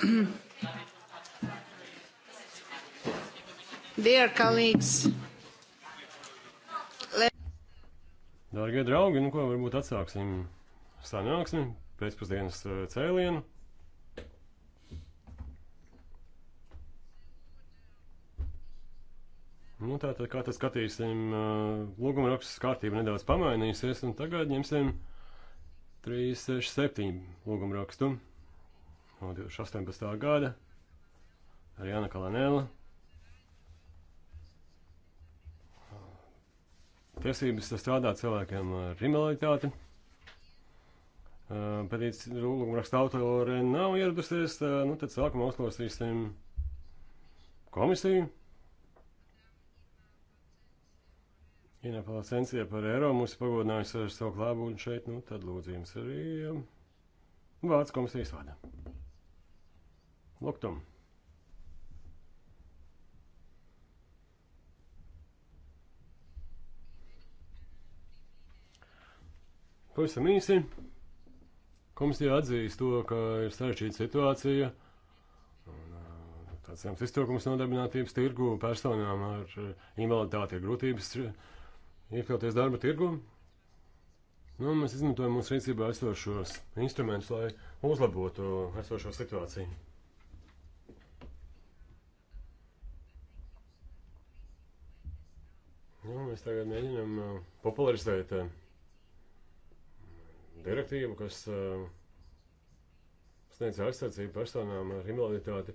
Dear colleagues. Dārgie draugi, nu ko, varbūt atsāksim sanāksmi pēcpusdienas eh, cēlienu. Nu, tātad, kā tas skatīsim, eh, lūguma rakstas kārtība nedaudz pamainīsies, un tagad ņemsim 367 lūguma rakstu no 2018. gada ar Jāna Kalanēla. Tiesības strādāt cilvēkiem ar invaliditāti. Pēc lūguma raksta autori nav ieradusies, nu tad sākumā uzklausīsim komisiju. Ienāpā sensija par eiro mūs pagodinājusi ar savu klābūnu šeit, nu tad lūdzu jums arī vārds komisijas vārdā. Lūk, tam. Pavisam īsi. Komisija atzīst to, ka ir sarežģīta situācija. Un, tāds zems iztrūkums nodarbinātības tirgu personām ar invaliditāti ir grūtības iekļauties darba tirgu. Nu, mēs izmantojam mūsu rīcībā esošos instrumentus, lai uzlabotu esošo situāciju. Nu, mēs tagad mēģinām uh, popularizēt uh, direktīvu, kas uh, sniedz aizsardzību personām ar invaliditāti,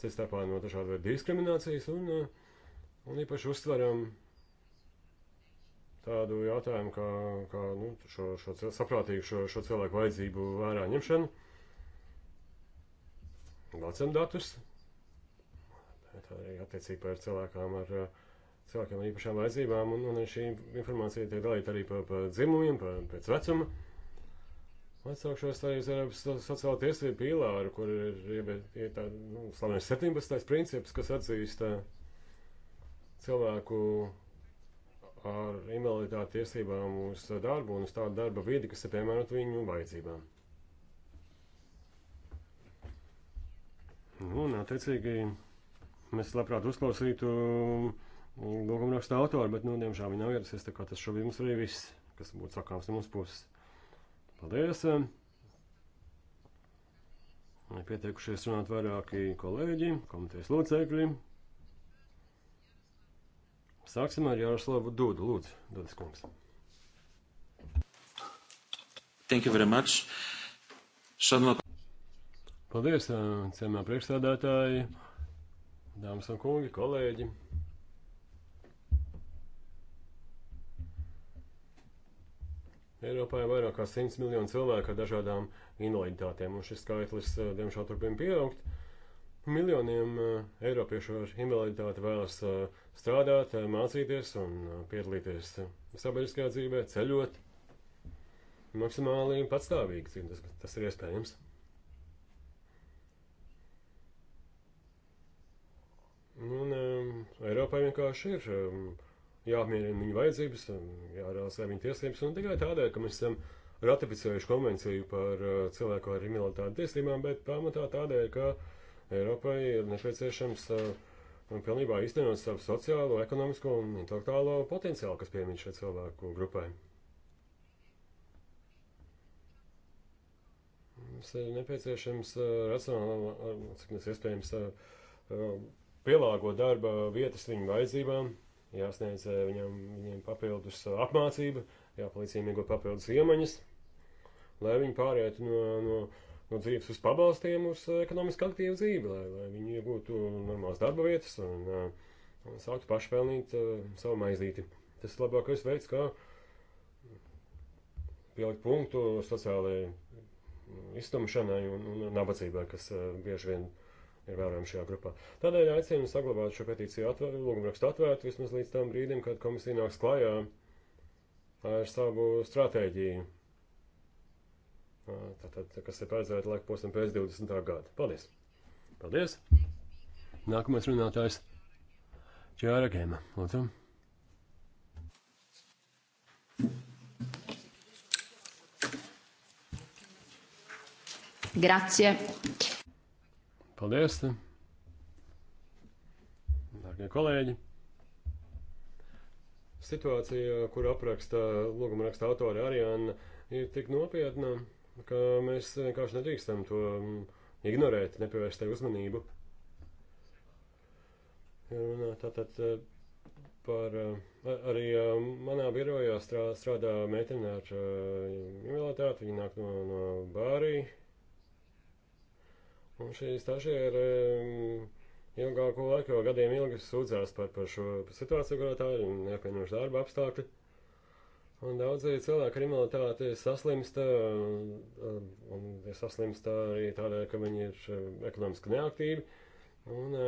citstarpā no dažāda veida diskriminācijas, un, uh, un īpaši uztveram tādu jautājumu, kā, kā nu, šo, šo saprātīgu šo, šo cilvēku vajadzību vērā ņemšanu. Vācam datus, tā arī attiecīgi par cilvēkām ar uh, cilvēkiem ar īpašām vajadzībām, un, un šī informācija tiek dalīta arī pa, pa dzimumiem, pa, pēc vecuma. Atsaukšos arī uz Eiropas sociālo tiesību pīlāru, kur ir, ir tā, nu, slavenais 17. princips, kas atzīst eh, cilvēku ar invaliditāti tiesībām uz darbu un uz tādu darba vidi, kas ir piemērot viņu vajadzībām. Nu, un, attiecīgi, mēs labprāt uzklausītu lūguma raksta autori, bet, nu, diemžēl viņi nav ieradusies, tā kā tas šobrīd mums arī viss, kas būtu sakāms no mūsu puses. Paldies! Pieteikušies runāt vairāki kolēģi, komitejas locekļi. Sāksim ar Jaroslavu Dūdu, lūdzu, Dūdas kungs. Thank you very much. Šodien... Paldies, ciemā priekšstādātāji, dāmas un kungi, kolēģi. Eiropā ir vairāk kā 100 miljoni cilvēku ar dažādām invaliditātēm, un šis skaitlis, eh, diemžēl, turpina pieaugt. Miljoniem eh, eiropiešu ar invaliditāti vēlas eh, strādāt, mācīties un piedalīties sabiedriskajā dzīvē, ceļot maksimāli patstāvīgi, cik tas, tas ir iespējams. Un um, Eiropai vienkārši ir um, jāapmierina viņu vajadzības, jārealizē viņu tiesības, un tikai tādēļ, ka mēs esam ratificējuši konvenciju par uh, cilvēku ar invaliditāti tiesībām, bet pamatā tādēļ, ka Eiropai ir nepieciešams uh, pilnībā īstenot savu sociālo, ekonomisko un intelektuālo potenciālu, kas piemīt šai cilvēku grupai. Mums ir nepieciešams uh, racionāli, cik mēs iespējams, pielāgot darba vietas viņu vajadzībām jāsniedz eh, viņam, viņiem papildus eh, apmācība, jāpalīdz viņiem iegūt papildus iemaņas, lai viņi pārētu no, no, no dzīves uz pabalstiem uz eh, ekonomiski aktīvu dzīvi, lai, lai viņi iegūtu normālas darba vietas un, un sāktu paši pelnīt uh, savu maizīti. Tas ir labākais veids, kā pielikt punktu sociālajai mm, iztumšanai un, un nabadzībai, kas uh, bieži vien ir ir vērojami šajā grupā. Tādēļ aicinu saglabāt šo petīciju atvēr, lūgumrakstu atvērtu vismaz līdz tam brīdim, kad komisija nāks klajā ar savu stratēģiju. Ah, tātad, kas ir paredzēta laika posmam pēc 20. gada. Paldies! Paldies! Nākamais runātājs Čāra Gēma. Lūdzu! Grazie. Paldies! Dārgie kolēģi! Situācija, kur apraksta lūguma raksta autori Ariāna, ir tik nopietna, ka mēs vienkārši nedrīkstam to mm, ignorēt, nepievērst tai uzmanību. Un, tātad eh, par, eh, arī eh, manā birojā strādā, strādā meitene ar invaliditāti, viņa nāk no, no Bārijas. Un šī stažiera ilgāko laiku, jau gadiem ilgi sūdzās par, par šo situāciju, kurā tā ir neapvienoša darba apstākļi. Un daudzi cilvēki ar invaliditāti saslimsta, un saslimsta arī tādēļ, ka viņi ir ekonomiski neaktīvi, un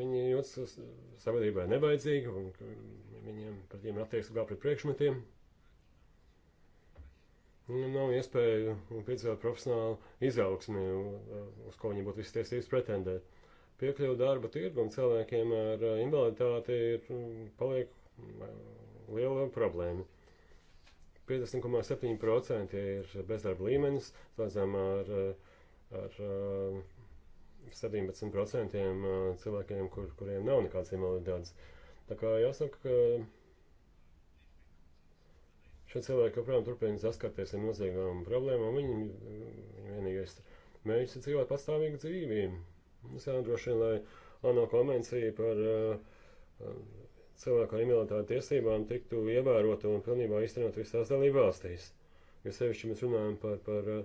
viņi jūtas sabiedrībai nebaidzīgi, un viņiem pret tiem attieksmi kā pret priekšmetiem. Nu, nav iespēju piedzīvot profesionālu izaugsmi, uz ko viņi būtu visi tiesības pretendēt. Piekļuvu darba tirgumu cilvēkiem ar uh, invaliditāti ir mm, paliek mm, liela problēma. 50,7% ir bezdarba līmenis, slēdzam ar, uh, ar 17% uh, cilvēkiem, kur, kuriem nav nekāds invaliditātes. Tā kā jāsaka, ka Šie cilvēki joprojām turpina saskarties ar nozīmīgām problēmām. Viņi, viņi vienīgais mēģina dzīvot pastāvīgu dzīvi. Mums jānodrošina, lai ANO konvencija par uh, cilvēku ar invaliditāti tiesībām tiktu ievērota un pilnībā īstenot visās dalību valstīs. Jo sevišķi mēs runājam par, par eh,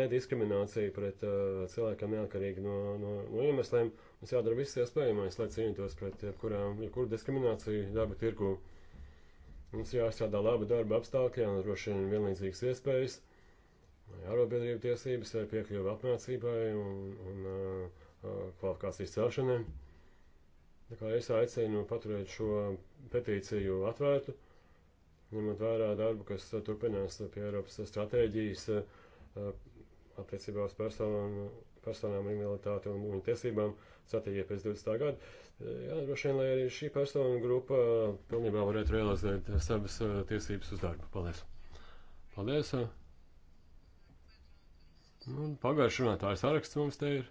nediskrimināciju pret uh, cilvēkiem neatkarīgi no, no, no iemesliem. Mums jādara viss iespējamais, lai cīnītos pret jebkurām, jebkuru diskrimināciju darba tirgu. Uh, Mums ir jāizstrādā labi darba apstākļi, jānodrošina vienlīdzīgas iespējas, jārobiedrību tiesības, ir piekļuva apmācībai un, un uh, kvalifikācijas celšanai. Tā kā es aicinu paturēt šo petīciju atvērtu, ņemot vērā darbu, kas turpinās pie Eiropas stratēģijas uh, attiecībā uz personu personām ar invaliditāti un viņu tiesībām satīja pēc 20. gada. Jā, droši vien, lai arī šī persona grupa uh, pilnībā varētu realizēt savas uh, tiesības uz darbu. Paldies! Paldies! Uh. Nu, un pagājušā runātāja saraksts mums te ir.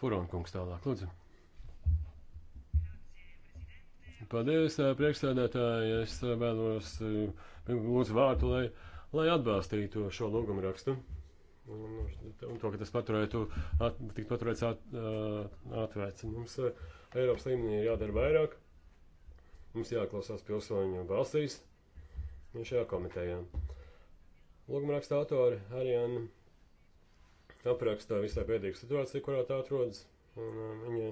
Furonkungs tālāk, lūdzu. Paldies, priekšstādātāji. Es vēlos lūdzu vārtu, lai, lai atbalstītu šo lūgumu rakstu. Un, un to, ka tas paturētu, at, tik paturēts at, atvērts. Mums Eiropas līmenī ir jādara vairāk. Mums jāklausās pilsoņu balsīs un šajā komitejā. Lūguma raksta autori Ariana aprakstā visai bēdīgu situāciju, kurā tā atrodas. Un, um, viņa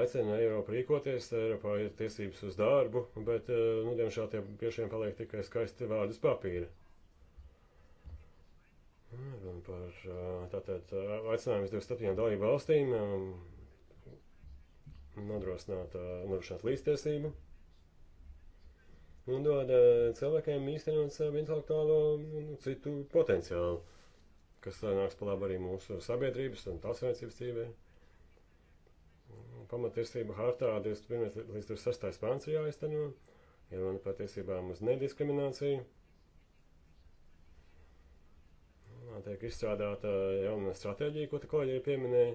aicina Eiropu rīkoties, Eiropā ir tiesības uz darbu, bet, nu, diemžēl tie pie šiem paliek tikai skaisti vārdus papīra. Runa par tātad aicinājums 27 dalību valstīm nodrošināt, nodrošināt līdztiesību un dod cilvēkiem īstenot savu intelektuālo un nu, citu potenciālu, kas nāks pa labu arī mūsu sabiedrības un tautsveicības dzīvē. Pamatiesība hartā 21. līdz 26. pāns ir jāizteno, ja runa par tiesībām uz nediskrimināciju tiek izstrādāta jauna stratēģija, ko te kolēģi pieminēja.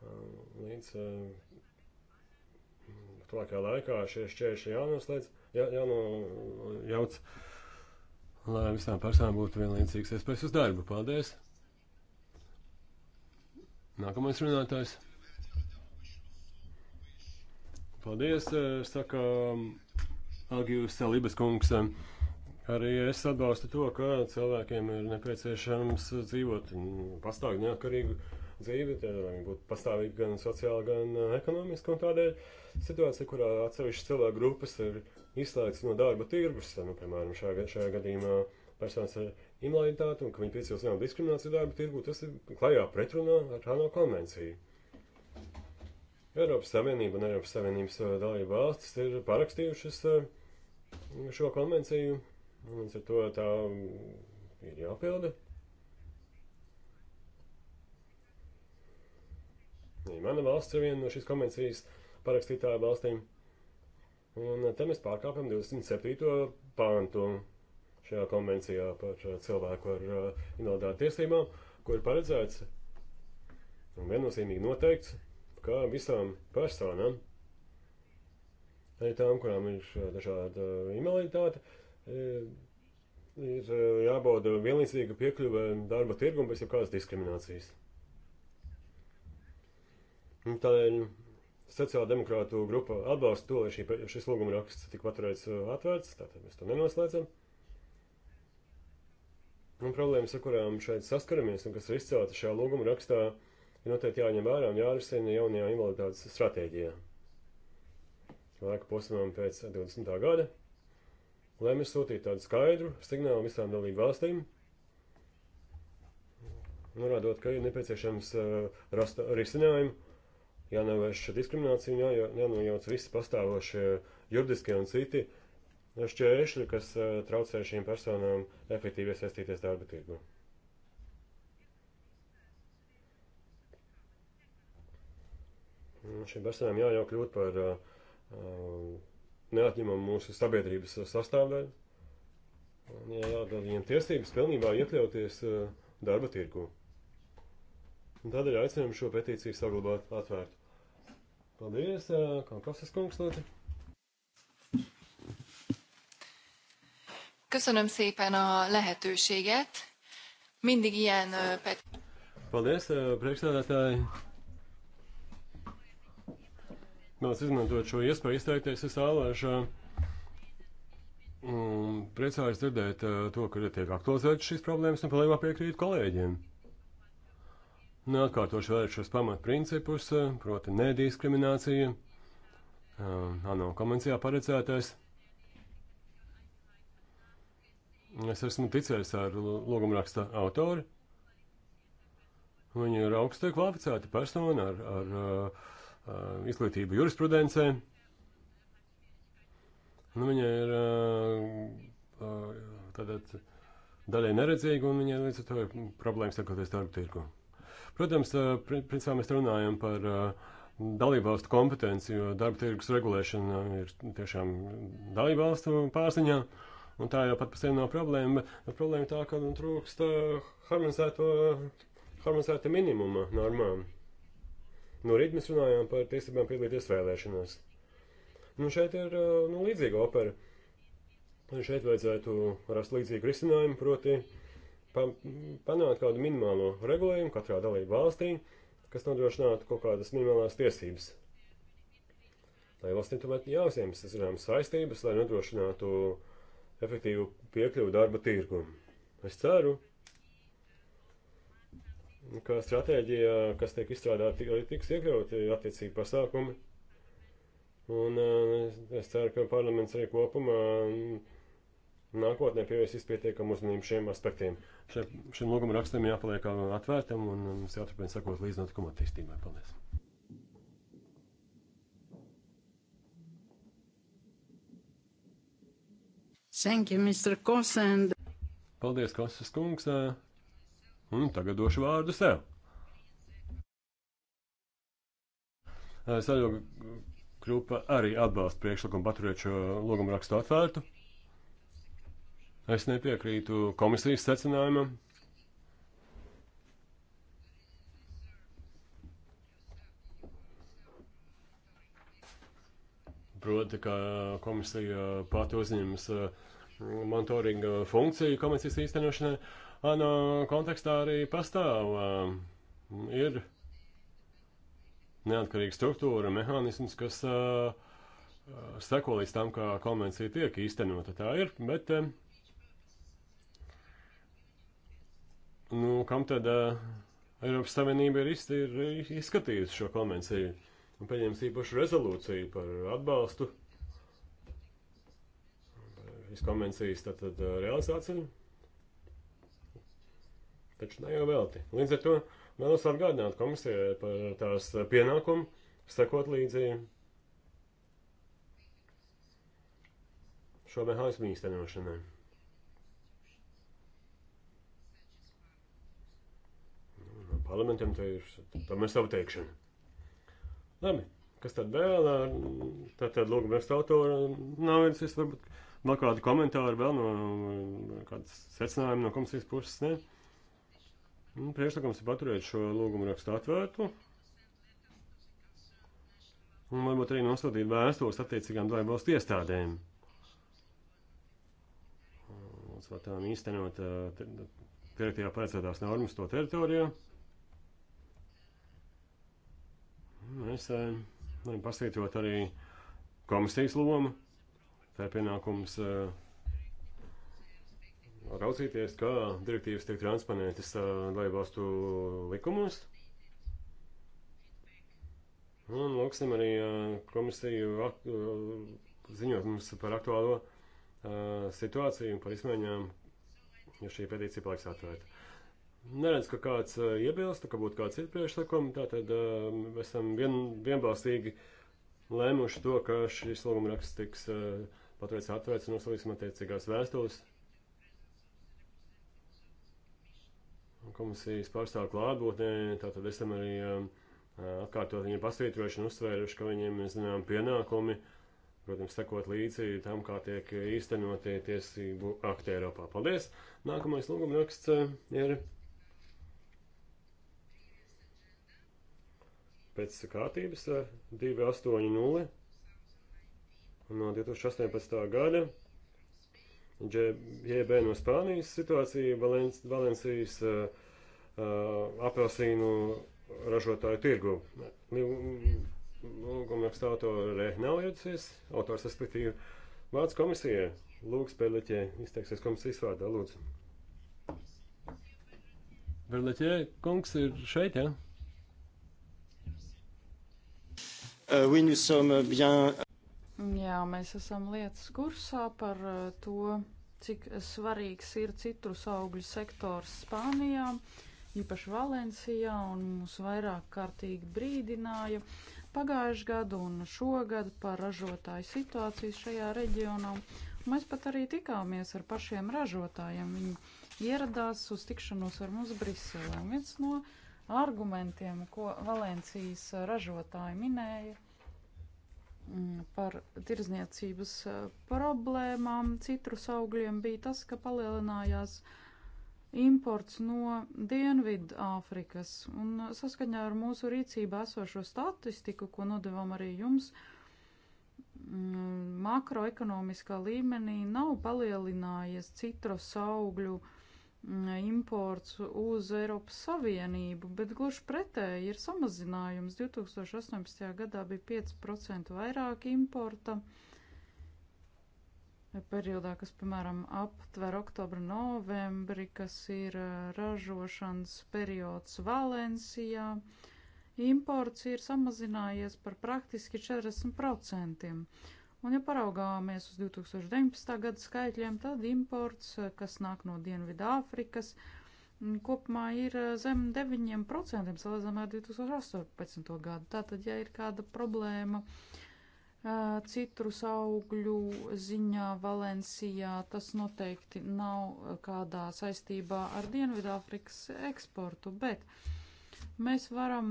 Um, līdz um, tuvākajā laikā šie šķēršļi jānoslēdz, jā, jānojauc, lai visām personām būtu vienlīdzīgs iespējas uz darbu. Paldies! Nākamais runātājs. Paldies, eh, saka um, Agijus Libes kungs. Eh, Arī es atbalstu to, ka cilvēkiem ir nepieciešams dzīvot pastāvīgi neatkarīgu dzīvi, lai viņi būtu pastāvīgi gan sociāli, gan ekonomiski. Un tādēļ situācija, kurā atsevišķas cilvēku grupas ir izslēgts no darba tirgus, nu, piemēram, šajā, šajā gadījumā personas ar invaliditāti un ka viņi piedzīvos jaunu diskrimināciju darba tirgu, tas ir klajā pretrunā ar Hāno konvenciju. Eiropas Savienība un Eiropas Savienības dalība valstis ir parakstījušas šo konvenciju Līdz ar to tā mm, ir jāpilda. Ja mana valsts ir viena no šīs konvencijas parakstītāju valstīm. Un eh, te mēs pārkāpjam 27. pāntu šajā konvencijā par eh, cilvēku ar eh, invaliditāti tiesībām, kur ir paredzēts un viennozīmīgi noteikts, ka visām personām, arī tām, kurām ir dažāda invaliditāte, ir jābauda vienlīdzīga piekļuve darba tirgumu bez jebkādas diskriminācijas. Tādēļ sociāldemokrātu grupa atbalsta to, lai šī, šis lūguma raksts tik paturēts atvērts, tātad mēs to nenoslēdzam. Un problēmas, ar kurām šeit saskaramies un kas ir izcelta šajā lūguma rakstā, ir noteikti jāņem vērā un jārisina jaunajā invaliditātes stratēģijā. Laika posmām pēc 20. gada lai mēs sūtītu tādu skaidru signālu visām dalību valstīm, norādot, ka ir nepieciešams uh, rast risinājumu, jānovērš diskriminācija, jā, jānojauc visi pastāvošie juridiskie un citi šķēršļi, kas uh, traucē šīm personām efektīvi iesaistīties darba tirgu. Šīm personām jāļauj kļūt par uh, neatņemama mūsu sabiedrības uh, sastāvdaļa. Un jādod viņiem tiesības pilnībā iekļauties uh, darba tirgu. Un tādēļ aicinām šo petīciju saglabāt atvērtu. Paldies, uh, Kankasas kungs, lūdzu. Köszönöm szépen a lehetőséget. Mindig ilyen... Paldies, priekšstādātāji vēlas izmantot šo iespēju izteikties, es ālēšu un mm, priecājos dzirdēt eh, to, ka tiek aktualizētas šīs problēmas un pilnībā piekrītu kolēģiem. Neatkārtošu nu, vēl šos pamatprincipus, eh, proti nediskriminācija, eh, ANO konvencijā paredzētais. Es esmu ticējis ar logumraksta autori. Viņa ir augsta kvalificēta persona ar, ar uh, Uh, izglītību jurisprudencē. Nu, viņa ir uh, uh, tātad daļai neredzīga, un viņai līdz ar to ir problēmas sakoties darba tirgu. Protams, principā mēs runājam par dalībvalstu kompetenci, jo darba tirgus regulēšana ir tiešām dalībvalstu pārziņā. Un tā jau pat par sevi nav problēma, bet problēma tā, ka nu, trūkst harmonizēto, harmonizēta minimuma normām. No rīta mēs runājām par tiesībām piedalīties vēlēšanās. Nu, šeit ir eh, nu, līdzīga opera. Šeit vajadzētu rast līdzīgu risinājumu, proti, pa, panākt kādu minimālo regulējumu katrā dalību valstī, kas nodrošinātu kaut kādas minimālās tiesības. Lai valstīm tomēr jāuzņemas zināmas saistības, lai nodrošinātu efektīvu piekļuvu darba tirgumu. Es ceru, ka ka stratēģijā, kas tiek izstrādāta, arī tiks iekļauti attiecīgi pasākumi. Un eh, es ceru, ka parlaments arī kopumā mm, nākotnē pievērsīs pietiekamu uzmanību šiem aspektiem. Še, šim lūguma rakstam jāpaliek atvērtam un mums jāturpina sakot līdz notikuma attīstībai. Paldies! Thank you, Mr. Kosend. Paldies, Kosas kungs. Un tagad došu vārdu sev. Saļo grupa arī atbalsta priekšlikumu paturēt šo lūgumu rakstu atvērtu. Es nepiekrītu komisijas secinājumam. Proti, ka komisija pati uzņemas monitoringa funkciju komisijas īstenošanai. ANO kontekstā arī pastāv. Um, ir neatkarīga struktūra, mehānisms, kas uh, seko līdz tam, kā konvencija tiek īstenota. Tā ir, bet uh, nu, kam tad uh, Eiropas Savienība ir, izti, ir izskatījusi šo konvenciju un pieņems īpašu rezolūciju par atbalstu šīs konvencijas tātad, uh, realizāciju? taču ne jau velti. Līdz ar to vēlos atgādināt komisijai par tās pienākumu, sekot līdzi šo mehānismu īstenošanai. Nu, no parlamentam te ir, tam ir savu teikšanu. Labi, kas tad vēl? Tad, tad lūgum raksta autora nav viens, es varbūt vēl kādu komentāru vēl no kādas secinājuma no komisijas puses, ne? Nu, priekšlikums ir paturēt šo lūgumu rakstu atvērtu. Un varbūt arī nosūtīt vēstules attiecīgām dalībvalstu iestādēm. Mums var tām īstenot direktīvā paredzētās normas to teritorijā. Mēs varam pasvītrot arī komisijas lomu. Tā ir pienākums uh, raudzīties, kā direktīvas tiek transponētas laivvalstu likumos. Un lūksim arī komisiju ziņot mums par aktuālo situāciju un par izmaiņām, ja šī pētīcija paliks atvērta. Neredz, ka kāds iebilst, ka būtu kāds ir priekšlikumi, tātad esam vien, vienbalstīgi lēmuši to, ka šis lūgumraksts tiks paturēts atvērts un uzslīgsim attiecīgās vēstules komisijas pārstāvu klātbūtnē, tātad esam arī um, atkārtot viņu pasvītrošanu, uzsvēruši, ka viņiem ir zinām pienākumi, protams, sekot līdzi tam, kā tiek īstenotie tiesību akti Eiropā. Paldies! Nākamais lūguma raksts uh, ir pēc kārtības 280 uh, no 2018. gada. JB no Spānijas situācija Valencijas uh, Uh, apelsīnu ražotāju tirgu. Lūgumraksta autore nav ieradusies, autors respektīvi Vācu komisijai. Lūgs Berleķē izteiksies komisijas vārdā, lūdzu. Berleķē, kungs ir šeit, jā? Ja? Uh, oui, nous sommes bien. Jā, mēs esam lietas kursā par uh, to, cik svarīgs ir citrus augļu sektors Spānijā. Uh, īpaši Valencijā, un mūs vairāk kārtīgi brīdināja pagājuši gadu un šogad par ražotāju situāciju šajā reģionā. Mēs pat arī tikāmies ar pašiem ražotājiem. Viņi ieradās uz tikšanos ar mums Briselē. Un viens no argumentiem, ko Valencijas ražotāji minēja mm, par tirzniecības eh, problēmām citrus augļiem, bija tas, ka palielinājās uh, imports no Dienvidu Āfrikas. Un saskaņā ar mūsu rīcībā esošo statistiku, ko nodevām arī jums, mm, makroekonomiskā līmenī nav palielinājies citrus augļu mm, imports uz Eiropas Savienību, bet gluži pretēji ir samazinājums. 2018. gadā bija 5% vairāk importa. Uh, periodā, kas, piemēram, aptver oktobru novembri, kas ir ražošanas periods Valencijā, imports ir samazinājies par praktiski 40%. Un, ja paraugāmies uz 2019. gada skaitļiem, tad imports, kas nāk no Dienvidā Āfrikas, kopumā ir zem 9% salīdzinājumā ar 2018. gadu. Tātad, ja ir kāda problēma, uh, citrus augļu ziņā Valencijā tas noteikti nav kādā saistībā ar Dienvidāfrikas eksportu, bet mēs varam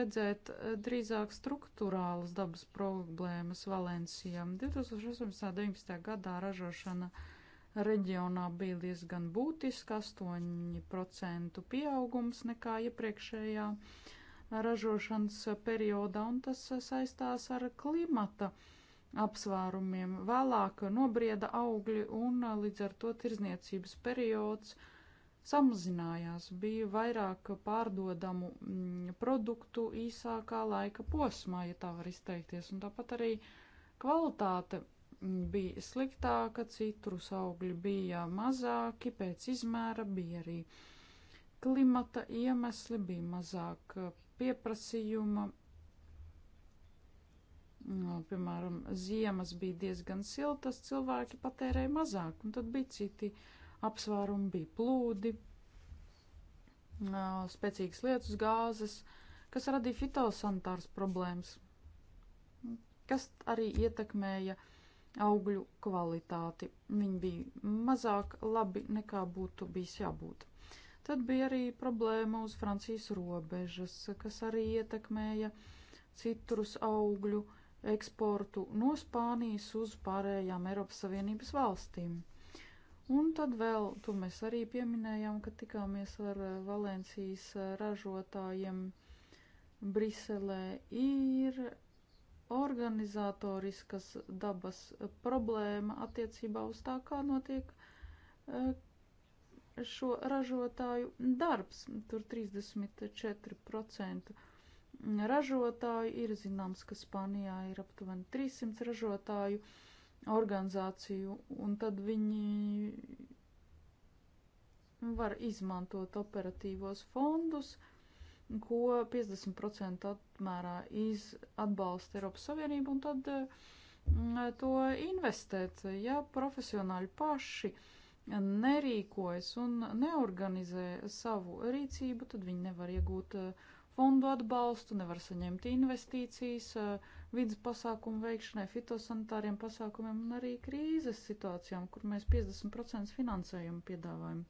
redzēt drīzāk struktūrālas dabas problēmas Valencijā. 2018. gadā ražošana reģionā bija diezgan būtiska, 8% pieaugums nekā iepriekšējā. Ja ražošanas periodā, un tas saistās ar klimata apsvērumiem. Vēlāk nobrieda augļi, un līdz ar to tirzniecības periods samazinājās, bija vairāk pārdodamu mm, produktu īsākā laika posmā, ja tā var izteikties, un tāpat arī kvalitāte mm, bija sliktāka, citrus augļi bija mazāki, pēc izmēra bija arī klimata iemesli, bija mazāk pieprasījuma. No, nu, piemēram, ziemas bija diezgan siltas, cilvēki patērēja mazāk, un tad bija citi apsvērumi, bija plūdi, no, spēcīgas lietus, gāzes, kas radīja fitosantārs problēmas, kas arī ietekmēja augļu kvalitāti. Viņi bija mazāk labi nekā būtu bijis jābūt. Tad bija arī problēma uz Francijas robežas, kas arī ietekmēja citrus augļu eksportu no Spānijas uz pārējām Eiropas Savienības valstīm. Un tad vēl, to mēs arī pieminējām, ka tikāmies ar eh, Valencijas eh, ražotājiem Briselē ir organizatoriskas dabas eh, problēma attiecībā uz tā, kā notiek šo ražotāju darbs. Tur 34% ražotāju ir zināms, ka Spānijā ir aptuveni 300 ražotāju organizāciju, un tad viņi var izmantot operatīvos fondus, ko 50% apmērā iz atbalsta Eiropas Savienību, un tad mm, to investēt, ja profesionāļi paši uh, nerīkojas un neorganizē savu rīcību, tad viņi nevar iegūt eh, fondu atbalstu, nevar saņemt investīcijas eh, vidas pasākumu veikšanai, fitosanitāriem pasākumiem un arī krīzes situācijām, kur mēs 50% finansējumu piedāvājam.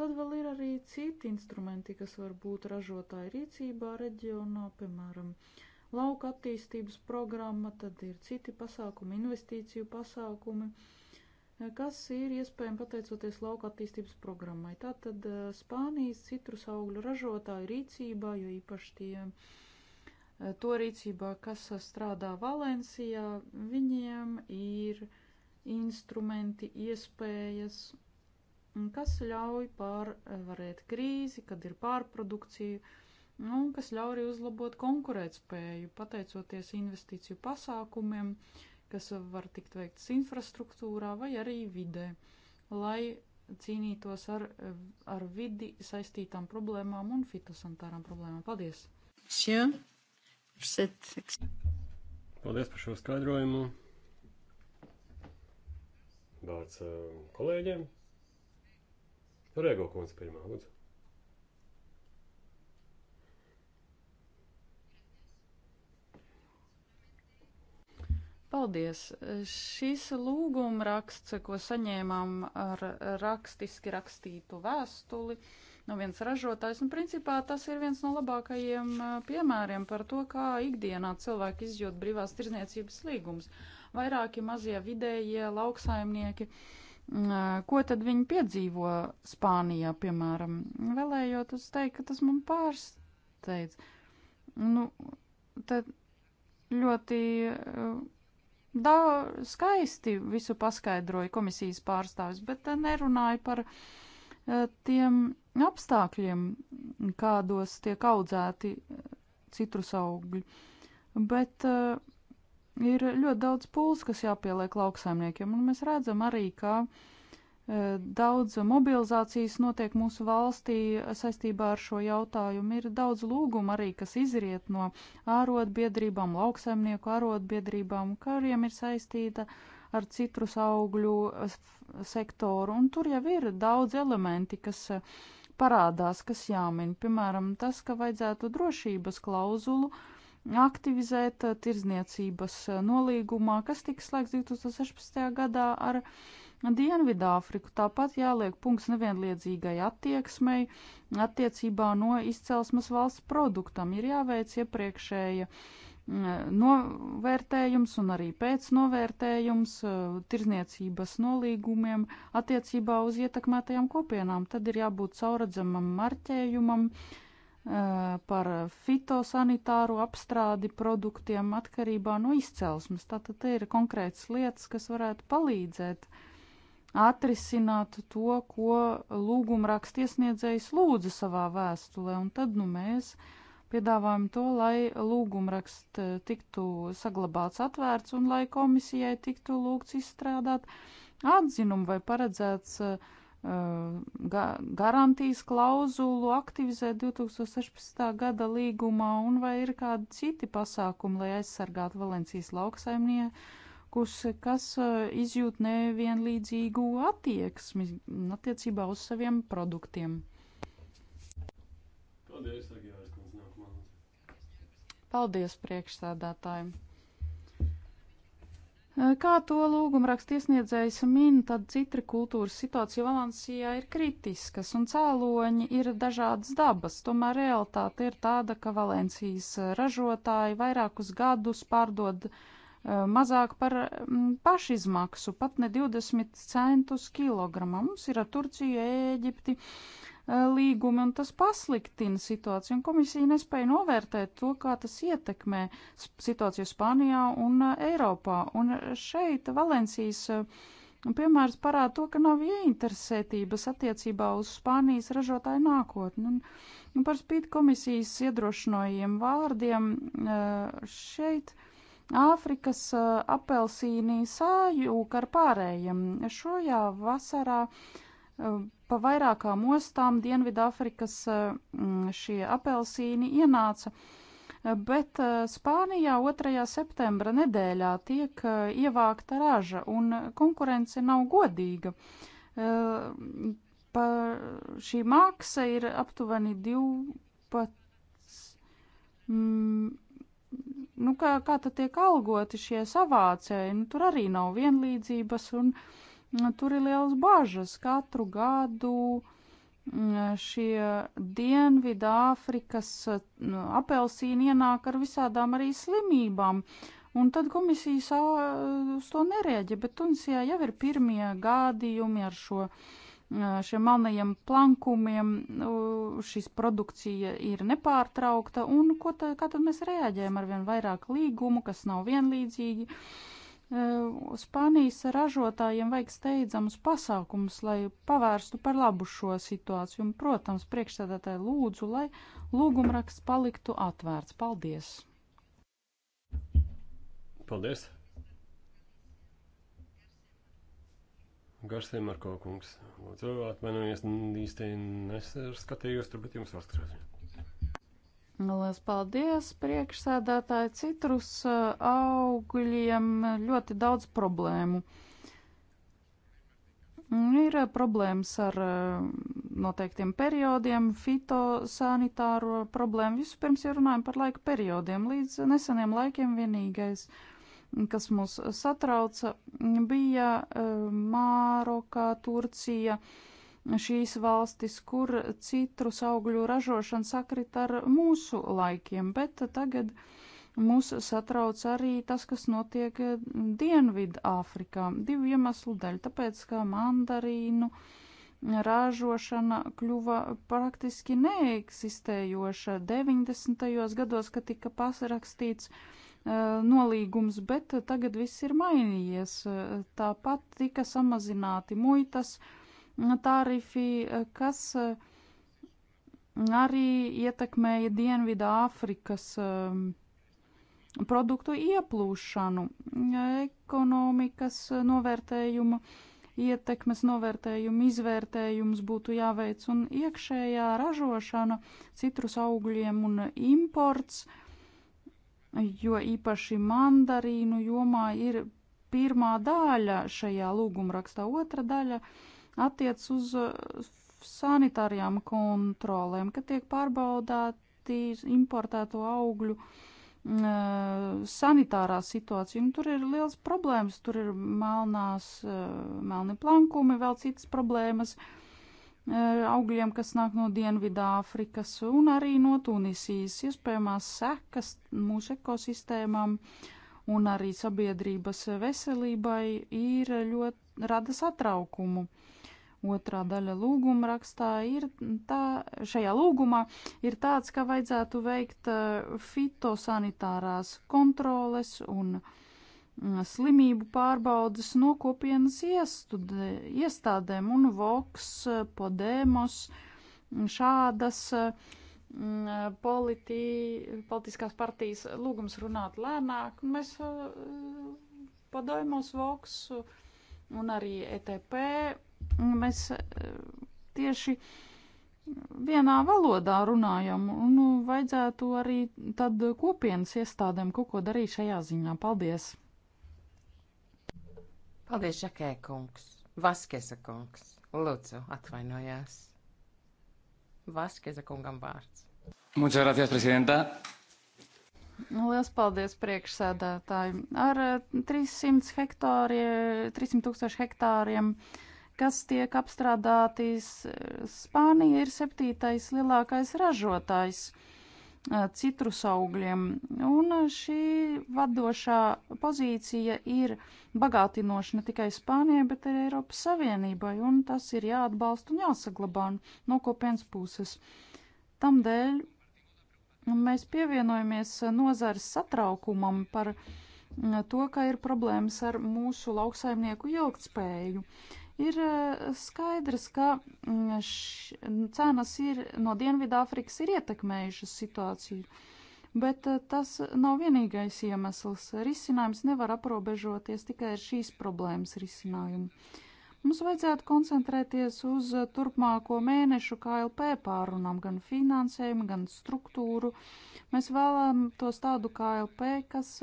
Tad vēl ir arī citi instrumenti, kas var būt ražotāja rīcībā reģionā, piemēram, lauka attīstības programma, tad ir citi pasākumi, investīciju pasākumi. Uh, kas ir iespējams pateicoties lauka attīstības programmai. Tātad eh, Spānijas citrus augļu ražotāju rīcībā, jo īpaši tie eh, to rīcībā, kas strādā Valencijā, viņiem ir instrumenti, iespējas, kas ļauj pārvarēt krīzi, kad ir pārprodukcija, un kas ļauj arī uzlabot konkurētspēju, pateicoties investīciju pasākumiem, uh, kas var tikt veikts infrastruktūrā vai arī vidē, lai cīnītos ar, ar vidi saistītām problēmām un fitosantārām problēmām. Paldies! Paldies par šo skaidrojumu! Vārds eh, kolēģiem. Rēgo kundze pirmā, lūdzu. Paldies! Šis lūguma raksts, ko saņēmām ar rakstiski rakstītu vēstuli, no nu viens ražotājs, un principā tas ir viens no labākajiem piemēriem par to, kā ikdienā cilvēki izjūt brīvās tirzniecības līgumus. Vairāki mazie vidējie lauksaimnieki. Ko tad viņi piedzīvo Spānijā, piemēram? Vēlējot uz teikt, ka tas man pārsteidz. Nu, tad ļoti Da, skaisti visu paskaidroja komisijas pārstāvis, bet eh, nerunāja par eh, tiem apstākļiem, kādos tiek audzēti eh, citrus augļi. Bet uh, ir ļoti daudz pūles, kas jāpieliek lauksaimniekiem, un mēs redzam arī, ka uh, Eh, daudz mobilizācijas notiek mūsu valstī saistībā ar šo jautājumu. Ir daudz lūgumu arī, kas izriet no ārotbiedrībām, lauksaimnieku ārotbiedrībām, kariem ir saistīta ar citrus augļu eh, sektoru. Un tur jau ir daudz elementi, kas eh, parādās, kas jāmin. Piemēram, tas, ka vajadzētu drošības klauzulu aktivizēt tirzniecības nolīgumā, kas tika slēgts 2016. gadā ar Dienvidāfriku. Tāpat jāliek punkts nevienliedzīgai attieksmei attiecībā no izcelsmes valsts produktam. Ir jāveic iepriekšēja mm, novērtējums un arī pēcnovērtējums mm, tirzniecības nolīgumiem attiecībā uz ietekmētajām kopienām. Tad ir jābūt cauradzamam marķējumam mm, par fitosanitāru apstrādi produktiem atkarībā no izcelsmes. Tātad te ir konkrētas lietas, kas varētu palīdzēt uh, atrisināt to, ko lūguma rakstiesniedzējs lūdza savā vēstulē, un tad nu mēs piedāvājam to, lai lūgumraksts eh, tiktu saglabāts atvērts un lai komisijai tiktu lūgts izstrādāt atzinumu vai paredzēts uh, ga garantijas klauzulu aktivizēt 2016. gada līgumā un vai ir kādi citi pasākumi, lai aizsargātu Valencijas lauksaimnieku cilvēkus, kas eh, izjūt nevienlīdzīgu attieksmi attiecībā uz saviem produktiem. Paldies, Agijārs, kundz, nākamā. Paldies priekšsēdētājiem. Eh, kā to lūgumu rakstiesniedzējs min, tad citra kultūras situācija Valencijā ir kritiskas un cēloņi ir dažādas dabas. Tomēr realitāte ir tāda, ka Valencijas ražotāji vairākus gadus pārdod uh, Eh, mazāk par mm, pašizmaksu, pat ne 20 centus kilogramā. Mums ir ar Turciju, Ēģipti eh, līgumi, un tas pasliktina situāciju, un komisija nespēja novērtēt to, kā tas ietekmē situāciju Spānijā un eh, Eiropā. Un šeit Valencijas piemērs parāda to, ka nav ieinteresētības attiecībā uz Spānijas ražotāju nākotni. Un, un par spīti komisijas iedrošinojiem vārdiem šeit. Uh, Āfrikas apelsīnī sājūk ar pārējiem. Šojā vasarā pa vairākām ostām Dienvidāfrikas šie apelsīni ienāca bet Spānijā 2. septembra nedēļā tiek ievākta raža un konkurence nav godīga. Pa šī māksla ir aptuveni 12 nu, kā, kā tad tiek algoti šie savācēji, nu, tur arī nav vienlīdzības un nu, tur ir liels bažas katru gadu. Mm, šie Dienvidāfrikas nu, mm, apelsīni ienāk ar visādām arī slimībām, un tad komisija uz to nereaģē, bet Tunisijā jau ir pirmie gādījumi ar šo uh, šiem melnajiem plankumiem šis produkcija ir nepārtraukta, un ko tā, kā tad mēs reaģējam ar vien vairāk līgumu, kas nav vienlīdzīgi. Spānijas ražotājiem vajag steidzamus pasākumus, lai pavērstu par labu šo situāciju, un, protams, priekšstādātāji lūdzu, lai lūgumraksts paliktu atvērts. Paldies! Paldies! Garstiem ar ko kungs. Lūdzu, atvainojies, īsti neskatījos tur, bet jums atskatīju. Lielas paldies, priekšsēdētāji. Citrus augļiem ļoti daudz problēmu. Ir problēmas ar noteiktiem periodiem, fitosanitāro problēmu. Vispirms jau runājam par laika periodiem. Līdz neseniem laikiem vienīgais. Uh, kas mūs satrauca, bija e, Mārokā, Turcija, šīs valstis, kur citrus augļu ražošana sakrit ar mūsu laikiem, bet tagad mūs satrauc arī tas, kas notiek Dienvidu Āfrikā, divu iemeslu dēļ, tāpēc, ka mandarīnu ražošana kļuva praktiski neeksistējoša 90. gados, kad tika pasrakstīts uh, Uh, nolīgums, bet uh, tagad viss ir mainījies. Uh, tāpat tika samazināti muitas tarifi, kas arī ietekmēja Dienvidā Āfrikas um, produktu ieplūšanu, ekonomikas novērtējumu ietekmes novērtējumu, izvērtējums būtu jāveic un iekšējā ražošana citrus augļiem un imports uh, jo īpaši mandarīnu jomā ir pirmā daļa šajā lūgumrakstā, otra daļa attiec uz uh, sanitārijām kontrolēm, ka tiek pārbaudāti importēto augļu mm, uh, sanitārā situācija. Un tur ir liels problēmas, tur ir melnās, uh, melni plankumi, vēl citas problēmas. Uh, Eh, augļiem, kas nāk no Dienvidāfrikas un arī no Tunisijas. Iespējamās sekas mūsu ekosistēmām un arī sabiedrības veselībai ir ļoti rada satraukumu. Otrā daļa lūguma rakstā ir tā, šajā lūgumā ir tāds, ka vajadzētu veikt eh, fitosanitārās kontroles un uh, Mm, slimību pārbaudas no kopienas iestudē, iestādēm un Vox, Podemos, mm, šādas mm, politi, politiskās partijas lūgums runāt lēnāk, un mēs eh, Podemos, Vox un arī ETP, mēs eh, tieši vienā valodā runājam, un nu, vajadzētu arī tad kopienas iestādēm kaut ko darīt šajā ziņā. Paldies! Paldies, Žakē kungs. Vaskesa kungs. Lūdzu, atvainojās. Vaskesa kungam vārds. Muchas gracias, prezidenta. Nu, Lielas paldies priekšsēdētājiem. Ar 300 eh, hektāri, 300 tūkstoši hektāriem, kas tiek apstrādātīs, eh, Spānija ir septītais lielākais ražotājs. Uh, Eh, citrusaugļiem, un eh, šī vadošā pozīcija ir bagātinoša ne tikai Spānijai, bet arī Eiropas Savienībai, un tas ir jāatbalsta un jāsaglabā no kopienas puses. Tamdēļ mēs pievienojamies nozares satraukumam par mm, to, ka ir problēmas ar mūsu lauksaimnieku ilgtspēju. Uh, Ir eh, skaidrs, ka mm, š, cenas ir no Dienvidāfrikas ir ietekmējušas situāciju, bet eh, tas nav vienīgais iemesls. Risinājums nevar aprobežoties tikai ar šīs problēmas risinājumu. Mums vajadzētu koncentrēties uz eh, turpmāko mēnešu KLP pārunām, gan finansējumu, gan struktūru. Mēs vēlamies tādu KLP, kas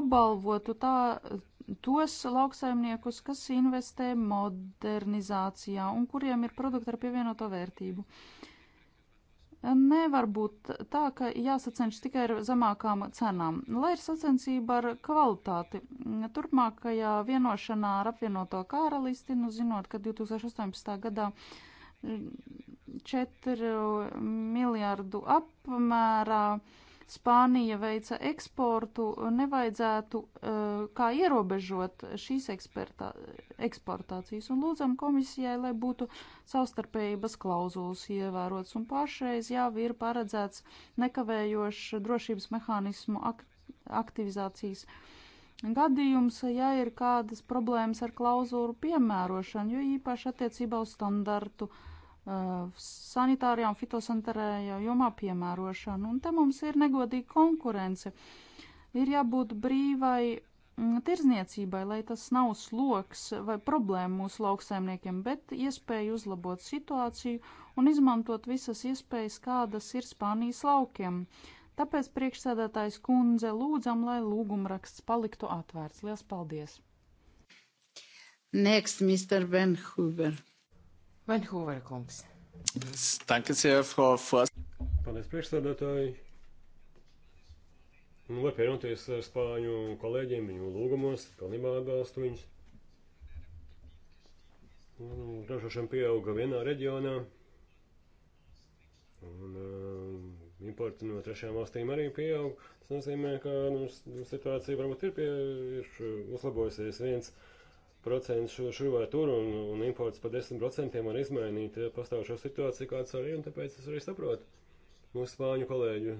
apbalvotu tā, tos lauksaimniekus, kas investē modernizācijā un kuriem ir produkti ar pievienoto vērtību. Nevar būt tā, ka jāsacenš tikai ar zemākām cenām, lai ir sacensība ar kvalitāti. Turpmākajā vienošanā ar apvienoto karalisti, nu zinot, ka 2018. gadā 4 miljārdu apmērā uh, Spānija veica eksportu, nevajadzētu eh, kā ierobežot šīs ekspertā, eksportācijas un lūdzam komisijai, lai būtu savstarpējības klauzulas ievērots un pašreiz jau ir paredzēts nekavējošs drošības mehānismu ak aktivizācijas gadījums, ja ir kādas problēmas ar klauzulu piemērošanu, jo īpaši attiecībā uz standartu uh, Eh, sanitārijā un fitosanitārajā jomā piemērošanu. Un te mums ir negodīga konkurence. Ir jābūt brīvai mm, tirzniecībai, lai tas nav sloks vai problēma mūsu lauksaimniekiem, bet iespēja uzlabot situāciju un izmantot visas iespējas, kādas ir Spānijas laukiem. Tāpēc priekšsēdētājs kundze lūdzam, lai lūgumraksts paliktu atvērts. Lielas paldies! Next, Mr. Ben Huber. Vanhūvera kungs. Tankas jau Frau Fors. Paldies priekšsēdētāji. Nu, lai pierunāties ar spāņu kolēģiem, viņu lūgumos, pilnībā atbalstu viņus. Nu, ražošana pieauga vienā reģionā. Un uh, importi no trešajām valstīm arī pieaug. Tas nozīmē, ka nu, situācija varbūt ir, pie, ir uh, uzlabojusies viens. Uh, procentu šo, šo vai tur, un, un imports par 10% var izmainīt pastāvošo situāciju, kāds arī, un tāpēc es arī saprotu mūsu spāņu kolēģu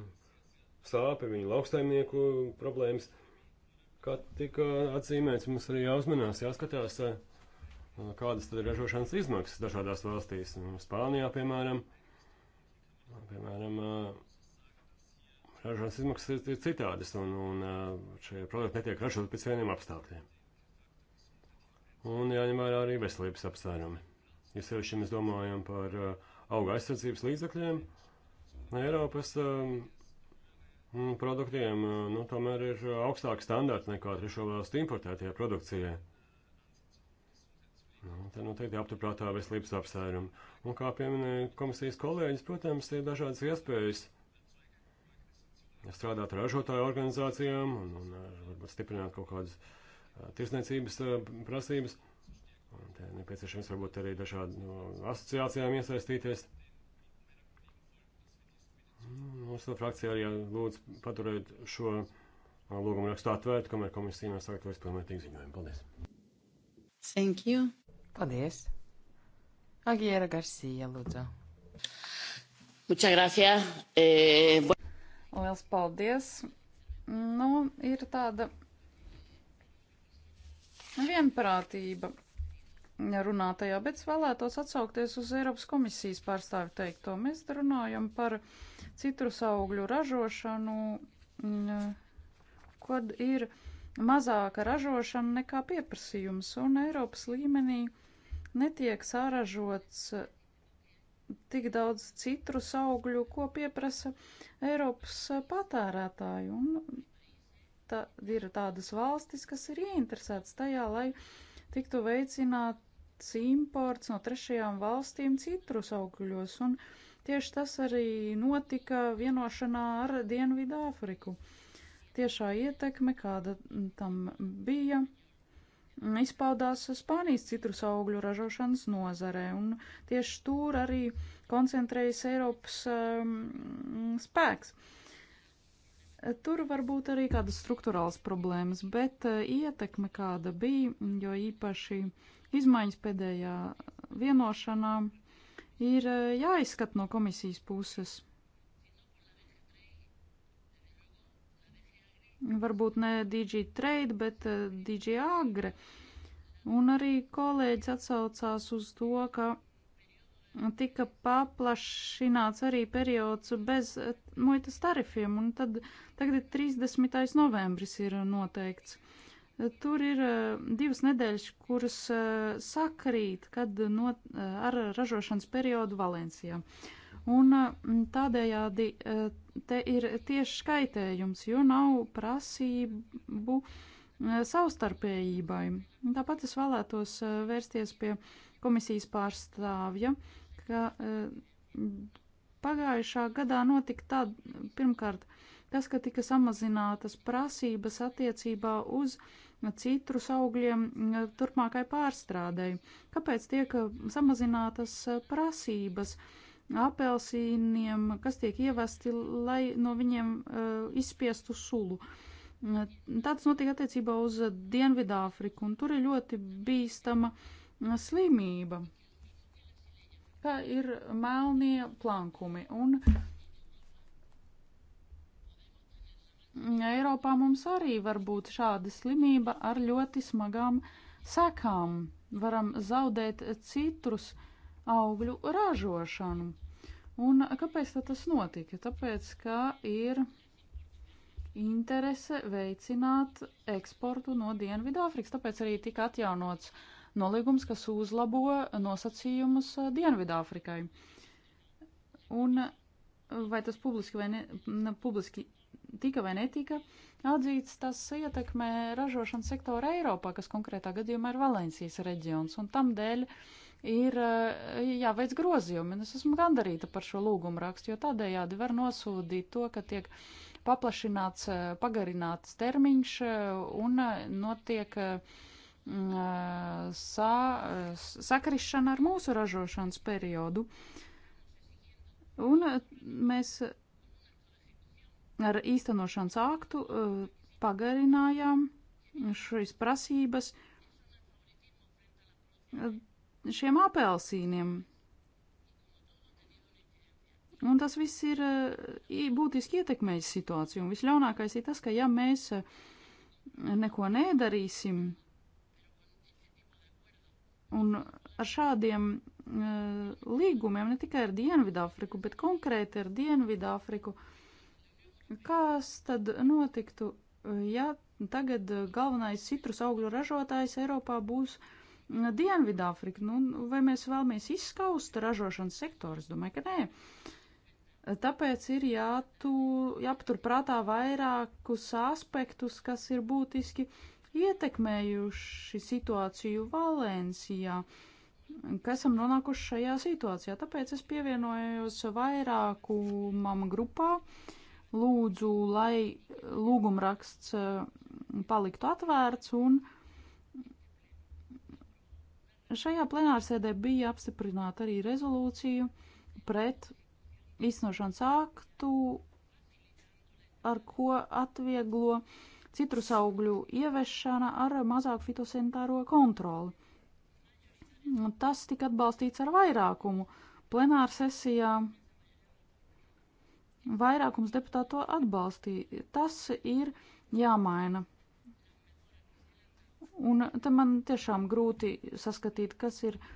sāpi, viņu lauksaimnieku problēmas, kā tika atzīmēts, mums arī jāuzmanās, jāskatās, kādas tad ir ražošanas izmaksas dažādās valstīs, Spānijā, piemēram, piemēram, ražošanas izmaksas ir citādas, un, un šie produkti netiek ražoti pēc vieniem apstākļiem un jāņem vērā arī veselības apsvērumi. Ja sevišķi mēs domājam par uh, auga aizsardzības līdzakļiem, Eiropas um, mm, produktiem, uh, nu, tomēr ir uh, augstāki standarti nekā trešo valstu importētajai produkcijai. Nu, te noteikti jāpaturprātā veselības apsvērumi. Un kā pieminēja komisijas kolēģis, protams, ir dažādas iespējas strādāt ar ražotāju organizācijām un, un varbūt stiprināt kaut kādus uh, tirsniecības eh, prasības. Un te nepieciešams varbūt arī dažādu nu, no asociācijām iesaistīties. Mūsu frakcija arī lūdz paturēt šo eh, lūgumu rakstu atvērtu, kamēr komisija nesagatavojas pilnvērtīgu ziņojumu. Paldies! Thank you! Paldies! Agiera Garcia, lūdzu! Muchas gracias! Eh, Liels paldies! Nu, ir tāda vienprātība runātajā, bet es vēlētos atsaukties uz Eiropas komisijas pārstāvi teikto. Mēs runājam par citrus augļu ražošanu, mm, kad ir mazāka ražošana nekā pieprasījums, un Eiropas līmenī netiek sāražots tik daudz citrus augļu, ko pieprasa Eiropas patērētāji, un ta, ir tādas valstis, kas ir ieinteresētas tajā, lai tiktu veicināts imports no trešajām valstīm citrus augļos. Un tieši tas arī notika vienošanā ar Dienvidu Āfriku. Tiešā ietekme, kāda tam bija, izpaudās Spānijas citrus augļu ražošanas nozarē, un tieši tur arī koncentrējas Eiropas um, spēks. Uh, Tur var būt arī kādas struktūrāls problēmas, bet eh, ietekme kāda bija, jo īpaši izmaiņas pēdējā vienošanā ir eh, jāizskat no komisijas puses. Varbūt ne DG Trade, bet eh, DG Agre. Un arī kolēģis atsaucās uz to, ka tika paplašināts arī periods bez eh, muitas tarifiem, un tad tagad ir 30. novembris ir eh, noteikts. Eh, tur ir divas nedēļas, kuras sakrīt, kad no, ar ražošanas periodu Valencijā. Un tādējādi te ir tieši skaitējums, jo nav prasību savstarpējībai. Tāpat es vēlētos vērsties pie komisijas pārstāvja ka eh, pagājušā gadā notika tāda, pirmkārt, tas, ka tika samazinātas prasības attiecībā uz citrus augļiem eh, turpmākai pārstrādēji. Kāpēc tiek eh, samazinātas prasības apelsīniem, kas tiek ievesti, lai no viņiem izspiestu sulu? Tāds notiek attiecībā uz Dienvidāfriku, un tur ir ļoti bīstama slimība ka ir melnie plankumi. Un Eiropā mums arī var būt šāda slimība ar ļoti smagām sekām. Varam zaudēt citrus augļu ražošanu. Un kāpēc tas notika? Tāpēc, ka ir interese veicināt eksportu no Dienvidāfrikas, tāpēc arī tika atjaunots uh, nolīgums, kas uzlabo nosacījumus eh, Dienvidāfrikai. Un eh, vai tas publiski vai ne, ne publiski tika vai netika atzīts, tas ietekmē ražošanas sektoru Eiropā, kas konkrētā gadījumā ir Valencijas reģions, un tam dēļ ir eh, jāveic grozījumi, un es esmu gandarīta par šo lūgumu rakstu, jo tādējādi var nosūdīt to, ka tiek paplašināts, pagarināts termiņš un notiek uh, Mm, sa, sakrišana ar mūsu ražošanas periodu. Un eh, mēs ar īstenošanas aktu eh, pagarinājām šīs prasības eh, šiem apelsīniem. Un tas viss ir būtiski ietekmējis situāciju. Un visļaunākais ir tas, ka ja mēs neko nedarīsim, Un ar šādiem e, līgumiem, ne tikai ar Dienvidāfriku, bet konkrēti ar Dienvidāfriku, kas tad notiktu, ja tagad galvenais citrus augļu ražotājs Eiropā būs e, Dienvidāfrika? Nu, vai mēs vēlamies izskaust ražošanas sektoru? Es domāju, ka nē. Tāpēc ir jātu, jāpatur prātā vairākus aspektus, kas ir būtiski ietekmējuši situāciju Valencijā, ka esam nonākuši šajā situācijā. Tāpēc es pievienojos vairākumam grupā, lūdzu, lai lūgumraksts eh, paliktu atvērts un šajā plenārsēdē bija apstiprināta arī rezolūcija pret iznošanas aktu, ar ko atvieglo uh, citrusaugļu ieviešana ar mazāku fitosanitāro kontroli. Tas tika atbalstīts ar vairākumu. Plenāra sesijā vairākums deputāto atbalstīja. Tas ir jāmaina. Un te man tiešām grūti saskatīt, kas ir uh,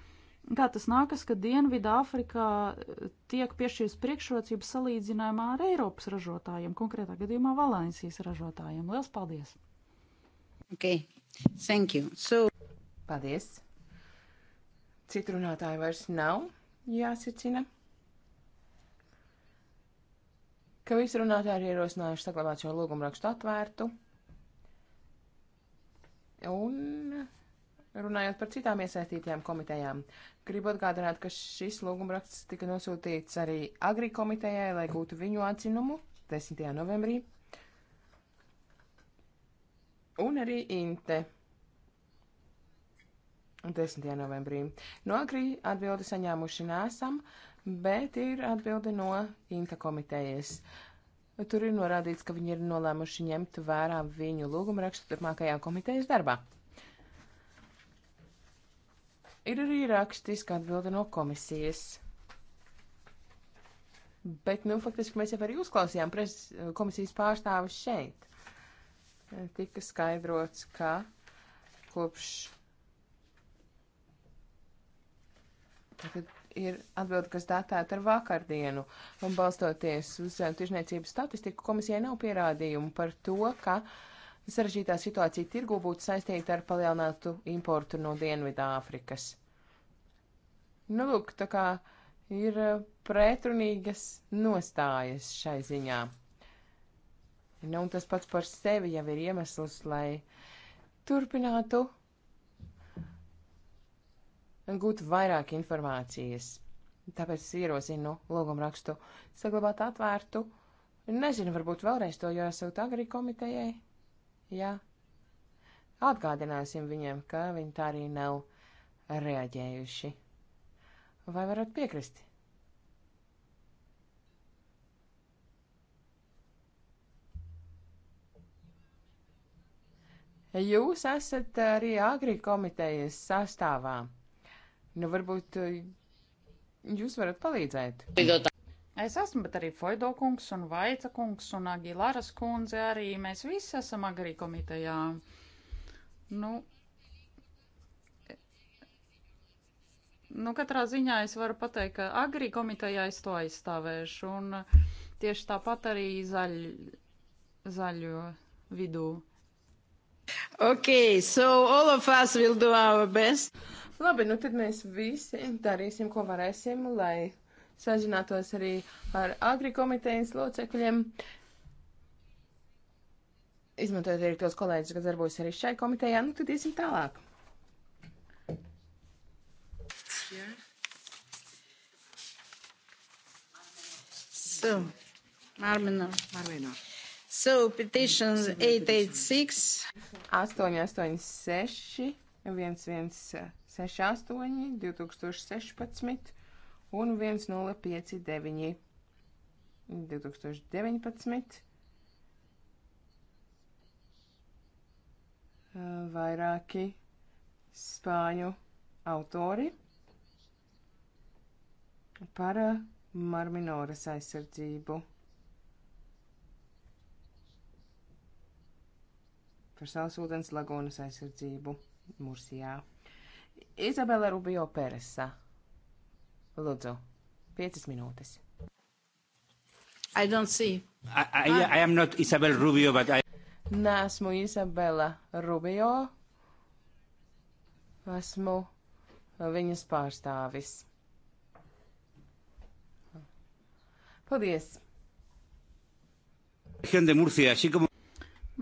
Kā tas nākas, ka Dienvidā Afrikā eh, tiek piešķirts priekšrocības salīdzinājumā ar Eiropas ražotājiem, konkrētā gadījumā Valēnsijas ražotājiem? Lielas paldies! Okay. Thank you. So... Paldies! Citu runātāju vairs nav jāsicina. Ka visi runātāji ir ierosinājuši saglabāt šo lūgumu rakstu atvērtu. Un Runājot par citām iesaistītajām komitejām, gribu atgādināt, ka šis lūgumraksts tika nosūtīts arī Agri komitejai, lai gūtu viņu atzinumu 10. novembrī. Un arī Inte 10. novembrī. No Agri atbildi saņēmuši nesam, bet ir atbildi no Inte komitejas. Tur ir norādīts, ka viņi ir nolēmuši ņemt vērā viņu lūgumrakstu turpmākajā komitejas darbā. Ir arī rakstiska atbilde no komisijas. Bet, nu, faktiski mēs jau arī uzklausījām komisijas pārstāvis šeit. Tika skaidrots, ka kopš Tad ir atbilde, kas datēta ar vakardienu, un balstoties uz eh, tiešniecības statistiku, komisijai nav pierādījumu par to, ka uh, sarežģītā situācija tirgu būtu saistīta ar palielinātu importu no Dienvidāfrikas. Nu, lūk, tā kā ir eh, pretrunīgas nostājas šai ziņā. Nu, un tas pats par sevi jau ir iemesls, lai turpinātu gūt vairāk informācijas. Tāpēc es ierosinu lūgumrakstu saglabāt atvērtu. Nezinu, varbūt vēlreiz to jāsūta agri komitejai ja atgādināsim viņiem, ka viņi tā arī nav reaģējuši. Vai varat piekrist? Jūs esat arī agri komitejas sastāvā. Nu, varbūt eh, jūs varat palīdzēt. Es esmu, bet arī Foido kungs un Vaica kungs un Agilāras kundze arī. Mēs visi esam agrī komitejā. Nu, nu, katrā ziņā es varu pateikt, ka agrī komitejā es to aizstāvēšu. Un tieši tāpat arī zaļ, zaļo vidū. Ok, so all of us will do our best. Labi, nu tad mēs visi darīsim, ko varēsim, lai sazinātos arī ar agri komitejas locekļiem. Izmantojot arī tos kolēģus, kas darbojas arī šai komitejā, nu tad iesim tālāk. Yeah. So, Marmino. Uh, Marmino. Uh. So, petitions 886. 886, 1168, 2016 un 1059 2019 vairāki spāņu autori par uh, marminoras aizsardzību. par sausūdens lagūnas aizsardzību Mursijā. Izabela Rubio Peresa Lūdzu, piecas minūtes. I don't see. I, I, I am not Isabel Rubio, but I. Nesmu Isabela Rubio. Esmu viņas pārstāvis. Paldies!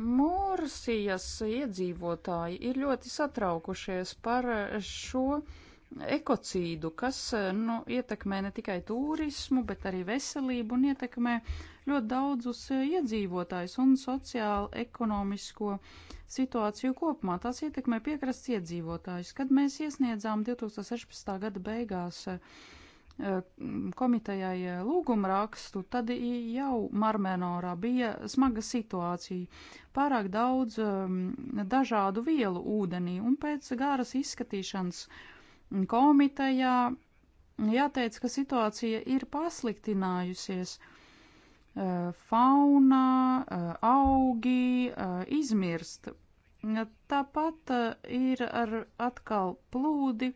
Mursijas iedzīvotāji ir ļoti satraukušies par šo ekocīdu, kas eh, nu, ietekmē ne tikai turismu, bet arī veselību un ietekmē ļoti daudzus eh, iedzīvotājus un sociālu, ekonomisko situāciju kopumā. Tās ietekmē piekrasts iedzīvotājus. Kad mēs iesniedzām 2016. gada beigās eh, komitejai lūgumu rakstu, tad jau Marmenorā bija smaga situācija. Pārāk daudz ehm, dažādu vielu ūdenī un pēc gāras izskatīšanas uh, komitejā jāteic, ka situācija ir pasliktinājusies. Fauna, augi izmirst. Tāpat ir ar atkal plūdi,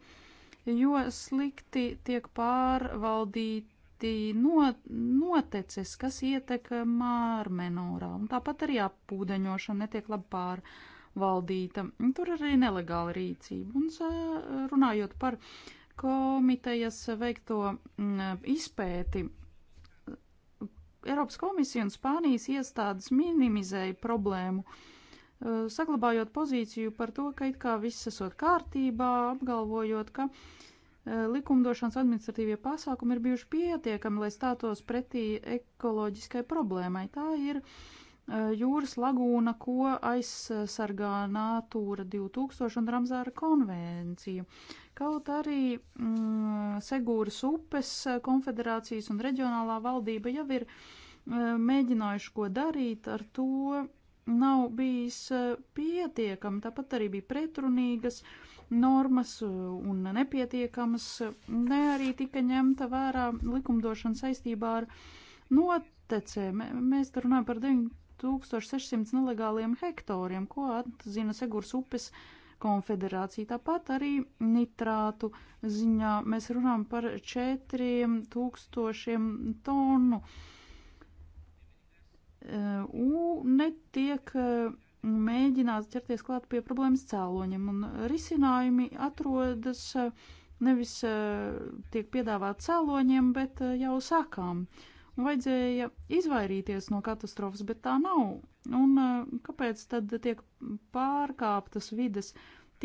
jo slikti tiek pārvaldīti not, noteces, kas ietek mārmenorā, un tāpat arī apūdeņošana netiek labi pārvaldīta valdīta. Tur arī nelegāla rīcība. Un eh, runājot par komitejas veikto mm, izpēti, Eiropas komisija un Spānijas iestādes minimizēja problēmu, eh, saglabājot pozīciju par to, ka it kā viss esot kārtībā, apgalvojot, ka eh, likumdošanas administratīvie pasākumi ir bijuši pietiekami, lai stātos pretī ekoloģiskai problēmai. Tā ir uh, Eh, jūras lagūna, ko aizsargā Natūra 2000 un Ramzāra konvencija. Kaut arī mm, Segūras upes eh, konfederācijas un reģionālā valdība jau ir mm, mēģinājuši ko darīt, ar to nav bijis pietiekami, tāpat arī bija pretrunīgas normas un nepietiekamas, ne arī tika ņemta vērā likumdošana saistībā ar notecēm. Mēs te runājam par 9 1600 nelegāliem hektāriem, ko atzina Segurs upes konfederācija. Tāpat arī nitrātu ziņā mēs runājam par 4000 tonu. E, un netiek e, mēģināts ķerties klāt pie problēmas cēloņiem, un risinājumi atrodas e, nevis tiek piedāvāt cēloņiem, bet jau sākām. Uh, Vajadzēja izvairīties no katastrofas, bet tā nav. Un uh, kāpēc tad tiek pārkāptas vides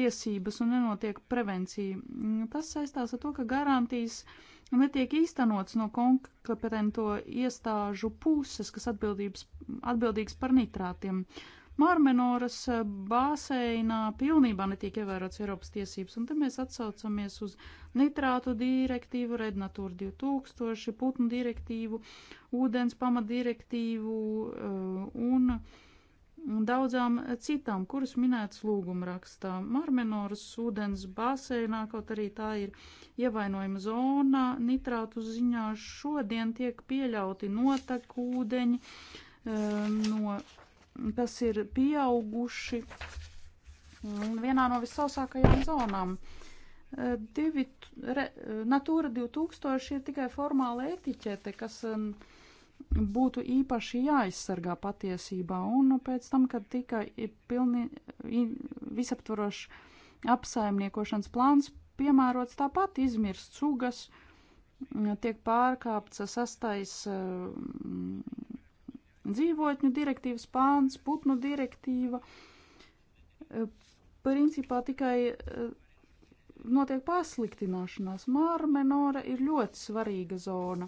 tiesības un nenotiek prevencija? Mm, tas saistās ar to, ka garantijas netiek īstenots no kompetento iestāžu puses, kas atbildības, atbildīgs par nitrātiem. Uh, Mārmenoras eh, basēnā pilnībā netiek ievērots Eiropas tiesības, un te mēs atsaucamies uz nitrātu direktīvu, Rednatūru 2000, putnu direktīvu, ūdens pamatdirektīvu eh, un, un daudzām citām, kuras minētas lūgumrakstā. Mārmenoras ūdens basēnā, kaut arī tā ir ievainojama zona, nitrātu ziņā šodien tiek pieļauti notekūdeņi eh, no kas ir pieauguši vienā no visausākajām zonām. Eh, divi, re, eh, Natūra 2000 ir tikai formāla etiķete, kas būtu īpaši jāaizsargā patiesībā, un nu, pēc tam, kad tika pilni, visaptvarošs apsaimniekošanas plāns piemērots, tāpat izmirst sugas, tiek pārkāpts sastais dzīvotņu direktīvas pāns, putnu direktīva. Eh, principā tikai eh, notiek pasliktināšanās. Māra menora ir ļoti svarīga zona.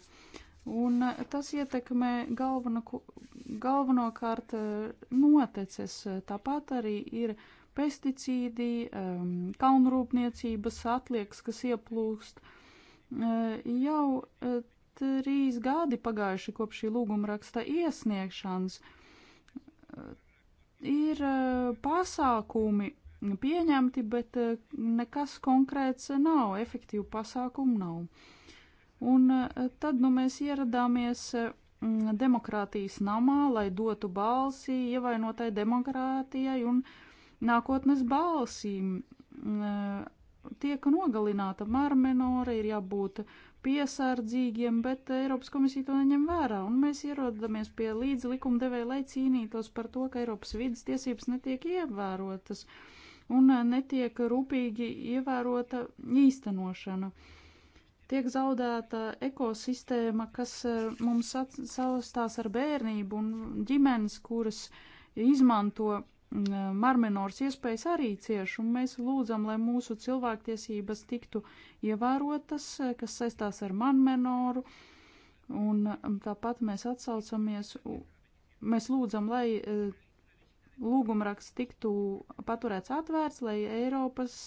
Un eh, tas ietekmē galveno, galvenokārt noteces. Tāpat arī ir pesticīdi, ehm, kalnrūpniecības atliekas, kas ieplūst. Jau trīs gadi pagājuši kopš šī lūgumraksta iesniegšanas. Ir e, pasākumi pieņemti, bet e, nekas konkrēts nav, efektīvu pasākumu nav. Un e, tad nu, mēs ieradāmies demokrātijas namā, lai dotu balsi ievainotai demokrātijai un nākotnes balsīm. Tiek nogalināta marmenora, ir jābūt uh, piesardzīgiem, bet Eiropas komisija to neņem vērā, un mēs ierodamies pie līdz likumdevēja, lai cīnītos par to, ka Eiropas vidas tiesības netiek ievērotas un netiek rūpīgi ievērota īstenošana. Tiek zaudēta ekosistēma, kas eh, mums saustās ar bērnību un ģimenes, kuras izmanto Mm, eh, marmenors iespējas arī cieš, un mēs lūdzam, lai mūsu cilvēktiesības tiktu ievērotas, eh, kas saistās ar marmenoru, un mm, tāpat mēs atsaucamies, mēs lūdzam, lai eh, lūgumraksts tiktu paturēts atvērts, lai Eiropas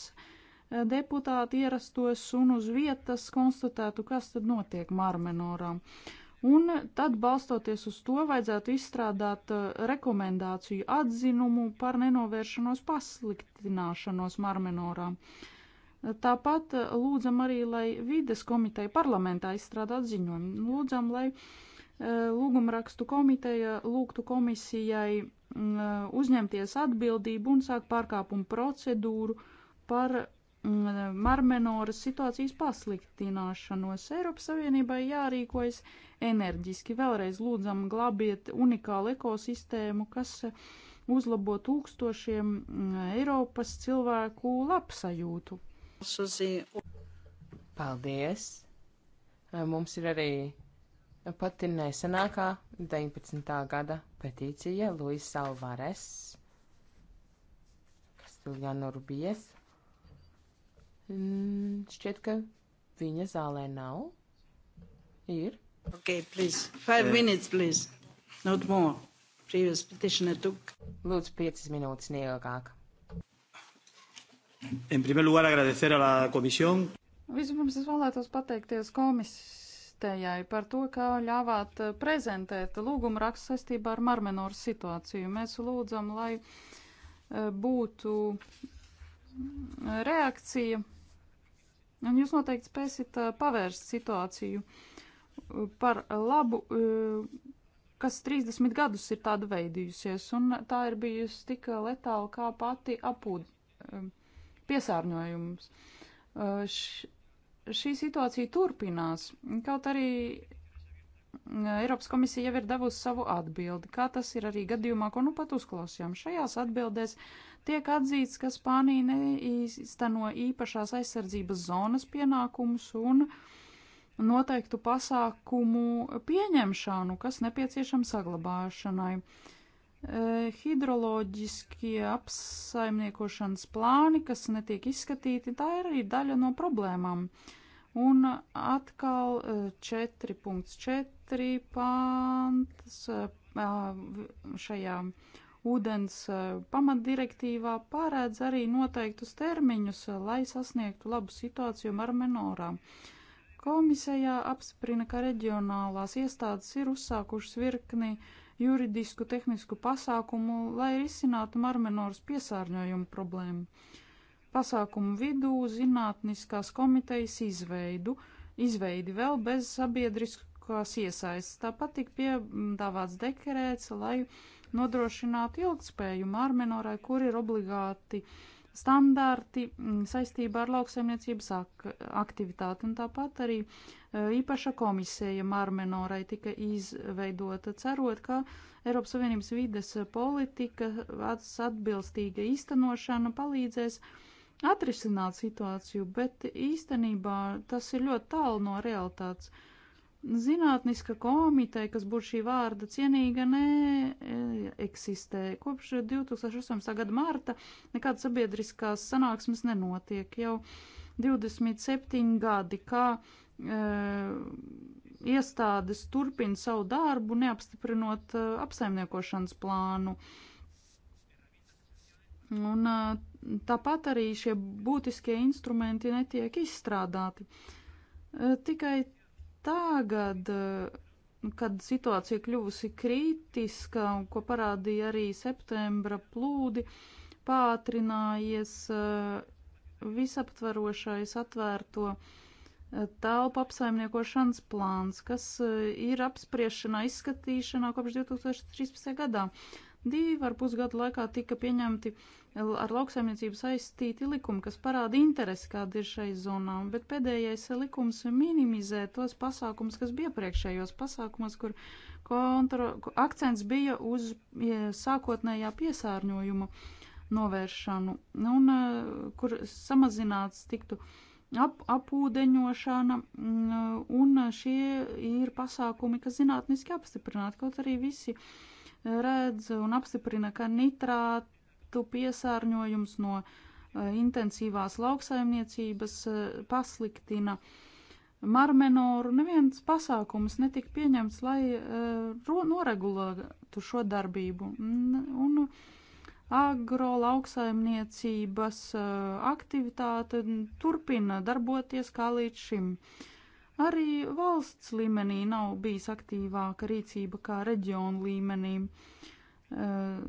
deputāti ierastos un uz vietas konstatētu, kas tad notiek marmenorām. Uh, Un tad, balstoties uz to, vajadzētu izstrādāt eh, rekomendāciju atzinumu par nenovēršanos pasliktināšanos marmenorā. Tāpat eh, lūdzam arī, lai vides komiteja parlamentā izstrādā atziņojumu. Lūdzam, lai eh, lūgumrakstu komiteja lūgtu komisijai mm, uzņemties atbildību un sāk pārkāpumu procedūru par Mm, marmenoras situācijas pasliktināšanos. Eiropas Savienībai jārīkojas enerģiski. Vēlreiz lūdzam glābiet unikālu ekosistēmu, kas uzlabo tūkstošiem mm, Eiropas cilvēku labsajūtu. Paldies! Mums ir arī pati nesenākā 19. gada petīcija Luisa Alvarez, Kastiljano Rubies. Mm, šķiet, ka viņa zālē nav. Ir. Ok, please. Five eh. minutes, please. Not more. Previous petitioner took. Lūdzu, piecas minūtes neilgāk. En primer lugar, agradecer a la comisión. Vispirms es vēlētos pateikties komisijai par to, ka ļāvāt eh, prezentēt lūgumu rakstu saistībā ar Marmenoru situāciju. Mēs lūdzam, lai eh, būtu mm, reakcija Un jūs noteikti spēsit pavērst situāciju par labu, kas 30 gadus ir tāda veidījusies, un tā ir bijusi tik letāla kā pati apūd piesārņojums. Š, šī situācija turpinās, kaut arī Eiropas komisija jau ir devusi savu atbildi, kā tas ir arī gadījumā, ko nu pat uzklausījām. Šajās atbildēs tiek atzīts, ka Spānija neīsteno īpašās aizsardzības zonas pienākumus un noteiktu pasākumu pieņemšanu, kas nepieciešams saglabāšanai. E, hidroloģiskie apsaimniekošanas plāni, kas netiek izskatīti, tā ir arī daļa no problēmām. Uh, Un atkal 4.4 eh, pants eh, šajā ūdens eh, pamatdirektīvā pārēdz arī noteiktus termiņus, lai sasniegtu labu situāciju ar menorām. Komisijā apsprina, ka reģionālās iestādes ir uzsākušas virkni juridisku tehnisku pasākumu, lai risinātu marmenoras piesārņojumu problēmu pasākumu vidū zinātniskās komitejas izveidu, izveidi vēl bez sabiedriskās iesaistas. Tāpat tika piedāvāts dekrēts, lai nodrošinātu ilgspēju mārmenorai, kur ir obligāti standarti mm, saistībā ar lauksaimniecības ak aktivitāti. Un tāpat arī e, īpaša komisija Marmenorai tika izveidota, cerot, ka Eiropas Savienības vides politika atbilstīga īstenošana palīdzēs uh, atrisināt situāciju, bet īstenībā tas ir ļoti tālu no realitātes. Zinātniska komiteja, kas būtu šī vārda cienīga, neeksistē. Kopš 2018. gada marta nekādas sabiedriskās sanāksmes nenotiek. Jau 27 gadi, kā e, iestādes turpina savu darbu, neapstiprinot e, apsaimniekošanas plānu. E, Un tāpat arī šie būtiskie instrumenti netiek izstrādāti. Tikai tagad, kad situācija kļuvusi kritiska, ko parādīja arī septembra plūdi, pātrinājies visaptvarošais atvērto telpu apsaimniekošanas plāns, kas ir apspriešanā, izskatīšanā kopš 2013. gadā. Divi ar pusgadu laikā tika pieņemti eh, ar lauksaimniecību saistīti likumi, kas parāda interesi, kāda ir šai zonā, bet pēdējais likums minimizē tos pasākums, kas bija priekšējos pasākumos, kur kontra, akcents bija uz sākotnējā piesārņojuma novēršanu, un eh, kur samazināts tiktu ap, apūdeņošana, mm, un šie ir pasākumi, kas zinātniski apstiprināti, kaut arī visi uh, redz un apstiprina, ka nitrātu piesārņojums no e, intensīvās lauksaimniecības e, pasliktina marmenoru. Neviens pasākums netika pieņemts, lai e, noregulētu šo darbību. Un agro lauksaimniecības aktivitāte turpina darboties kā līdz šim. Uh, Arī valsts līmenī nav bijis aktīvāka rīcība kā reģionu līmenī. Eh,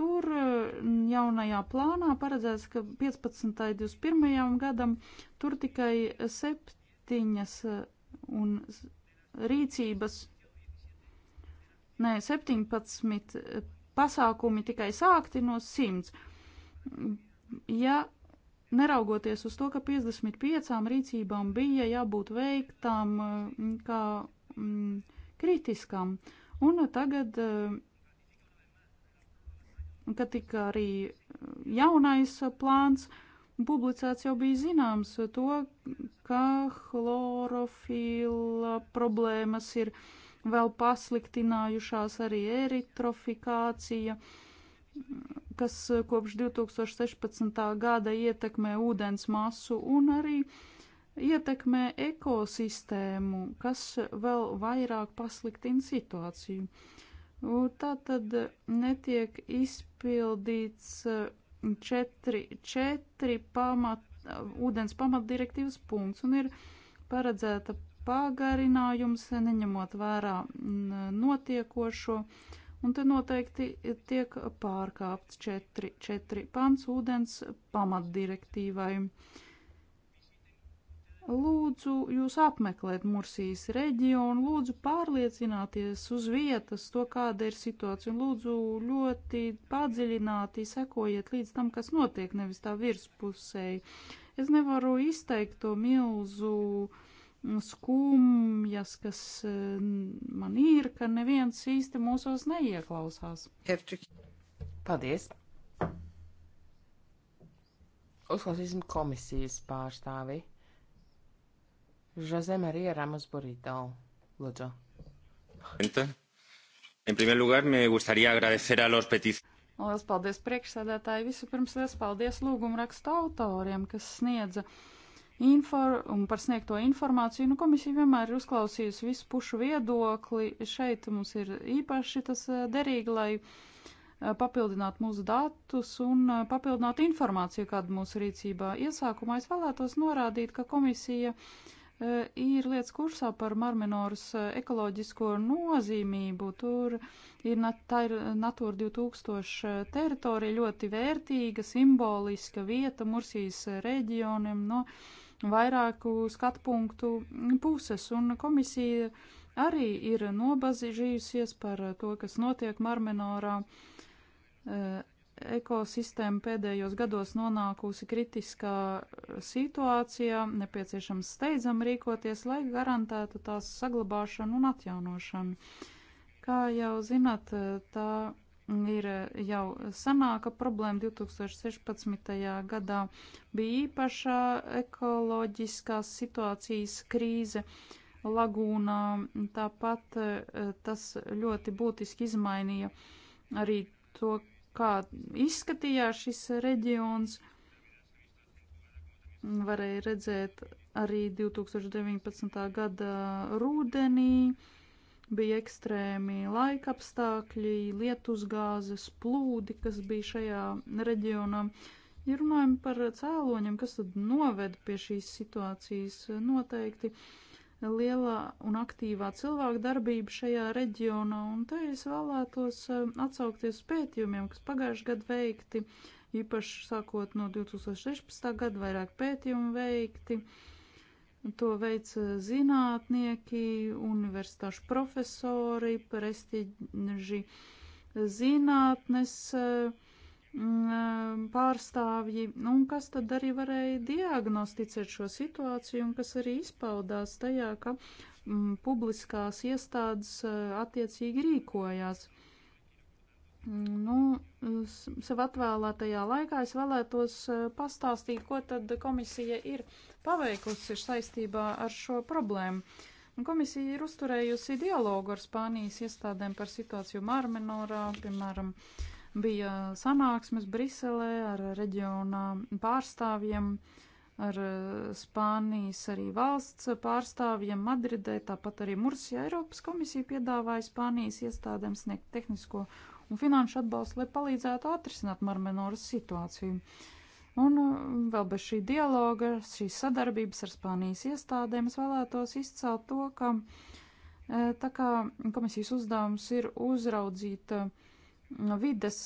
tur eh, jaunajā plānā paredzēts, ka 15. 21. gadam tur tikai septiņas eh, un rīcības, nē, 17 pasākumi tikai sākti no simts. Ja neraugoties uz to, ka 55 rīcībām bija jābūt veiktām mm, kā mm, kritiskām. Un tagad, mm, kad tika arī jaunais plāns publicēts, jau bija zināms to, ka chlorofila problēmas ir vēl pasliktinājušās arī eritrofikācija kas eh, kopš 2016. gada ietekmē ūdens masu un arī ietekmē ekosistēmu, kas vēl vairāk pasliktina situāciju. Tā tad netiek izpildīts 4, eh, 4 pamat, eh, ūdens pamatdirektīvas punkts un ir paredzēta pāgarinājums, neņemot vērā mm, notiekošo. Uh, Un te noteikti tiek pārkāpts 4.4. pants ūdens pamatdirektīvai. Lūdzu, jūs apmeklēt Mursijas reģionu, lūdzu pārliecināties uz vietas to, kāda ir situācija, un lūdzu ļoti padziļināti sekojiet līdz tam, kas notiek, nevis tā virspusēji. Es nevaru izteikt to milzu uh, skumjas, kas eh, man ir, ka neviens īsti mūsos neieklausās. Paldies! Uzklausīsim komisijas pārstāvi. José María Ramos Burrito. Lūdzu. En primer lugar, me gustaría agradecer a los peticionarios. Lielas paldies priekšsēdētāji. Vispirms liels paldies lūgumrakstu autoriem, kas sniedza uh, infor, un par sniegto informāciju. Nu, komisija vienmēr ir uzklausījusi visu pušu viedokli. Šeit mums ir īpaši tas eh, derīgi, lai eh, papildinātu mūsu datus un eh, papildinātu informāciju, kāda mūsu rīcībā. Iesākumā es vēlētos norādīt, ka komisija ir lietas kursā par Marmenoras ekoloģisko nozīmību. Tur ir, tā ir Natūra 2000 teritorija, ļoti vērtīga, simboliska vieta Mursijas reģionim. No, vairāku skatu punktu puses, un komisija arī ir nobazījusies par to, kas notiek Marmenorā. Eh, ekosistēma pēdējos gados nonākusi kritiskā situācijā, nepieciešams steidzam rīkoties, lai garantētu tās saglabāšanu un atjaunošanu. Kā jau zināt, eh, tā ir e, jau senāka problēma. 2016. gadā bija īpaša ekoloģiskās situācijas krīze lagūnā. Tāpat e, tas ļoti būtiski izmainīja arī to, kā izskatījās šis reģions. Varēja redzēt arī 2019. gada rudenī bija ekstrēmi laika apstākļi, lietusgāzes, plūdi, kas bija šajā reģionā. Ja runājam par cēloņiem, kas tad noved pie šīs situācijas, noteikti liela un aktīvā cilvēka darbība šajā reģionā, un te es vēlētos eh, atsaukties pētījumiem, kas pagājuši gadu veikti, īpaši sākot no 2016. gada vairāk pētījumu veikti. Uh, To veic eh, zinātnieki, universitāšu profesori, prestiži eh, zinātnes eh, mm, pārstāvji, un kas tad arī varēja diagnosticēt šo situāciju, un kas arī izpaudās tajā, ka mm, publiskās iestādes attiecīgi rīkojās. Nu, sev atvēlētajā laikā es vēlētos e, pastāstīt, ko tad komisija ir paveikusi saistībā ar šo problēmu. Komisija ir uzturējusi dialogu ar Spānijas iestādēm par situāciju Mārmenorā, piemēram, bija sanāksmes Briselē ar reģionā pārstāvjiem, ar e, Spānijas arī valsts pārstāvjiem Madridē, tāpat arī Mursijā Eiropas komisija piedāvāja Spānijas iestādēm sniegt tehnisko un nu, finanšu atbalsts, lai palīdzētu atrisināt Marmenoras situāciju. Un uh, vēl bez šī dialoga, šīs sadarbības ar Spānijas iestādēm es vēlētos izcelt to, ka uh, tā kā komisijas uzdevums ir uzraudzīt uh, vides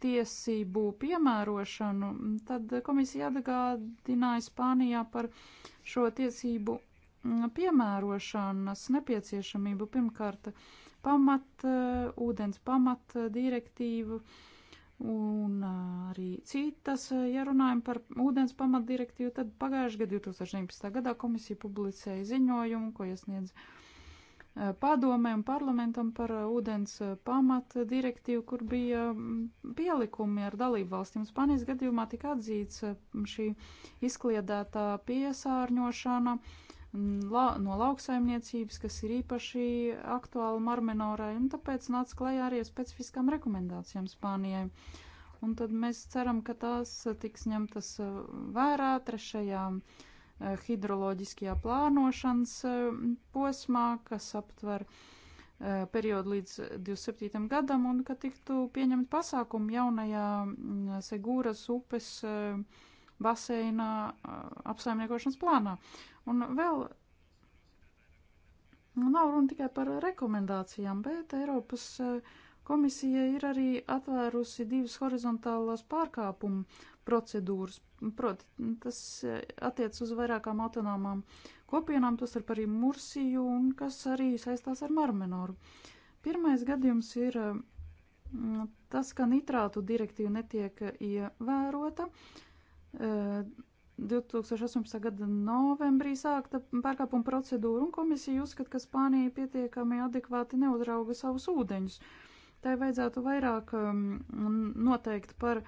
tiesību piemērošanu, tad komisija atgādināja Spānijā par šo tiesību mm, piemērošanas nepieciešamību pirmkārt pamat, eh, ūdens pamat eh, direktīvu un eh, arī citas. Ja runājam par ūdens pamat direktīvu, tad pagājušajā gadā, 2019. gadā, komisija publicēja ziņojumu, ko iesniedz padomē un parlamentam par ūdens pamat direktīvu, kur bija mm, pielikumi ar dalību valstīm. Spānijas gadījumā tika atzīts šī izkliedētā piesārņošana la, no lauksaimniecības, kas ir īpaši aktuāli Marmenorai, un tāpēc nāca klajā arī ar specifiskām rekomendācijām Spānijai. Un tad mēs ceram, ka tās tiks ņemtas uh, vērā trešajā uh, hidroloģiskajā plānošanas uh, posmā, kas aptver periodu līdz 27. gadam, un ka tiktu pieņemt pasākumu jaunajā mm, Segūras upes baseinā apsaimniekošanas plānā. Uh, Un vēl nav runa tikai par rekomendācijām, bet Eiropas eh, komisija ir arī atvērusi divas horizontālās pārkāpumu procedūras. Proti, tas eh, attiec uz vairākām autonomām kopienām, tos ar arī Mursiju, un kas arī saistās ar Marmenoru. Pirmais gadījums ir mm, tas, ka nitrātu direktīva netiek ievērota. Eh, 2018. gada novembrī sākta pārkāpuma procedūra, un komisija uzskata, ka Spānija pietiekami adekvāti neuzrauga savus ūdeņus. Tai vajadzētu vairāk um, noteikt par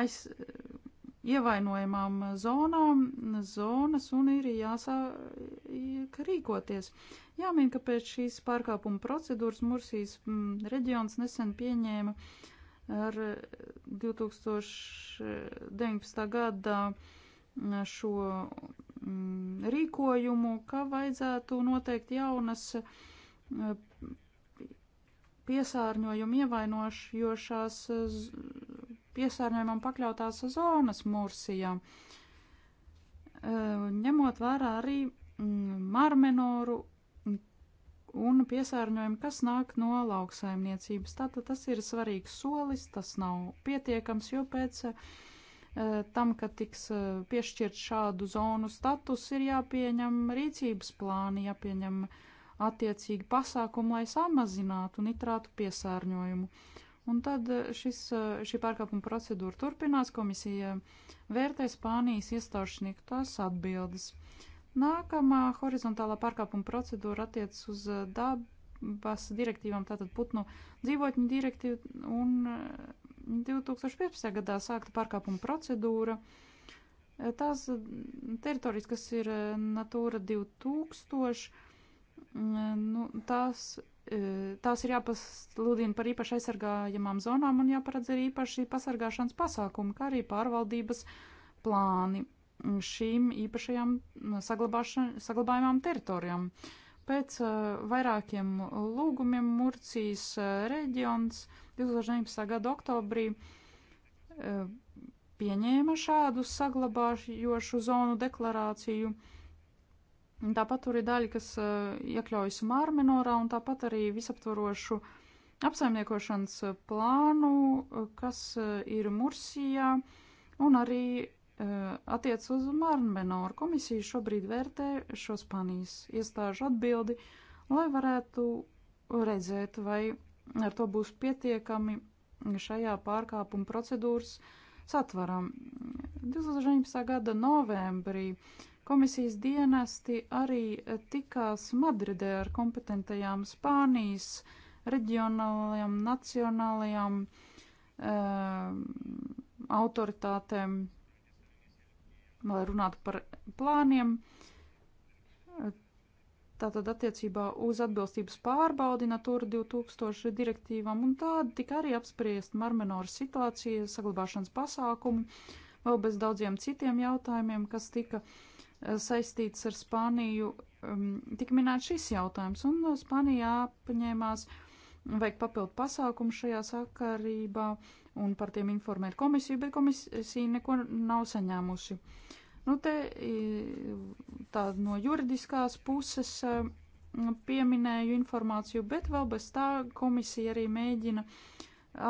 aiz ievainojamām zonām, zonas, un ir jāsāk rīkoties. Jāmin, ka pēc šīs pārkāpuma procedūras Mursijas mm, reģions nesen pieņēma ar 2019. Eh, eh, gadā šo mm, rīkojumu, ka vajadzētu noteikti jaunas eh, piesārņojumu ievainojošās piesārņojumam pakļautās zonas Mursijā, eh, ņemot vērā arī mm, marmenoru un piesārņojumu, kas nāk no lauksaimniecības. Tātad tas ir svarīgs solis, tas nav pietiekams, jo pēc uh, Eh, tam, ka tiks eh, piešķirt šādu zonu status, ir jāpieņem rīcības plāni, jāpieņem attiecīgi pasākumi, lai samazinātu nitrātu piesārņojumu. Un tad eh, šis, šī pārkāpuma procedūra turpinās, komisija vērtē Spānijas iestāšanīgās atbildes. Nākamā horizontālā pārkāpuma procedūra attiecas uz dabas direktīvām, tātad putnu dzīvotņu direktīvu un 2015. gadā sākta pārkāpuma procedūra. Tās teritorijas, kas ir eh, Natūra 2000, eh, nu, tās, eh, tās ir jāpasludina par īpaši aizsargājamām zonām un jāparedz arī īpaši pasargāšanas pasākumi, kā arī pārvaldības plāni šīm īpašajām saglabājumām teritorijām. Pēc vairākiem lūgumiem Murcijas reģions uh, 2019. gada oktobrī e, pieņēma šādu saglabājošu zonu deklarāciju. Tāpat tur ir daļa, kas e, iekļaujas Mārmenorā, un tāpat arī visaptvarošu apsaimniekošanas plānu, e, kas ir Mursijā, un arī attiec uz Mārmenoru. Komisija šobrīd vērtē šo Spānijas iestāžu atbildi, lai varētu redzēt, vai ar to būs pietiekami šajā pārkāpuma procedūras satvaram. 2019. gada novembrī Komisijas dienesti arī tikās Madridē ar kompetentajām Spānijas reģionālajām, nacionālajām e, autoritātēm, lai runātu par plāniem. E, Tātad attiecībā uz atbilstības pārbaudi Natūra 2000 direktīvām un tāda tika arī apspriest marmenoru situācija, saglabāšanas pasākumu, vēl bez daudziem citiem jautājumiem, kas tika eh, saistīts ar Spāniju. Um, Tik minēts šis jautājums, un uh, Spānijā paņēmās veikt papildu pasākumu šajā sakarībā un par tiem informēt komisiju, bet komisija neko nav saņēmusi. Uh, Nu, te tā no juridiskās puses e, pieminēju informāciju, bet vēl bez tā komisija arī mēģina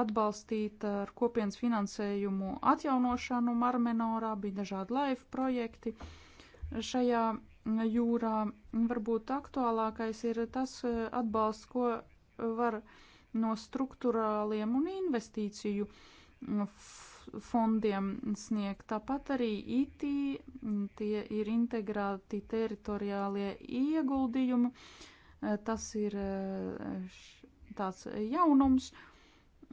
atbalstīt e, ar kopienas finansējumu atjaunošanu Marmenorā, bija dažādi laivu projekti šajā jūrā. Varbūt aktuālākais ir tas e, atbalsts, ko var no struktūrāliem un investīciju fondiem sniegt. Tāpat arī IT, tie ir integrēti teritoriālie ieguldījumi. Eh, tas ir eh, tāds jaunums.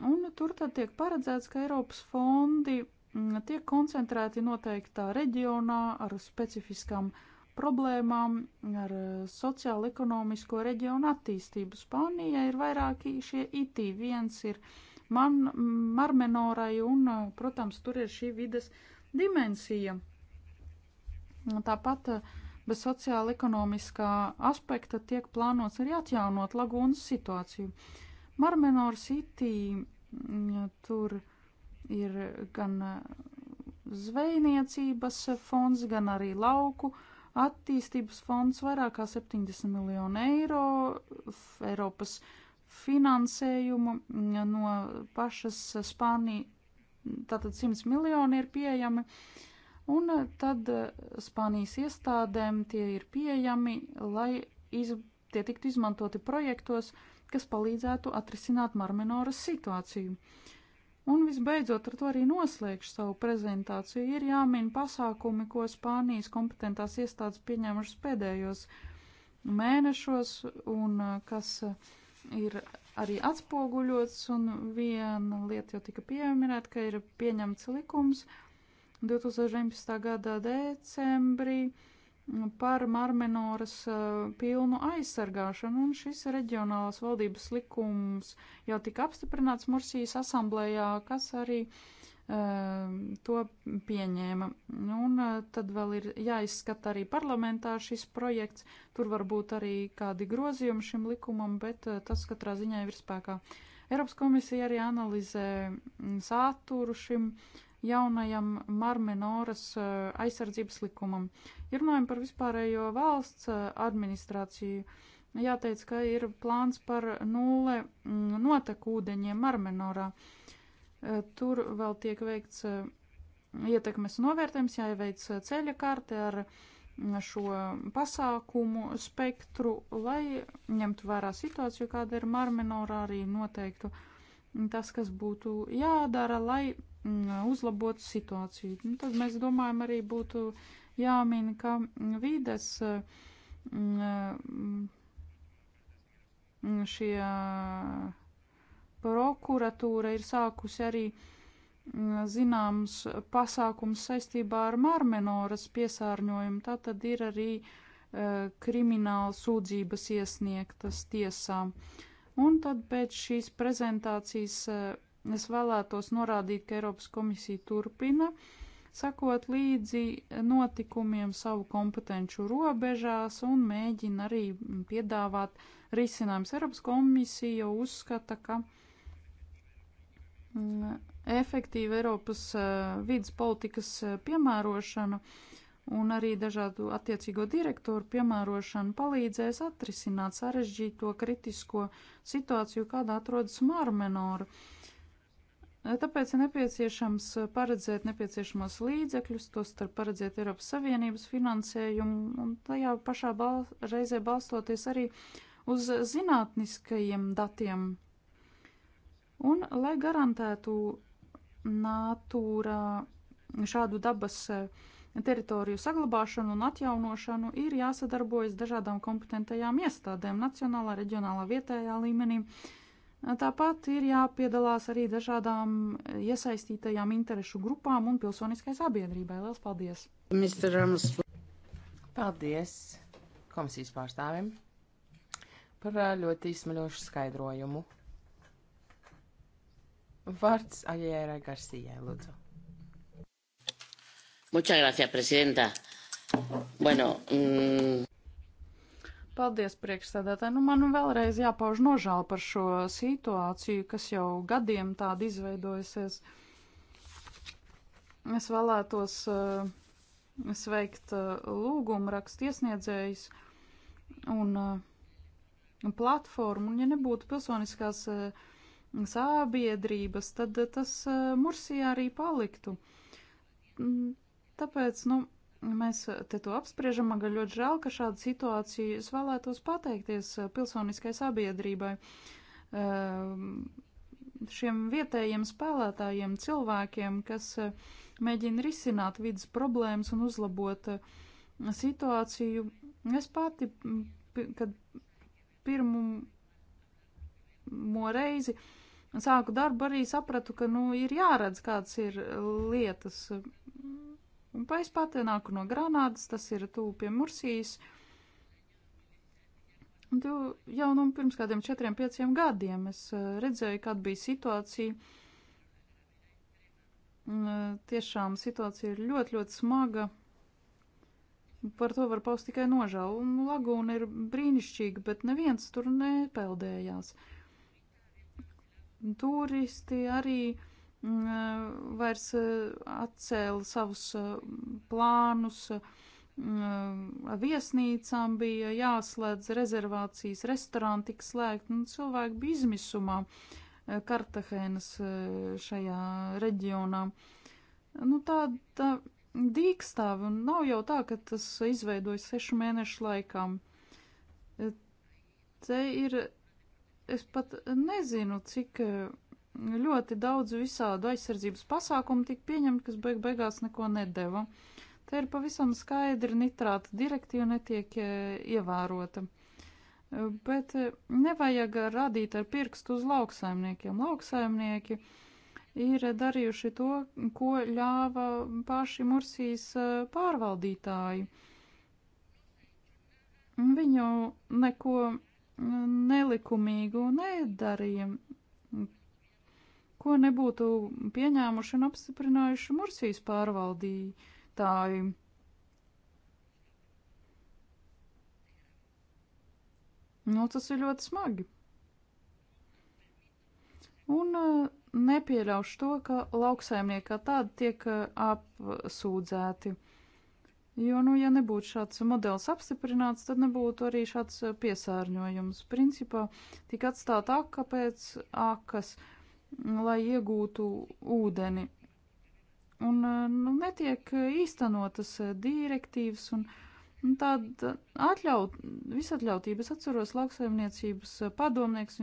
Un tur tad tiek paredzēts, ka Eiropas fondi mm, tiek koncentrēti noteiktā reģionā ar specifiskām problēmām, ar eh, sociālo-ekonomisko reģionu attīstību. Spānijā ir vairāki šie IT. Viens ir uh, man, Marmenorai, un, protams, tur ir šī vides dimensija. Tāpat bez sociāla ekonomiskā aspekta tiek plānots arī atjaunot lagūnas situāciju. Marmenor City ja, mm, tur ir gan zvejniecības fonds, gan arī lauku attīstības fonds vairāk kā 70 miljonu eiro Eiropas. Uh, finansējumu mm, no pašas Spānijas. Tātad 100 miljoni ir pieejami, un eh, tad eh, Spānijas iestādēm tie ir pieejami, lai iz, tie tiktu izmantoti projektos, kas palīdzētu atrisināt Marmenoras situāciju. Un visbeidzot, ar to arī noslēgšu savu prezentāciju, ir jāmin pasākumi, ko Spānijas kompetentās iestādes pieņēmušas pēdējos mēnešos un eh, kas uh, ir arī atspoguļots, un viena lieta jau tika pieminēta, ka ir pieņemts likums 2019. gada decembrī par Marmenoras pilnu aizsargāšanu, un šis reģionālās valdības likums jau tika apstiprināts Mursijas asamblējā, kas arī uh, Um, to pieņēma. Un uh, tad vēl ir jāizskata arī parlamentā šis projekts. Tur var būt arī kādi grozījumi šim likumam, bet uh, tas katrā ziņā ir spēkā. Eiropas komisija arī analizē mm, saturu šim jaunajam Marmenoras uh, aizsardzības likumam. Ja runājam par vispārējo valsts administrāciju, jāteic, ka ir plāns par nulle mm, notekūdeņiem Marmenorā. Uh, Eh, tur vēl tiek veikts eh, ietekmes novērtējums, jāieveic eh, ceļa karte ar mm, šo pasākumu spektru, lai ņemtu vērā situāciju, kāda ir marmenorā, arī noteiktu tas, kas būtu jādara, lai mm, uzlabotu situāciju. Nu, tad mēs domājam, arī būtu jāmin, ka mm, vides šie Prokuratūra ir sākusi arī mm, zināms pasākums saistībā ar marmenoras piesārņojumu. Tā tad ir arī e, krimināla sūdzības iesniegtas tiesā. Un tad pēc šīs prezentācijas e, es vēlētos norādīt, ka Eiropas komisija turpina sakot līdzi notikumiem savu kompetenču robežās un mēģina arī mm, piedāvāt risinājums. Eiropas komisija uzskata, ka Uh, efektīvu Eiropas uh, vidas politikas uh, piemērošanu un arī dažādu attiecīgo direktoru piemērošanu palīdzēs atrisināt sarežģīto kritisko situāciju, kādā atrodas Marmenora. Tāpēc ir nepieciešams paredzēt nepieciešamos līdzekļus, tostarp paredzēt Eiropas Savienības finansējumu un tajā pašā bal reizē balstoties arī uz zinātniskajiem datiem Un, lai garantētu natūrā šādu dabas eh, teritoriju saglabāšanu un atjaunošanu, ir jāsadarbojas dažādām kompetentajām iestādēm - nacionālā, reģionālā, vietējā līmenī. Tāpat ir jāpiedalās arī dažādām iesaistītajām interešu grupām un pilsoniskai sabiedrībai. Lielas paldies! Mr. Ramos. Paldies komisijas pārstāvim par eh, ļoti izsmeļošu skaidrojumu. Vārds Aļērai Garcijai, lūdzu. Muchas gracias, presidenta. Bueno, mm... Paldies, priekšsēdētāji. Nu, man vēlreiz jāpauž nožēla par šo situāciju, kas jau gadiem tāda izveidojusies. Es vēlētos uh, sveikt uh, lūgumu rakstu iesniedzējus un uh, platformu, un ja nebūtu pilsoniskās uh, sabiedrības, tad eh, tas eh, Mursijā arī paliktu. Mm, tāpēc, nu, mēs te to apspriežam, man gan ļoti žēl, ka šāda situācija es vēlētos pateikties eh, pilsoniskai sabiedrībai, šiem vietējiem spēlētājiem, cilvēkiem, kas mēģina risināt vidas problēmas un uzlabot situāciju. Es pati, mm, kad pirmo mm, reizi uh, sāku darbu, arī sapratu, ka, nu, ir jāredz, kādas ir e, lietas. Un pa es pati nāku no Granādas, tas ir tūp pie Mursijas. Un tu jau, nu, pirms kādiem četriem, pieciem gadiem es e, redzēju, kāda bija situācija. E, tiešām situācija ir ļoti, ļoti smaga. Par to var paust tikai nožēlu. Lagūna ir brīnišķīga, bet neviens tur nepeldējās. Uh, turisti arī mm, eh, vairs eh, atcēla savus eh, plānus. Mm, viesnīcām bija jāslēdz rezervācijas, restorāni tika slēgti, un cilvēki bija izmisumā Kartahēnas šajā reģionā. Nu, tāda tā dīkstāve, un nav jau tā, ka tas izveidojas sešu mēnešu laikā. Te ir es pat nezinu, cik eh, ļoti daudz visādu aizsardzības pasākumu tika pieņemti, kas beig beigās neko nedeva. Te ir pavisam skaidri nitrāta direktīva netiek eh, ievērota. Eh, bet nevajag radīt ar pirkstu uz lauksaimniekiem. Lauksaimnieki ir darījuši to, ko ļāva paši Mursijas pārvaldītāji. Viņu neko nelikumīgu nedarījumu, ko nebūtu pieņēmuši un apstiprinājuši Mursijas pārvaldītāji. Nu, tas ir ļoti smagi. Un eh, nepieļaušu to, ka lauksaimnieki kā tādi tiek eh, apsūdzēti. Uh, Jo, nu, ja nebūtu šāds modelis apstiprināts, tad nebūtu arī šāds eh, piesārņojums. Principā tika atstāta aka pēc akas, mm, lai iegūtu ūdeni. Un eh, nu, netiek īstenotas eh, direktīvas un, un tāda atļaut, visatļautības atceros lauksaimniecības padomnieks.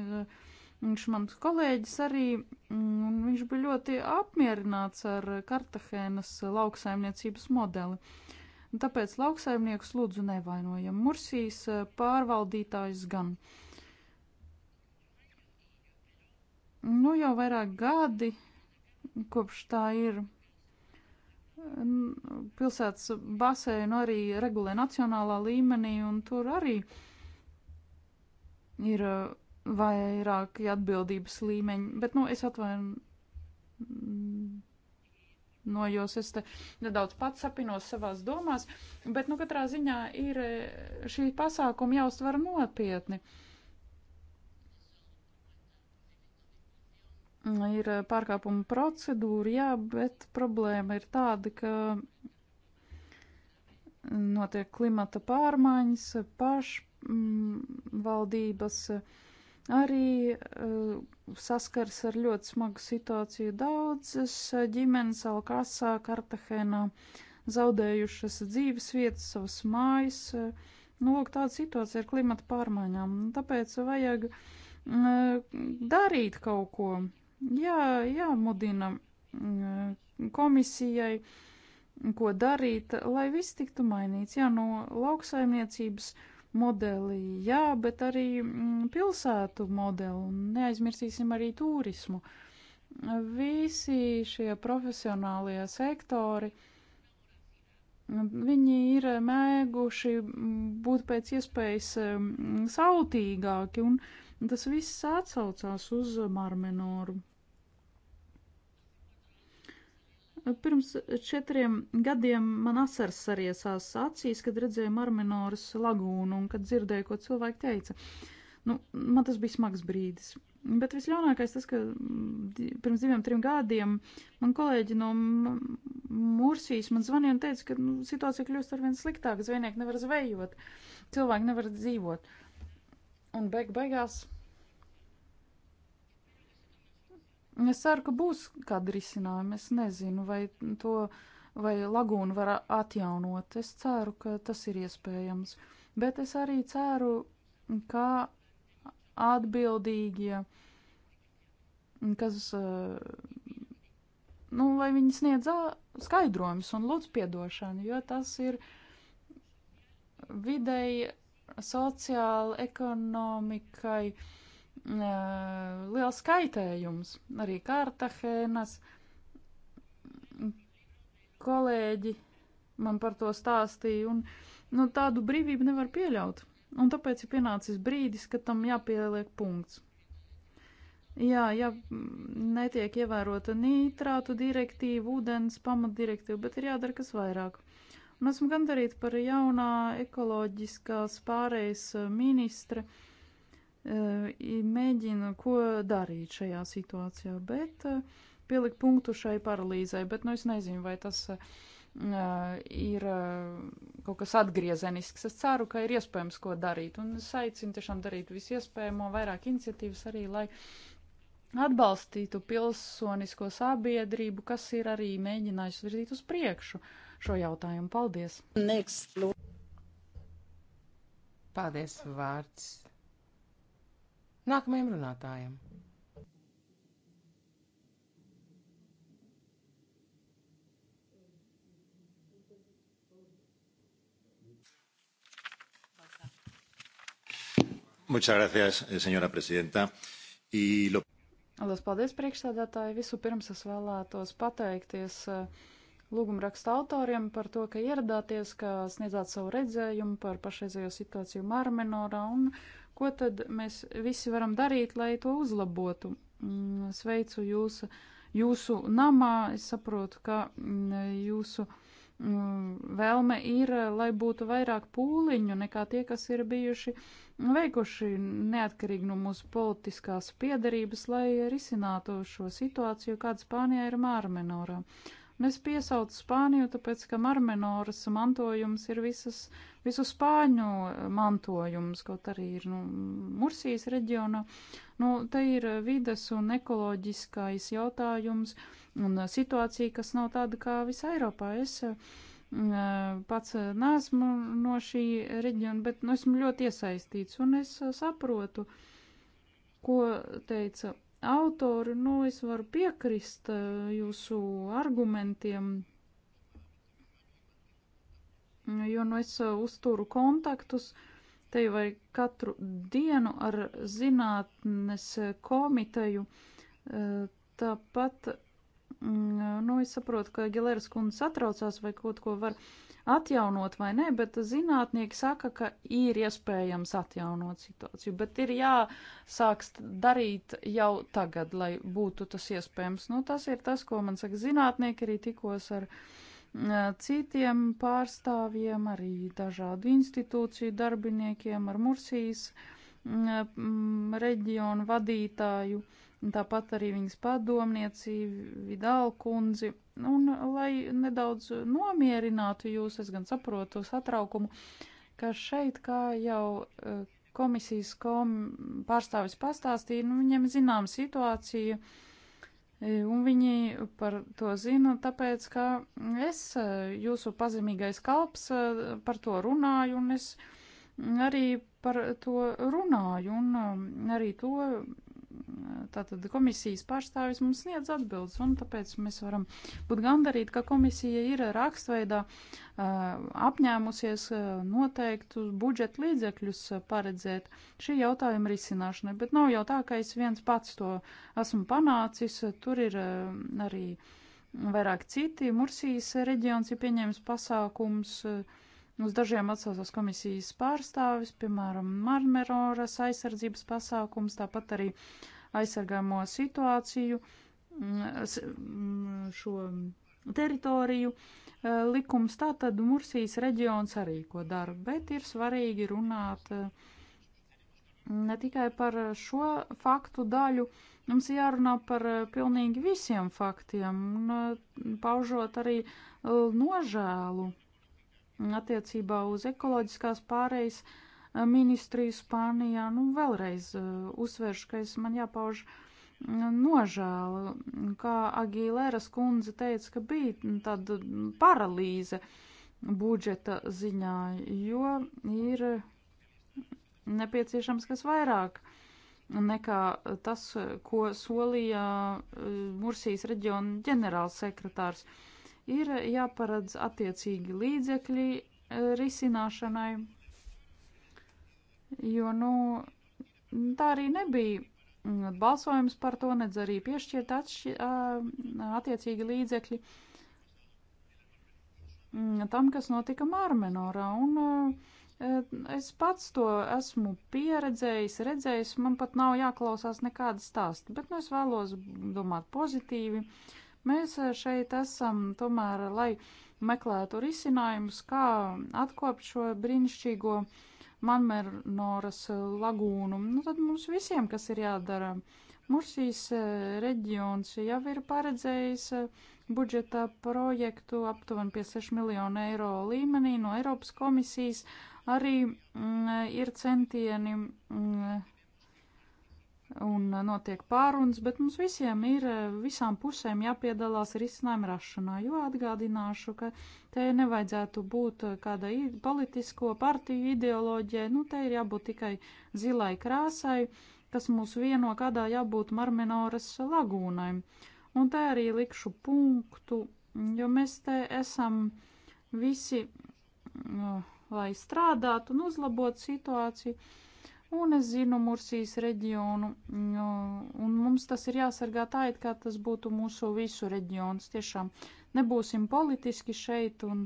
Viņš mans kolēģis arī, mm, un viņš bija ļoti apmierināts ar Kartahēnas lauksaimniecības modeli. Uh, Un tāpēc lauksaimniekus lūdzu nevainojam. Mursijas eh, pārvaldītājs gan. Nu, jau vairāk gadi kopš tā ir. Pilsētas basēnu arī regulē nacionālā līmenī, un tur arī ir eh, vairāki atbildības līmeņi. Bet, nu, es atvainu atvainojos, es te nedaudz pats sapinos savās domās, bet nu katrā ziņā ir eh, šī pasākuma jāuztver nopietni. Ir eh, pārkāpuma procedūra, jā, bet problēma ir tāda, ka notiek klimata pārmaiņas, pašvaldības. Mm, arī uh, saskars ar ļoti smagu situāciju. Daudzas eh, ģimenes Alkasā, Kartahenā zaudējušas dzīves vietas, savas mājas. Eh. Nu, lūk, tāda situācija ar klimata pārmaiņām. Tāpēc vajag uh, darīt kaut ko. Jā, jāmudina uh, komisijai, ko darīt, lai viss tiktu mainīts. Jā, no lauksaimniecības uh, modelī, jā, bet arī mm, pilsētu modeli un neaizmirsīsim arī turismu. Visi šie profesionālie sektori, viņi ir mēguši mm, būt pēc iespējas mm, sautīgāki un tas viss atsaucās uz Marmenoru. Pirms četriem gadiem man asars sariesās acīs, kad redzēju Marminoras lagūnu un kad dzirdēju, ko cilvēki teica. Nu, man tas bija smags brīdis. Bet visļaunākais tas, ka pirms diviem, trim gadiem man kolēģi no Mursijas man zvanīja un teica, ka nu, situācija kļūst arvien sliktāka, zvejnieki nevar zvejot, cilvēki nevar dzīvot. Un beig beigās Es ceru, ka būs kādi risinājumi. Es nezinu, vai to vai lagūnu var atjaunot. Es ceru, ka tas ir iespējams. Bet es arī ceru, ka atbildīgie, kas, eh, nu, lai viņi sniedz ah, skaidrojumus un lūdz piedošanu, jo tas ir videi sociāli ekonomikai liels kaitējums. Arī Kārtahēnas kolēģi man par to stāstīja, un nu, tādu brīvību nevar pieļaut. Un tāpēc ir pienācis brīdis, kad tam jāpieliek punkts. Jā, ja netiek ievērota nitrātu direktīva, ūdens pamatdirektīva, bet ir jādara kas vairāk. Un esmu gandarīta par jaunā ekoloģiskās pārējas ministra uh, mēģina ko darīt šajā situācijā, bet pielikt punktu šai paralīzai, bet nu es nezinu, vai tas ir kaut kas atgriezenisks. Es ceru, ka ir iespējams ko darīt, un es aicinu tiešām darīt visu iespējamo, vairāk iniciatīvas arī, lai atbalstītu pilsonisko sabiedrību, kas ir arī mēģinājusi virzīt uz priekšu šo jautājumu. Paldies! Next. Paldies vārds Nākamajam runātājam. Muchas gracias, eh, señora presidenta. Y lo... Lielas paldies, priekšsēdētāji. Vispirms es vēlētos pateikties eh, lūgumraksta autoriem par to, ka ieradāties, ka sniedzāt savu redzējumu par pašreizējo situāciju Mārmenorā un uh, Ko tad mēs visi varam darīt, lai to uzlabotu? Mm, sveicu jūs, jūsu namā. Es saprotu, ka mm, jūsu mm, vēlme ir, lai būtu vairāk pūliņu nekā tie, kas ir bijuši veikuši neatkarīgi no mūsu politiskās piedarības, lai risinātu šo situāciju, kāda Spānijā ir Mārmenorā. Uh, Es piesaucu Spāniju, tāpēc, ka marmenoras mantojums ir visas, visu spāņu eh, mantojums, kaut arī ir nu, Mursijas reģiona. Nu, te ir vides un ekoloģiskais jautājums un situācija, kas nav tāda kā visā Eiropā. Es, eh, eh, pats neesmu no šī reģiona, bet nu, esmu ļoti iesaistīts un es saprotu, ko teica autori, nu, es varu piekrist eh, jūsu argumentiem, jo, nu, es eh, uzturu kontaktus te vai katru dienu ar zinātnes eh, komiteju. Tāpat, mm, nu, es saprotu, ka Gilēras kundze satraucās vai kaut ko var atjaunot vai nē, bet zinātnieki saka, ka ir iespējams atjaunot situāciju, bet ir jāsāk darīt jau tagad, lai būtu tas iespējams. Nu, tas ir tas, ko man saka zinātnieki, arī tikos ar citiem pārstāvjiem, arī dažādu institūciju darbiniekiem, ar Mursijas reģionu vadītāju, tāpat arī viņas padomnieci Vidāla kundzi Un, lai nedaudz nomierinātu jūs, es gan saprotu satraukumu, ka šeit, kā jau eh, komisijas kom pārstāvis pastāstīja, nu, viņiem zinām situācija, eh, un viņi par to zina, tāpēc, ka es, eh, jūsu pazemīgais kalps, par to runāju, un es arī par to runāju, un arī to tātad komisijas pārstāvis mums sniedz atbildes, un tāpēc mēs varam būt gandarīti, ka komisija ir rakstveidā apņēmusies noteiktus budžeta līdzekļus paredzēt šī jautājuma risināšanai, bet nav jau tā, ka es viens pats to esmu panācis, tur ir arī vairāk citi, Mursijas reģions ir pieņēmis pasākums, uh, Uz dažiem atsaucās komisijas pārstāvis, piemēram, marmeroras aizsardzības pasākums, tāpat arī aizsargāmo situāciju, mm, mm, šo teritoriju eh, likums. Tātad Mursijas reģions arī ko dara, bet ir svarīgi runāt eh, ne tikai par šo faktu daļu, mums jārunā par eh, pilnīgi visiem faktiem, paužot arī nožēlu attiecībā uz ekoloģiskās pārejas ministriju Spānijā. Nu, vēlreiz uzsveršu, ka es man jāpauž nožēla, kā Agīlēras kundze teica, ka bija tāda paralīze budžeta ziņā, jo ir nepieciešams kas vairāk nekā tas, ko solīja Mursijas reģiona ģenerālsekretārs sekretārs ir jāparedz attiecīgi līdzekļi e, risināšanai, jo, nu, tā arī nebija mm, balsojums par to, nedz arī piešķirt atšķi, attiecīgi līdzekļi mm, tam, kas notika Mārmenorā, un e, es pats to esmu pieredzējis, redzējis, man pat nav jāklausās nekāda stāsta, bet, nu, es vēlos domāt pozitīvi, uh, Mēs eh, šeit esam tomēr, lai meklētu risinājumus, kā atkopt šo brīnišķīgo Manmernoras eh, lagūnu. Nu, tad mums visiem, kas ir jādara, Mursijas eh, reģions jau ir paredzējis budžeta projektu aptuveni pie 6 miljonu eiro līmenī no Eiropas komisijas. Arī mm, ir centieni mm, un eh, notiek pārunas, bet mums visiem ir eh, visām pusēm jāpiedalās risinājuma rašanā, jo atgādināšu, ka te nevajadzētu būt eh, kāda politisko partiju ideoloģijai, nu te ir jābūt tikai zilai krāsai, kas mūs vieno, kādā jābūt Marmenoras lagūnai. Un te arī likšu punktu, jo mēs te esam visi, mm, lai strādātu un uzlabotu situāciju. Un es zinu Mursijas reģionu, un mums tas ir jāsargā tā, it kā tas būtu mūsu visu reģions. Tiešām nebūsim politiski šeit un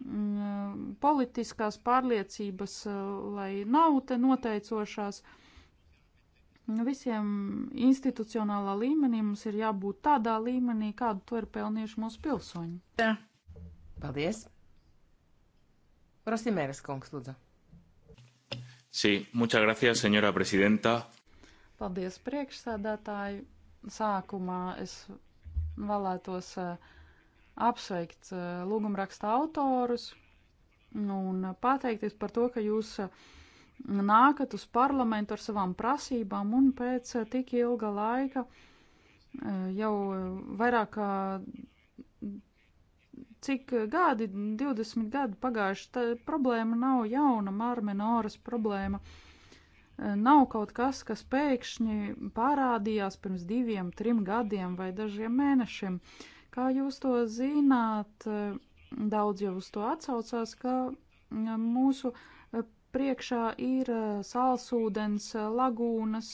mm, politiskās pārliecības, eh, lai nav te noteicošās. Visiem institucionālā līmenī mums ir jābūt tādā līmenī, kādu to ir pelnījuši mūsu pilsoņi. Jā. Paldies! Rosimēras kungs, lūdzu. Sí, muchas gracias, senora presidenta. Paldies, priekšsādātāji. Sākumā es vēlētos eh, apsveikt eh, lūgumraksta autorus un pateikties par to, ka jūs eh, nākat uz parlamentu ar savām prasībām un pēc tik ilga laika jau vairāk kā cik gadi, 20 gadi pagājuši, tā problēma nav jauna, marmenoras problēma. Nav kaut kas, kas pēkšņi parādījās pirms diviem, trim gadiem vai dažiem mēnešiem. Kā jūs to zināt, daudz jau uz to atsaucās, ka mūsu priekšā ir salsūdens lagūnas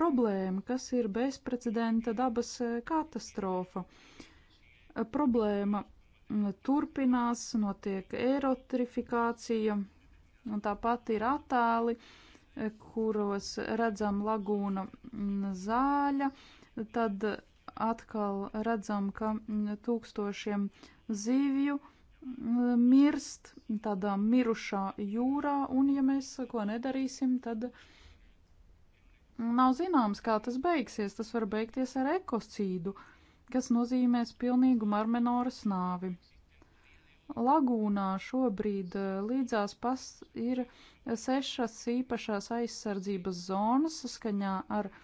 problēma, kas ir bezprecedenta dabas katastrofa. Uh, Problēma turpinās, notiek erotrifikācija, un tāpat ir attēli, kuros redzam lagūna zāļa, tad atkal redzam, ka tūkstošiem zivju mirst tādā mirušā jūrā, un ja mēs ko nedarīsim, tad nav zināms, kā tas beigsies. Tas var beigties ar ekocīdu. Uh, kas nozīmēs pilnīgu marmenoras nāvi. Lagūnā šobrīd eh, līdzās pas ir sešas īpašās aizsardzības zonas saskaņā ar uh,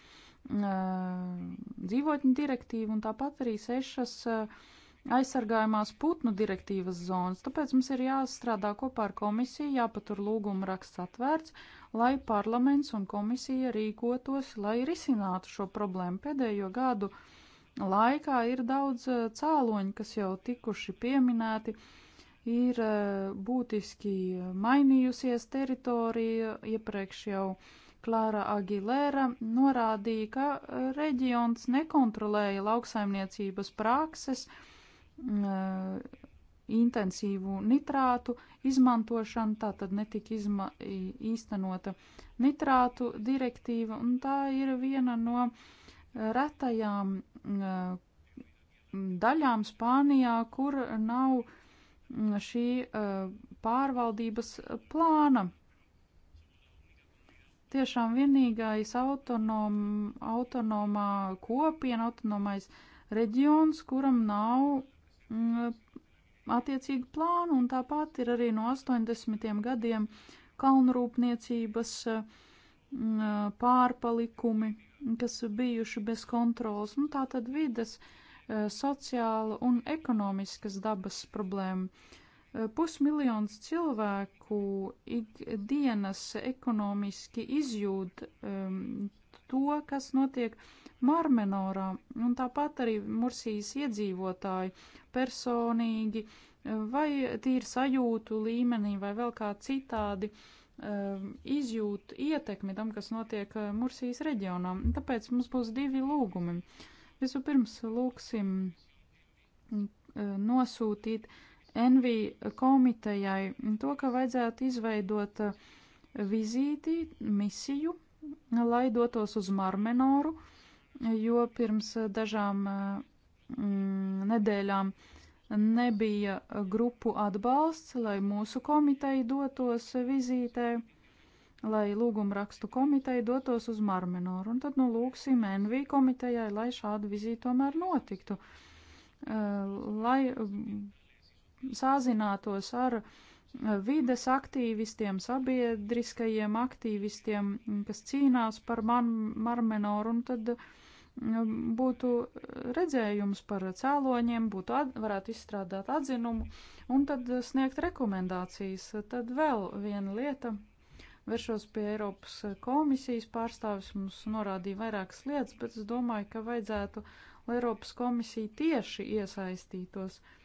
dzīvotņu direktīvu un tāpat arī sešas uh, aizsargājumās putnu direktīvas zonas, tāpēc mums ir jāstrādā kopā ar komisiju, jāpatur lūguma raksts atvērts, lai parlaments un komisija rīkotos, lai risinātu šo problēmu. Pēdējo gadu uh, laikā ir daudz eh, cēloņu, kas jau tikuši pieminēti, ir eh, būtiski mainījusies teritorija, iepriekš jau Klāra Agilēra norādīja, ka eh, reģions nekontrolēja lauksaimniecības prakses, mm, intensīvu nitrātu izmantošanu, tā tad netika izma, īstenota nitrātu direktīva, un tā ir viena no uh, retajām eh, daļām Spānijā, kur nav mm, šī eh, pārvaldības plāna. Tiešām vienīgais autonom, autonomā kopiena, autonomais reģions, kuram nav mm, attiecīgi plānu, un tāpat ir arī no 80. gadiem kalnrūpniecības mm, pārpalikumi kas bijuši bez kontrolas. Nu, tā tad vides, eh, sociāla un ekonomiskas dabas problēma. Eh, pusmiljons cilvēku ikdienas ekonomiski izjūt um, to, kas notiek Marmenorā, un tāpat arī Mursijas iedzīvotāji personīgi eh, vai tīri sajūtu līmenī vai vēl kā citādi uh, Um, izjūt ietekmi tam, kas notiek uh, Mursijas reģionā. Tāpēc mums būs divi lūgumi. Vispirms lūgsim mm, uh, nosūtīt NV komitejai to, ka vajadzētu izveidot uh, vizīti, misiju, lai dotos uz Marmenoru, jo pirms dažām mm, nedēļām uh, nebija grupu atbalsts, lai mūsu komiteja dotos vizītē, lai lūgumrakstu komiteja dotos uz Marmenoru. Un tad nu lūksim NV komitejai, lai šāda vizīte tomēr notiktu, eh, lai mm, sāzinātos ar eh, vides aktīvistiem, sabiedriskajiem aktīvistiem, mm, kas cīnās par man, Marmenoru. Un tad uh, Nu, būtu redzējums par cēloņiem, būtu at, varētu izstrādāt atzinumu un tad sniegt rekomendācijas. Tad vēl viena lieta. Vēršos pie Eiropas komisijas pārstāvis, mums norādīja vairākas lietas, bet es domāju, ka vajadzētu, lai Eiropas komisija tieši iesaistītos uh,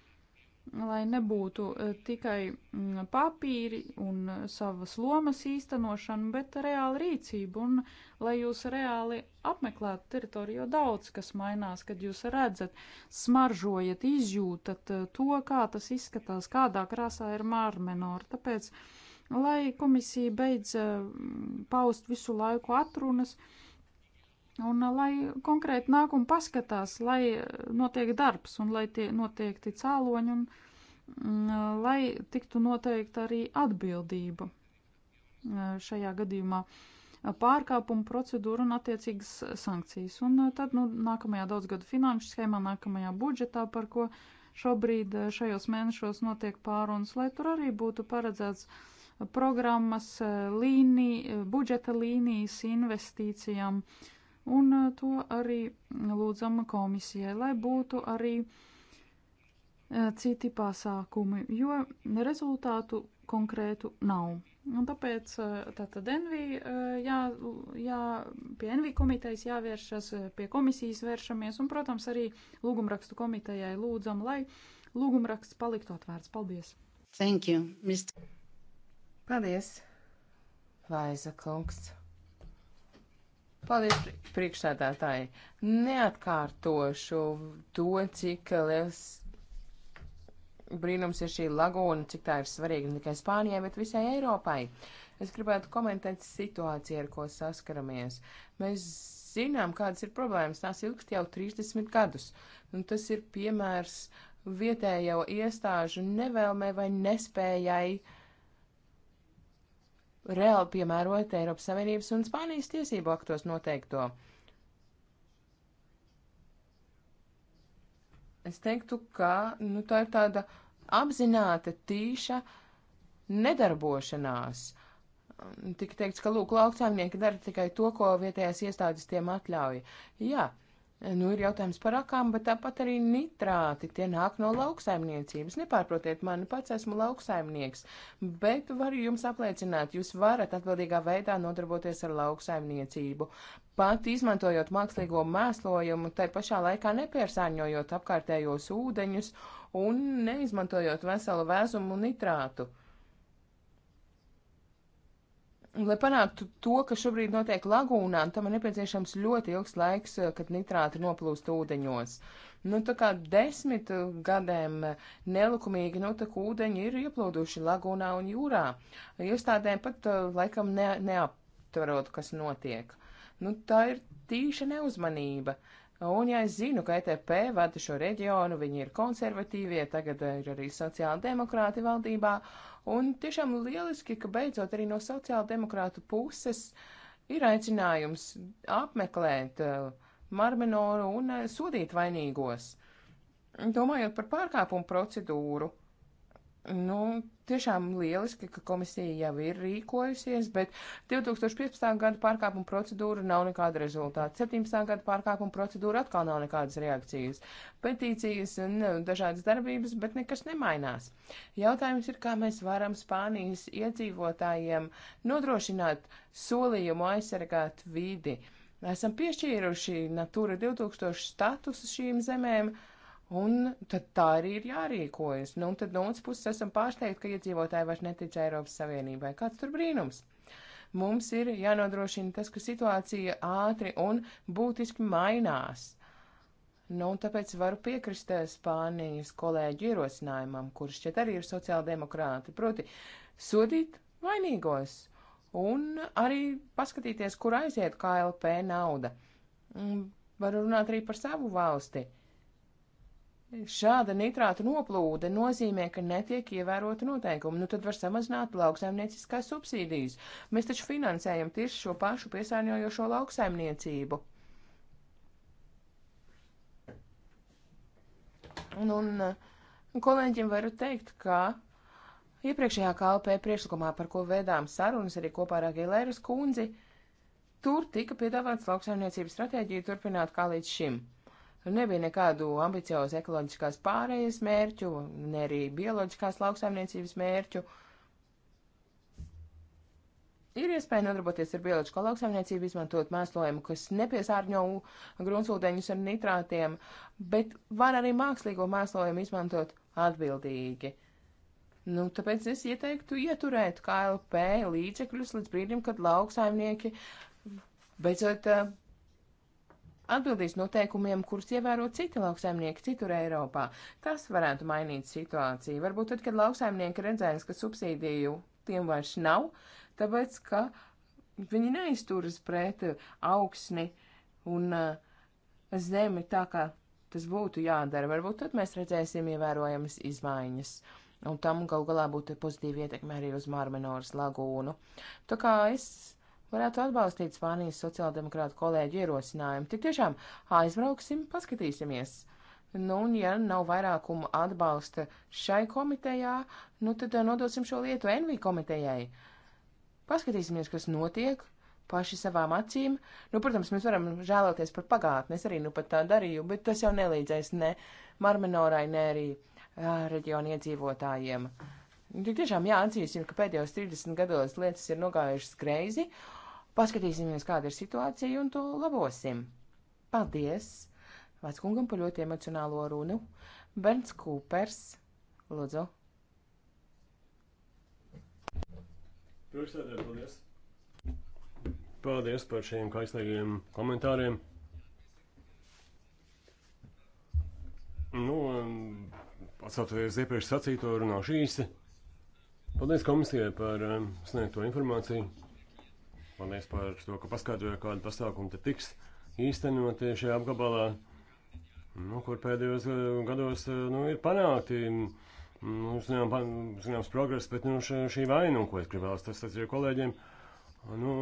lai nebūtu e, tikai mm, papīri un savas lomas īstenošana, bet reāla rīcība un lai jūs reāli apmeklētu teritoriju, jo daudz kas mainās, kad jūs redzat, smaržojat, izjūtat e, to, kā tas izskatās, kādā krāsā ir mārmenori. Tāpēc, lai komisija beidz e, paust visu laiku atrunas, uh, Un uh, lai konkrēti nāk un paskatās, lai uh, notiek darbs un lai tie notiekti cēloņi un mm, uh, lai tiktu noteikta arī atbildība šajā gadījumā pārkāpuma procedūra un attiecīgas sankcijas. Un tad nu, nākamajā daudzgadu finanšu schēmā, nākamajā budžetā, par ko šobrīd šajos mēnešos notiek pārunas, lai tur arī būtu paredzēts programmas līnija, budžeta līnijas investīcijām. Uh, Un uh, to arī lūdzam komisijai, lai būtu arī uh, citi pasākumi, jo rezultātu konkrētu nav. Un tāpēc uh, tātad NV, jā, jā, pie NV komitejas jāvēršas, pie komisijas vēršamies un, protams, arī lūgumrakstu komitejai lūdzam, lai lūgumraksts paliktu atvērts. Paldies! Thank you, Mr. Paldies, Vaiza kungs! Paldies priekšsēdētāji. Neatkārtošu to, cik liels brīnums ir šī lagūna, cik tā ir svarīga ne tikai Spānijai, bet visai Eiropai. Es gribētu komentēt situāciju, ar ko saskaramies. Mēs zinām, kādas ir problēmas, tās ilgst jau 30 gadus. Un nu, tas ir piemērs vietējo iestāžu nevēlmē vai nespējai uh, reāli piemērot Eiropas Savienības un Spānijas tiesību aktos noteikto. Es teiktu, ka nu, tā ir tāda apzināta, tīša nedarbošanās. Tik teikts, ka lūk, lauksaimnieki dara tikai to, ko vietējās iestādes tiem atļauj. Jā, Nu, ir jautājums par akām, bet tāpat arī nitrāti. Tie nāk no lauksaimniecības. Nepārprotiet mani, pats esmu lauksaimnieks, bet varu jums apliecināt, jūs varat atbildīgā veidā nodarboties ar lauksaimniecību. Pat izmantojot mākslīgo mēslojumu, tai pašā laikā nepiersāņojot apkārtējos ūdeņus un neizmantojot veselu vēzumu nitrātu. Lai panāktu to, kas šobrīd notiek lagūnā, tam ir nepieciešams ļoti ilgs laiks, eh, kad nitrāti noplūst ūdeņos. Nu, tā kā desmit eh, gadiem eh, nelikumīgi notek nu, ūdeņi ir ieplūduši lagūnā un jūrā. Iestādēm pat laikam ne, neaptverot, kas notiek. Nu, tā ir tīša neuzmanība. Un, ja es zinu, ka ETP vada šo reģionu, viņi ir konservatīvie, tagad ir arī sociāla demokrāti valdībā, uh, Un tiešām lieliski, ka beidzot arī no sociāldemokrātu puses ir aicinājums apmeklēt uh, Marmenoru un uh, sodīt vainīgos. Domājot par pārkāpumu procedūru, Nu, tiešām lieliski, ka komisija jau ir rīkojusies, bet 2015. gada pārkāpuma procedūra nav nekāda rezultāta. 17. gada pārkāpuma procedūra atkal nav nekādas reakcijas. Petīcijas un nu, dažādas darbības, bet nekas nemainās. Jautājums ir, kā mēs varam Spānijas iedzīvotājiem nodrošināt solījumu aizsargāt vidi. Esam piešķīruši Natura 2000 statusu šīm zemēm. Uh, Un tad tā arī ir jārīkojas. Nu, un tad no otras puses esam pārsteigti, ka iedzīvotāji vairs netic Eiropas Savienībai. Kāds tur brīnums? Mums ir jānodrošina tas, ka situācija ātri un būtiski mainās. Nu, un tāpēc varu piekrist eh, Spānijas kolēģu ierosinājumam, kurš šķiet arī ir sociāldemokrāti, proti sodīt vainīgos un arī paskatīties, kur aiziet KLP nauda. Un mm, varu runāt arī par savu valsti. Šāda nitrātu noplūde nozīmē, ka netiek ievērota noteikumi. Nu tad var samazināt lauksaimnieciskās subsīdijas. Mēs taču finansējam tieši šo pašu piesārņojošo lauksaimniecību. Un, un kolēģiem varu teikt, ka iepriekšējā KLP priekšlikumā, par ko vēdām sarunas arī kopā ar Agilēras kundzi, tur tika piedāvāts lauksaimniecības stratēģija turpināt kā līdz šim. Nebija nekādu ambiciozu ekoloģiskās pārējas mērķu, ne arī bioloģiskās lauksaimniecības mērķu. Ir iespēja nodarboties ar bioloģisko lauksaimniecību, izmantot mēslojumu, kas nepiesārņo gruntsūdeņus ar nitrātiem, bet var arī mākslīgo mēslojumu izmantot atbildīgi. Nu, tāpēc es ieteiktu ieturēt KLP līdzekļus līdz brīdim, kad lauksaimnieki beidzot eh, atbildīs noteikumiem, kurus ievēro citi lauksaimnieki citur Eiropā. Tas varētu mainīt situāciju. Varbūt tad, kad lauksaimnieki redzēs, ka subsīdiju tiem vairs nav, tāpēc, ka viņi neizturas pret uh, augsni un uh, zemi tā, kā tas būtu jādara. Varbūt tad mēs redzēsim ievērojamas izmaiņas. Un tam gal galā būtu pozitīva ietekme arī uz Marmenoras lagūnu. Tā kā es varētu atbalstīt Spānijas sociāldemokrātu kolēģu ierosinājumu. Tik tiešām aizbrauksim, paskatīsimies. Nu, un ja nav vairākuma atbalsta šai komitejā, nu tad uh, nodosim šo lietu Envi komitejai. Paskatīsimies, kas notiek paši savām acīm. Nu, protams, mēs varam žēloties par pagātni, es arī nu pat tā darīju, bet tas jau nelīdzēs ne Marmenorai, ne arī uh, reģionu iedzīvotājiem. Tik tiešām jāatzīst, ka pēdējos 30 gados lietas ir nogājušas greizi, Paskatīsimies, kāda ir situācija, un to labosim. Paldies Vackungam par ļoti emocionālo runu. Bērns Kūpers, lūdzu. Priekšsēdētāji, paldies! Paldies par šiem kaislīgiem komentāriem. Nu, atsaucoties iepriekš sacīto, runāšu īsi. Paldies komisijai par um, sniegto informāciju. Paldies par to, ka paskaidroju, kāda pasākuma te tiks īstenoti šajā apgabalā, nu, kur pēdējos eh, gados eh, nu, ir panākti. Mm, nu, zinām, zināms progress, bet nu, šī, šī vaina, ko es gribēju, tas tas ir kolēģiem. Nu,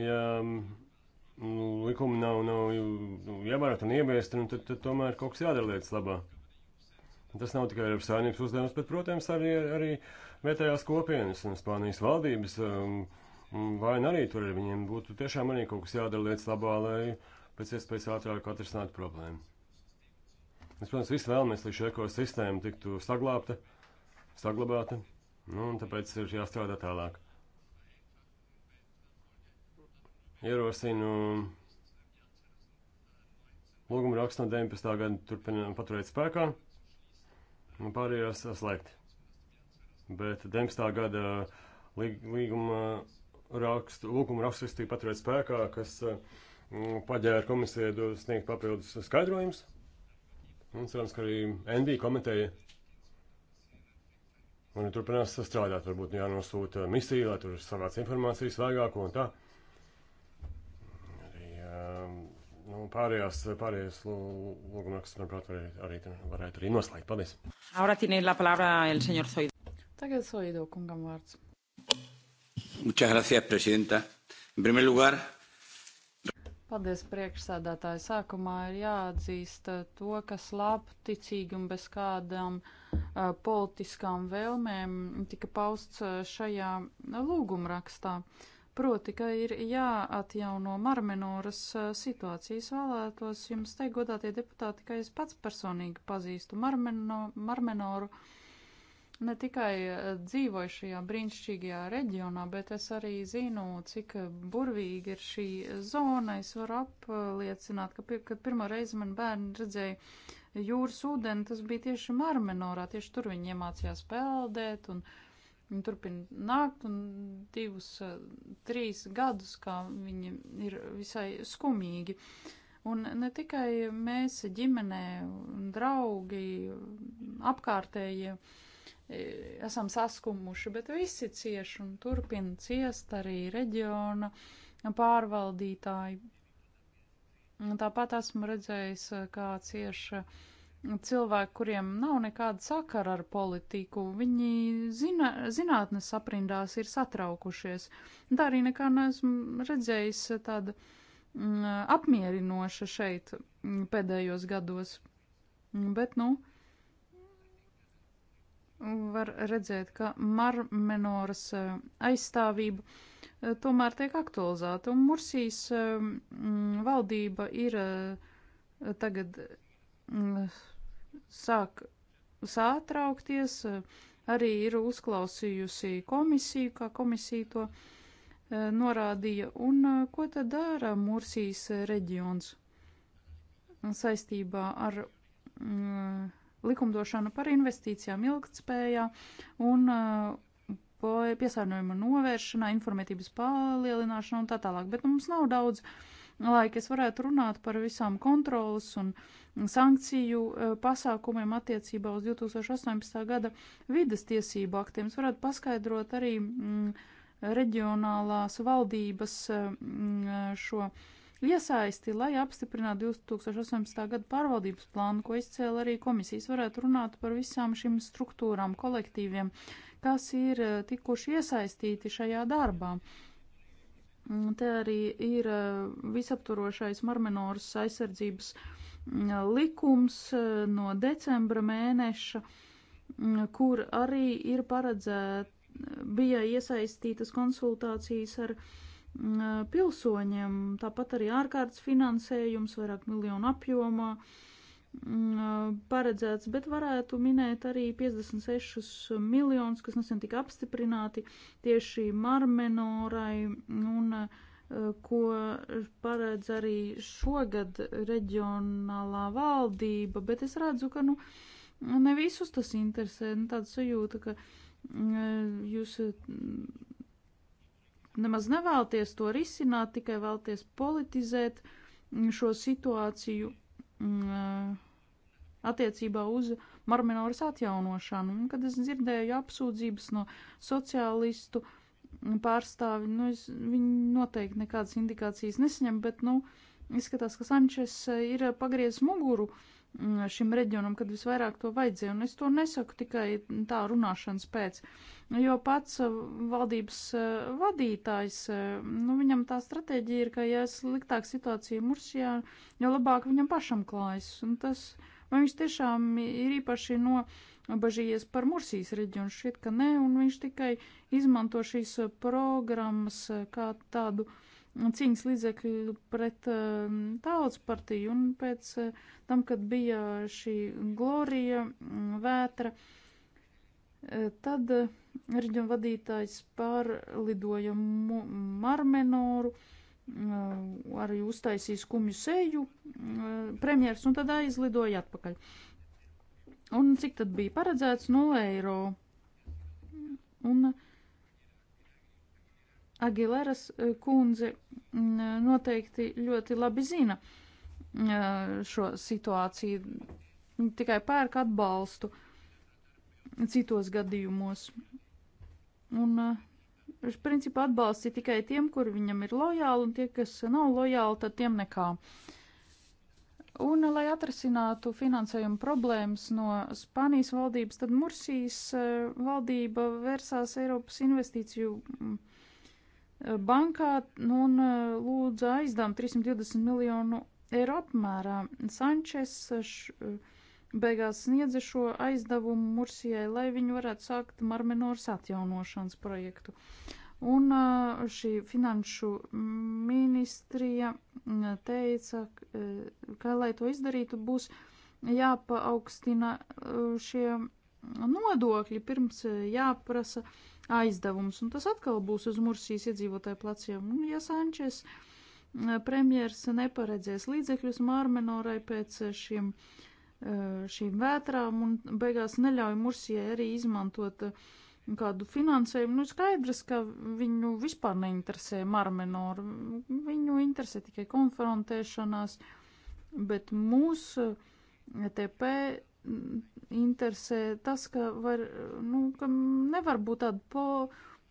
ja mm, nu, likumi nav, nav jāmērot nu, un ieviest, nu, tad, tad tomēr kaut kas jādara lietas labā. Tas nav tikai Eiropas saimnības uzdevums, bet, protams, arī, arī uh, vietējās kopienas un Spānijas valdības um, um, vaina nu arī tur ir. Viņiem būtu tiešām arī kaut kas jādara lietas labā, lai pēc iespējas ātrāk atrisinātu problēmu. Mēs, protams, visi vēlamies, lai šī ekosistēma tiktu saglabāta, saglabāta, nu, un tāpēc ir jāstrādā tālāk. Ierosinu lūgumu rakstu no 19. gada turpināt paturēt spēkā, un pārējās slēgt bet 19. gada līguma rakstu, lūguma rakstu tika paturēt spēkā, kas mm, paģēra komisiju sniegt papildus skaidrojumus. Un cerams, ka arī NB komiteja un turpinās strādāt, varbūt jānosūta misija, lai tur savāc informācijas vairāko un tā. Arī, um, nu, pārējās, pārējās lūgumrakstus, manuprāt, var, arī, varētu arī noslēgt. Paldies! Tagad Soido kungam vārds. Muchas gracias, presidenta. En primer lugar. Paldies, priekšsēdētāji. Sākumā ir jāatzīst eh, to, ka slāpticīgi un bez kādām uh, politiskām vēlmēm tika pausts eh, šajā lūgumrakstā. Proti, ka ir jāatjauno Marmenoras situācijas vēlētos jums teikt, godātie deputāti, ka es pats personīgi pazīstu Marmeno, Marmenoru. Marmenoru ne tikai eh, dzīvoju šajā brīnišķīgajā reģionā, bet es arī zinu, cik eh, burvīgi ir šī zona. Es varu apliecināt, ka, pir kad pirmo reizi man bērni redzēja jūras ūdeni, tas bija tieši Marmenorā. Tieši tur viņi iemācījās peldēt un, un turpina nākt. Un divus, eh, trīs gadus, kā viņi ir visai skumīgi. Un ne tikai mēs, ģimenē, draugi, apkārtējie. Ja E, esam saskumuši, bet visi cieši un turpina ciest arī reģiona pārvaldītāji. Tāpat esmu redzējis, e, kā cieši cilvēki, kuriem nav nekāda sakara ar politiku, viņi zina, zinātnes aprindās ir satraukušies. Tā arī nekā neesmu redzējis e, tāda mm, apmierinoša šeit mm, pēdējos gados. Mm, bet, nu, uh, var redzēt, ka marmenoras eh, aizstāvība eh, tomēr tiek aktualizēta, un Mursijas eh, mm, valdība ir tagad mm, sāk sātraukties, arī ir uzklausījusi komisiju, kā komisija to norādīja, un ko tad dara Mursijas reģions saistībā ar mm, likumdošanu par investīcijām ilgtspējā un uh, piesārņojuma novēršanā, informētības palielināšanā un tā tālāk. Bet nu, mums nav daudz laika. Es varētu runāt par visām kontrolas un sankciju uh, pasākumiem attiecībā uz 2018. gada vidas tiesību aktiem. Es varētu paskaidrot arī mm, reģionālās valdības mm, šo iesaisti, lai apstiprinātu 2018. gada pārvaldības plānu, ko izcēla arī komisijas, varētu runāt par visām šīm struktūrām, kolektīviem, kas ir eh, tikuši iesaistīti šajā darbā. Te arī ir eh, visaptvarošais marmenoras aizsardzības mm, likums eh, no decembra mēneša, mm, kur arī ir paredzēta, bija iesaistītas konsultācijas ar uh, Mm, pilsoņiem, tāpat arī ārkārtas finansējums, vairāk miljonu apjomā mm, paredzēts, bet varētu minēt arī 56 miljonus, kas nesen tika apstiprināti tieši Marmenorai un eh, ko paredz arī šogad reģionālā valdība, bet es redzu, ka, nu, ne visus tas interesē, nu, tāda sajūta, ka mm, jūs nemaz nevēlties to risināt, tikai vēlties politizēt mm, šo situāciju mm, attiecībā uz Marmenoras atjaunošanu. Un, kad es dzirdēju apsūdzības no sociālistu mm, pārstāvi, nu, es, viņi noteikti nekādas indikācijas nesaņem, bet, nu, izskatās, ka Sančes ir pagriezis muguru uh, Mm, šim reģionam, kad visvairāk to vajadzēja. Un es to nesaku tikai tā runāšanas pēc, jo pats eh, valdības eh, vadītājs, eh, nu, viņam tā stratēģija ir, ka, ja sliktāk situācija Mursijā, jo labāk viņam pašam klājas. Un tas, vai viņš tiešām ir īpaši no bažījies par Mursijas reģionu, šķiet, ka nē, un viņš tikai izmanto šīs programmas kā tādu uh, cīņas līdzekļu pret eh, tautas partiju, un pēc eh, tam, kad bija šī glorija, mm, vētra, eh, tad reģionu vadītājs pārlidoja Marmenoru, mm, arī uztaisīja skumju seju mm, premjers, un tad aizlidoja atpakaļ. Un cik tad bija paredzēts? 0 eiro. Un uh, Agileras eh, kundze mm, eh, noteikti ļoti labi zina eh, šo situāciju, tikai pērk atbalstu citos gadījumos. Un viņš principā atbalsta tikai tiem, kur viņam ir lojāli, un tie, kas nav lojāli, tad tiem nekā. Un, lai atrasinātu finansējumu problēmas no Spānijas valdības, tad Mursijas valdība vērsās Eiropas investīciju uh, bankā nu, un eh, lūdza aizdām 320 miljonu eiro apmērā. Sančes š, eh, beigās sniedza šo aizdevumu Mursijai, lai viņi varētu sākt Marmenors atjaunošanas projektu. Un eh, šī finanšu ministrija mm, teica, ka, lai to izdarītu, būs jāpaaugstina šie nodokļi pirms jāprasa uh, aizdevumus, un tas atkal būs uz Mursijas iedzīvotāju pleciem. Un, ja Sančes eh, premjers neparedzēs līdzekļus Mārmenorai pēc eh, šiem, eh, šīm vētrām un beigās neļauj Mursijai arī izmantot kādu finansējumu, nu skaidrs, ka viņu vispār neinteresē Marmenor, viņu interesē tikai konfrontēšanās, bet mūsu ETP Mm, interesē tas, ka, var, nu, ka nevar būt tāda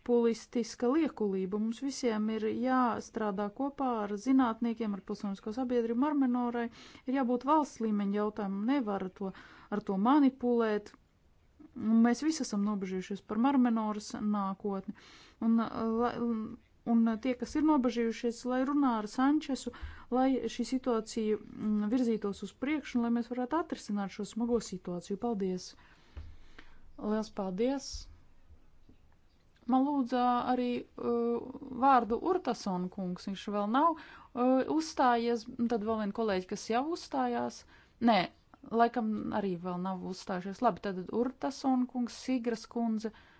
populistiska liekulība. Mums visiem ir jāstrādā kopā ar zinātniekiem, ar pilsonisko sabiedrību, marmenorai. Ir jābūt valsts līmeņa jautājumam, nevar to, ar to manipulēt. Un mēs visi esam nobežījušies par marmenoras nākotni. Un, la, un eh, tie, kas ir nobežījušies, lai runā ar Sančesu, lai šī situācija mm, virzītos uz priekšu un lai mēs varētu atrisināt šo smago situāciju. Paldies! Liels paldies! Man lūdza arī uh, vārdu Urtasona kungs, viņš vēl nav uh, uzstājies, tad vēl viena kolēģi, kas jau uzstājās. Nē, laikam arī vēl nav uzstājušies. Labi, tad Urtasona kungs, Sigras kundze. Uh,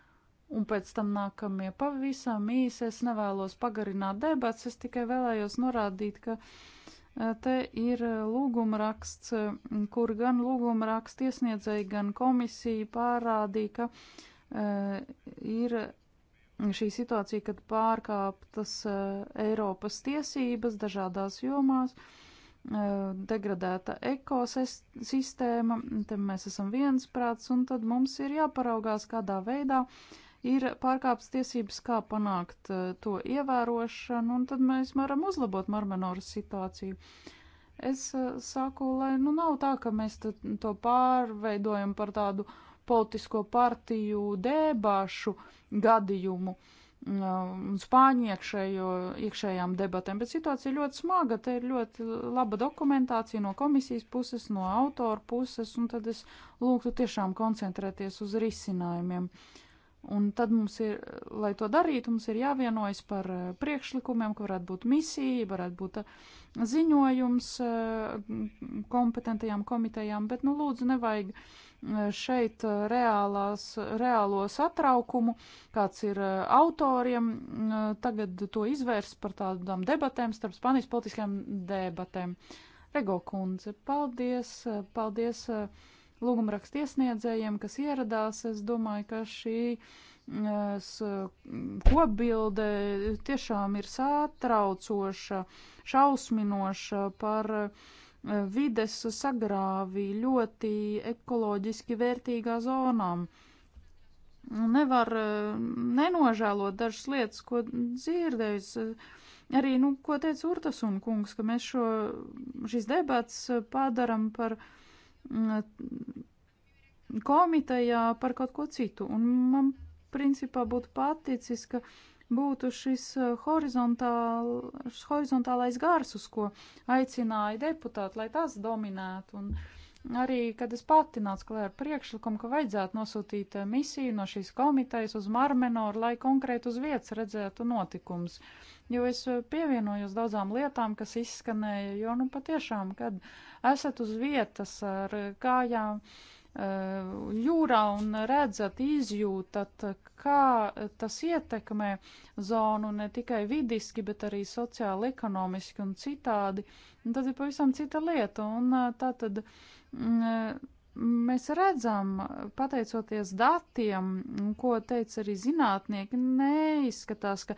Un pēc tam nākamie pavisam īsi. Es nevēlos pagarināt debats, es tikai vēlējos norādīt, ka eh, te ir lūgumraksts, eh, kur gan lūgumraksts iesniedzēji, gan komisija pārādīja, ka eh, ir šī situācija, kad pārkāptas Eiropas tiesības dažādās jomās degradēta ekosistēma, te mēs esam viensprāts, un tad mums ir jāparaugās, kādā veidā ir pārkāpts tiesības, kā panākt eh, to ievērošanu, un tad mēs varam uzlabot marmenoru situāciju. Es eh, saku, lai nu nav tā, ka mēs to pārveidojam par tādu politisko partiju debāšu gadījumu mm, un spāņu iekšējo, iekšējām debatēm, bet situācija ļoti smaga, te ir ļoti laba dokumentācija no komisijas puses, no autora puses, un tad es lūgtu tiešām koncentrēties uz risinājumiem. Uh, Un tad mums ir, lai to darītu, mums ir jāvienojas par eh, priekšlikumiem, ka varētu būt misija, varētu būt eh, ziņojums eh, kompetentajām komitejām, bet, nu, lūdzu, nevajag šeit reālās, reālo satraukumu, kāds ir autoriem, mm, tagad to izvērst par tādām debatēm, starp Spānijas politiskajām debatēm. Rego kundze, paldies, paldies. paldies lūgumrakstu iesniedzējiem, kas ieradās. Es domāju, ka šī kopbilde tiešām ir sātraucoša, šausminoša par vides sagrāvi ļoti ekoloģiski vērtīgā zonām. Nevar nenožēlot dažas lietas, ko dzirdējis arī, nu, ko teica Urtas un kungs, ka mēs šo, šīs debats padaram par uh, Mm, komitejā par kaut ko citu. Un man principā būtu paticis, ka būtu šis eh, horizontāl, horizontālais gars, uz ko aicināja deputāti, lai tas dominētu. Un arī, kad es pati nācu klāt ar priekšlikumu, ka vajadzētu nosūtīt eh, misiju no šīs komitejas uz Marmenoru, lai konkrēti uz vietas redzētu notikums. Uh, jo es eh, pievienojos daudzām lietām, kas izskanēja, jo nu patiešām, kad esat uz vietas ar eh, kājām eh, jūrā un redzat, izjūtat, kā tas ietekmē zonu ne tikai vidiski, bet arī sociāli, ekonomiski un citādi, un tad ir pavisam cita lieta. Un tā tad. Mm, mēs redzam, pateicoties datiem, ko teica arī zinātnieki, neizskatās, ka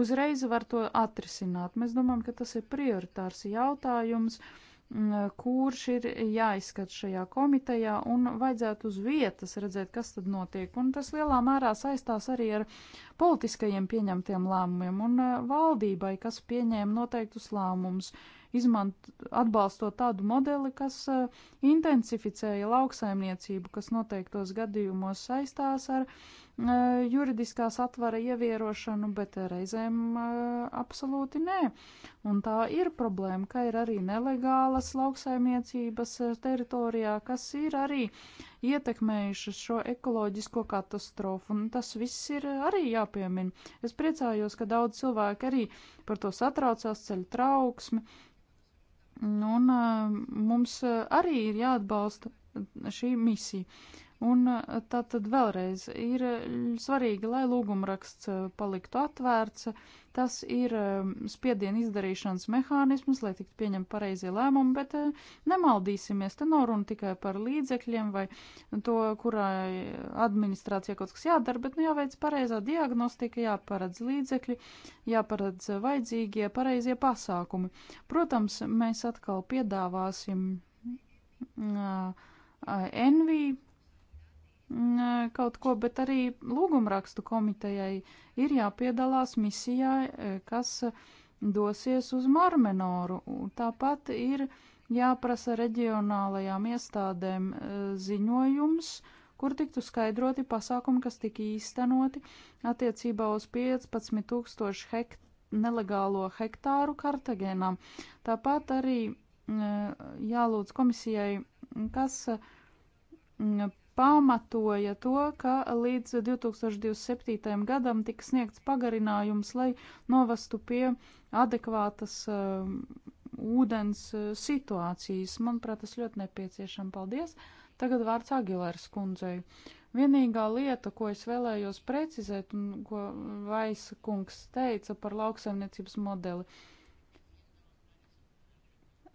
uzreiz var to atrisināt. Mēs domājam, ka tas ir prioritārs jautājums, mm, kurš ir jāizskat šajā komitejā un vajadzētu uz vietas redzēt, kas tad notiek. Un tas lielā mērā saistās arī ar politiskajiem pieņemtiem lēmumiem un eh, valdībai, kas pieņēma noteiktus lēmumus. Uh, izmant, atbalstot tādu modeli, kas eh, intensificēja lauksaimniecību, kas noteiktos gadījumos saistās ar eh, juridiskās atvara ievierošanu, bet reizēm eh, absolūti nē. Un tā ir problēma, ka ir arī nelegālas lauksaimniecības teritorijā, kas ir arī ietekmējušas šo ekoloģisko katastrofu, un tas viss ir arī jāpiemina. Es priecājos, ka daudz cilvēku arī par to satraucās ceļu trauksmi, Un eh, mums eh, arī ir jāatbalsta šī misija. Un eh, tā tad vēlreiz ir eh, svarīgi, lai lūgumraksts eh, paliktu atvērts. Tas ir spiedienu izdarīšanas mehānisms, lai tiktu pieņemt pareizie lēmumi, bet nemaldīsimies. Te nav runa tikai par līdzekļiem vai to, kurai administrācija kaut kas jādara, bet nu, jāveic pareizā diagnostika, jāparedz līdzekļi, jāparedz vajadzīgie pareizie pasākumi. Protams, mēs atkal piedāvāsim. Uh, mm, NV Mm, kaut ko, bet arī lūgumrakstu komitejai ir jāpiedalās misijā, e, kas dosies uz Marmenoru. Tāpat ir jāprasa reģionālajām iestādēm e, ziņojums, kur tiktu skaidroti pasākumi, kas tika īstenoti attiecībā uz 15 tūkstošu hektāru nelegālo hektāru Kartagēnām. Tāpat arī mm, e, jālūdz komisijai, kas mm, pamatoja to, ka līdz 2027. gadam tika sniegts pagarinājums, lai novestu pie adekvātas um, uh, ūdens situācijas. Manuprāt, tas ļoti nepieciešams. Paldies! Tagad vārds Agilēras kundzei. Vienīgā lieta, ko es vēlējos precizēt un ko Vaisa kungs teica par lauksaimniecības modeli. Uh,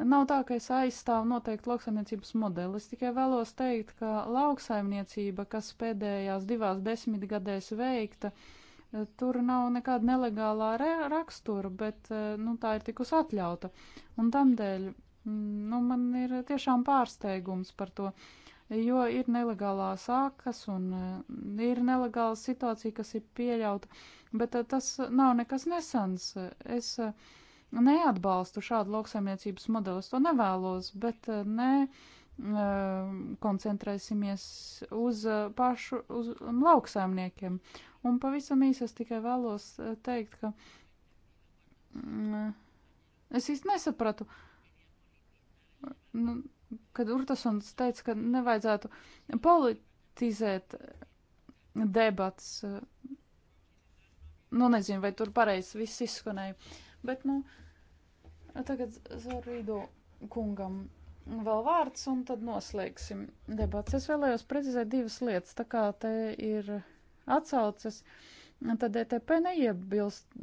Nav tā, ka es aizstāvu noteikti lauksaimniecības modeli. Es tikai vēlos teikt, ka lauksaimniecība, kas pēdējās divās desmitgadēs veikta, eh, tur nav nekāda nelegālā rakstura, bet eh, nu, tā ir tikus atļauta. Un tamdēļ mm, nu, man ir tiešām pārsteigums par to, jo ir nelegālās sākas un eh, ir nelegāla situācija, kas ir pieļauta, bet tas nav nekas nesans. Es, uh, neatbalstu šādu lauksaimniecības modeli. Es to nevēlos, bet eh, ne eh, koncentrēsimies uz eh, pašu uz lauksaimniekiem. Un pavisam īsi es tikai vēlos teikt, ka mm, es īsti nesapratu, nu, kad Urtasons teica, ka nevajadzētu politizēt debats. Nu, nezinu, vai tur pareizi viss izskanēja. Uh, Bet, nu, tagad Zorīdo kungam vēl vārds, un tad noslēgsim debats. Es vēlējos precizēt divas lietas, tā kā te ir atsauces, tad ETP neiebilst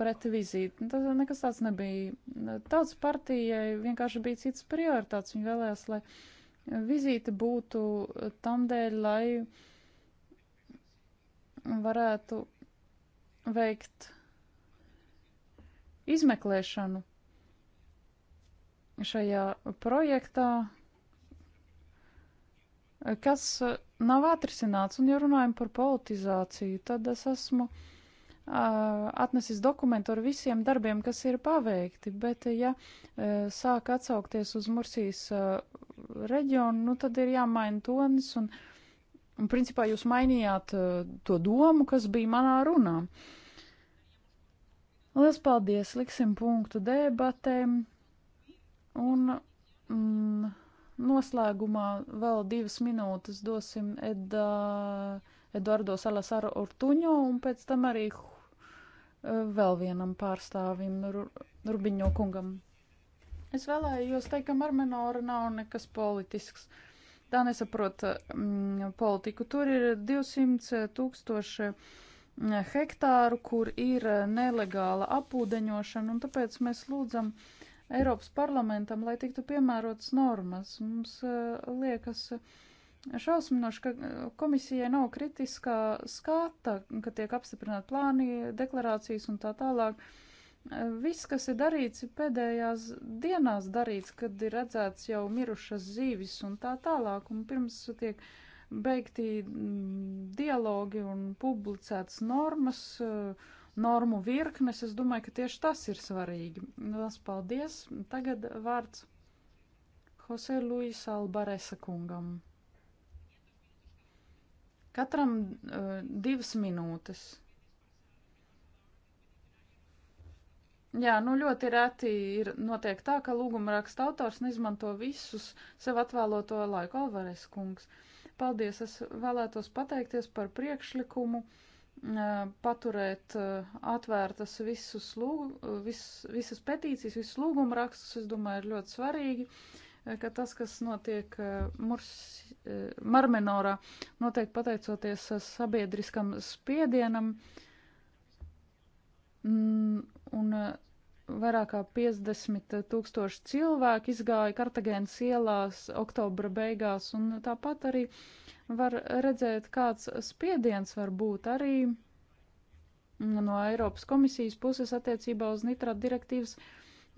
pret vizīti. Nu, Tas nekas tāds nebija. Tautas partijai vienkārši bija cits prioritāts. Viņi vēlējās, lai vizīte būtu tam dēļ, lai varētu veikt izmeklēšanu šajā projektā, kas nav atrisināts. Un, ja runājam par politizāciju, tad es esmu atnesis dokumentu ar visiem darbiem, kas ir paveikti, bet ja sāk atsaukties uz Mursijas reģionu, nu tad ir jāmaina tonis un, un principā jūs mainījāt to domu, kas bija manā runā. Uh, Lielas paldies! Liksim punktu debatēm. Un mm, noslēgumā vēl divas minūtes dosim Ed, uh, Eduardo Salasaru Ortuņo un pēc tam arī uh, vēl vienam pārstāvim, Ru, Rubiņo kungam. Es vēlējos teikt, ka Marmenora nav nekas politisks. Tā nesaprot mm, politiku. Tur ir 200 tūkstoši. 000 Eh, hektāru, kur ir eh, nelegāla apūdeņošana, un tāpēc mēs lūdzam Eiropas parlamentam, lai tiktu piemērotas normas. Mums eh, liekas šausminoši, ka komisijai nav kritiskā skata, ka tiek apstiprināti plāni, deklarācijas un tā tālāk. Viss, kas ir darīts, ir pēdējās dienās darīts, kad ir redzēts jau mirušas zīvis un tā tālāk, un pirms tiek uh, beigtī mm, dialogi un publicētas normas, eh, normu virknes. Es domāju, ka tieši tas ir svarīgi. Lielas paldies! Tagad vārds Jose Luisa Albaresa kungam. Katram uh, divas minūtes. Jā, nu ļoti reti ir notiek tā, ka lūguma raksta autors neizmanto visus sev atvēloto laiku. Alvarez kungs. Uh, Paldies! Es vēlētos pateikties par priekšlikumu eh, paturēt eh, atvērtas visus lūg, vis, visas petīcijas, visus lūguma rakstus, es domāju, ir ļoti svarīgi, eh, ka tas, kas notiek Murs, Marmenorā, notiek pateicoties sabiedriskam spiedienam, mm, un vairāk kā 50 tūkstoši cilvēki izgāja Kartagēnas ielās oktobra beigās, un tāpat arī var redzēt, kāds spiediens var būt arī no Eiropas komisijas puses attiecībā uz nitrāta direktīvas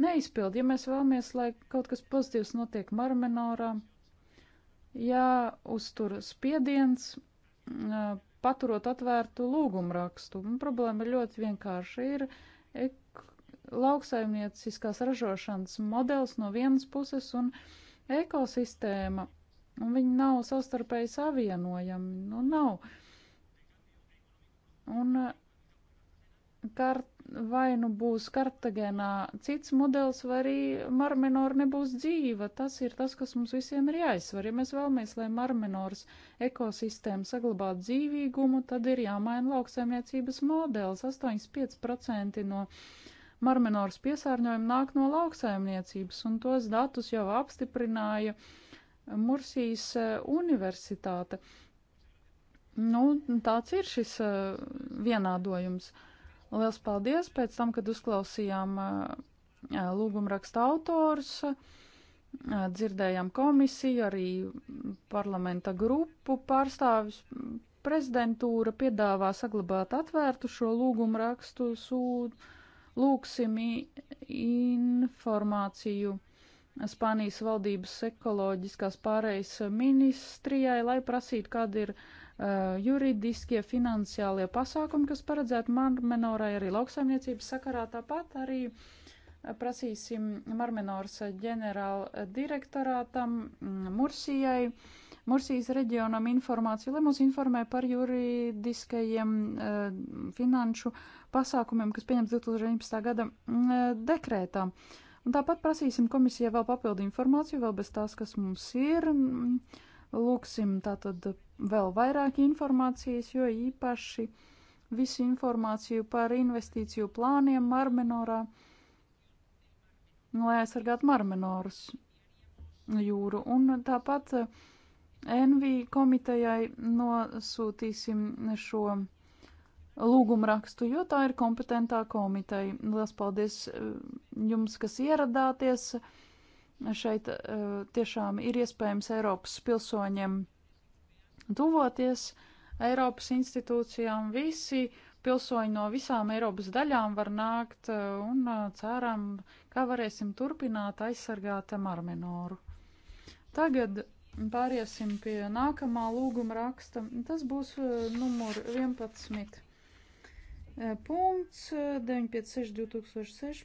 neizpildi. Ja mēs vēlamies, lai kaut kas pozitīvs notiek marmenorā, jāuztur spiediens, paturot atvērtu lūgumrakstu. Un problēma ir ļoti vienkārša. Ir lauksaimnieciskās ražošanas modelis no vienas puses un ekosistēma, un viņi nav savstarpēji savienojami, nu nav. Un eh, kart, vai nu būs Kartagenā cits modelis, vai arī Marmenora nebūs dzīva. Tas ir tas, kas mums visiem ir jāizsver. Ja mēs vēlamies, lai Marmenoras ekosistēma saglabātu dzīvīgumu, tad ir jāmaina lauksaimniecības modelis. 85% no uh, Marmenors piesārņojumi nāk no lauksaimniecības, un tos datus jau apstiprināja Mursijas e, universitāte. Nu, tāds ir šis e, vienādojums. Liels paldies pēc tam, kad uzklausījām e, lūgumraksta autors, dzirdējām komisiju, arī parlamenta grupu pārstāvis. Prezidentūra piedāvā saglabāt atvērtu šo lūgumrakstu sūdu lūksim informāciju Spānijas valdības ekoloģiskās pārējas ministrijai, lai prasītu, kāda ir uh, juridiskie finansiālie pasākumi, kas paredzētu Marmenorai arī lauksaimniecības sakarā. Tāpat arī uh, prasīsim Marmenors ģenerāla direktorātam mm, Mursijai. Uh, Mursijas reģionam informāciju, lai mūs informē par juridiskajiem uh, finanšu pasākumiem, kas pieņems 2019. gada uh, dekrētā. Un tāpat prasīsim komisijai vēl papildu informāciju, vēl bez tās, kas mums ir. Lūksim tātad vēl vairāk informācijas, jo īpaši visu informāciju par investīciju plāniem Marmenorā, lai aizsargātu Marmenoras jūru. Un tāpat uh, NV komitejai nosūtīsim šo lūgumrakstu, jo tā ir kompetentā komiteja. Lielas paldies eh, jums, kas ieradāties. Šeit eh, tiešām ir iespējams Eiropas pilsoņiem tuvoties Eiropas institūcijām. Visi pilsoņi no visām Eiropas daļām var nākt eh, un ceram, kā varēsim turpināt aizsargāt Marmenoru. Tagad Pāriesim pie nākamā lūguma raksta. Tas būs eh, numur 11. Eh, punkts 956-2016.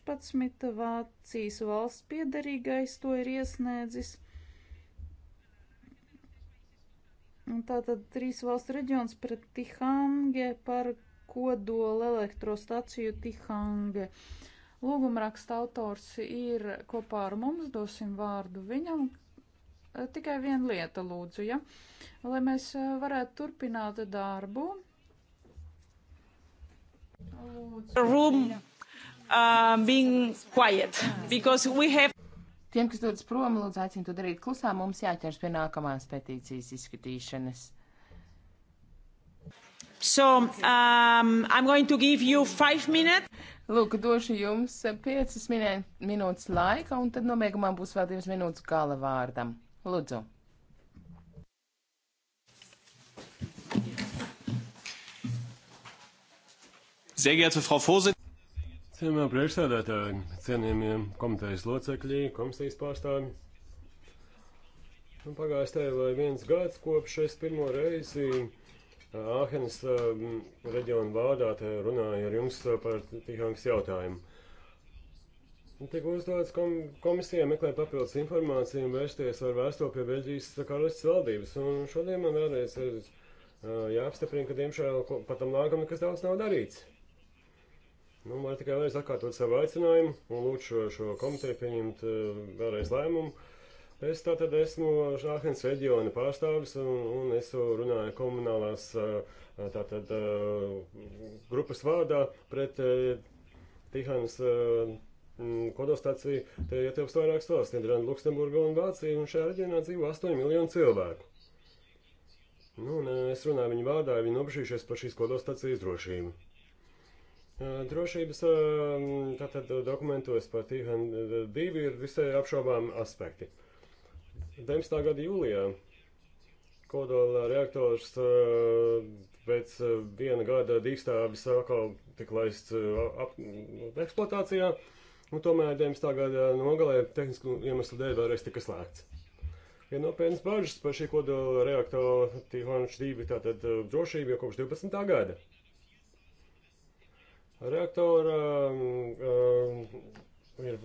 Eh, Vācijas valsts piederīgais to ir iesniedzis. Tātad trīs valstu reģions pret Tihange par kodola elektrostaciju Tihange. Lūgumraksta autors ir kopā ar mums, dosim vārdu viņam, Eh, tikai viena lieta, lūdzu, ja? lai mēs eh, varētu turpināt darbu. Lūdzu. Room uh, being quiet, because we have. Tiem, kas dodas prom, lūdzu, aicinu to darīt klusā, mums jāķers pie nākamās petīcijas izskatīšanas. So, um, I'm going to give you five minutes. Lūk, došu jums piecas minē, minūtes laika, un tad nobeigumā būs vēl divas minūtes gala vārdam. Lūdzu. Cienījamā priekšsēdētāji, cienījamie komitejas locekļi, komisijas pārstāvji. Nu, Pagājis te vai viens gads, kopš es pirmo reizi Āhenes reģionu vārdā runāju ar jums par Tihāngas jautājumu. Tik uzdodas kom komisijai meklēt papildus informāciju un vērsties ar vēsto pie Beļģijas karalists valdības. Un šodien man vēlreiz ir uh, jāapstiprina, ka diemžēl pat tam lāgam nekas daudz nav darīts. Nu, lai tikai vēlreiz atkārtot savu aicinājumu un lūdzu šo, šo komiteju pieņemt uh, vēlreiz lēmumu. Es tātad esmu Šāhenes reģiona pārstāvis un, un es runāju komunālās tātad, grupas vārdā pret Tihanas Mm, kodos stācija, te ietilpst vairākas valsts, Nīderlanda, Luksemburga un Vācija, un šajā reģionā dzīvo 8 miljonu cilvēku. Nu, un eh, es runāju viņu vārdā, viņi nobežījušies par šīs kodos stācijas drošību. Eh, drošības eh, mm, tātad dokumentos par Tīhan divi ir visai apšaubām aspekti. 19. gada jūlijā kodola reaktors pēc viena gada dīkstāvis atkal tika laists ap, eksploatācijā. Ap, Un nu, tomēr 19. gada nogalē tehnisku iemeslu dēļ vēlreiz tika slēgts. Ir ja nopietnas bažas par šī kodola reaktora Tihanš 2 tātad eh, drošību jau kopš 12. gada. Reaktora um, ir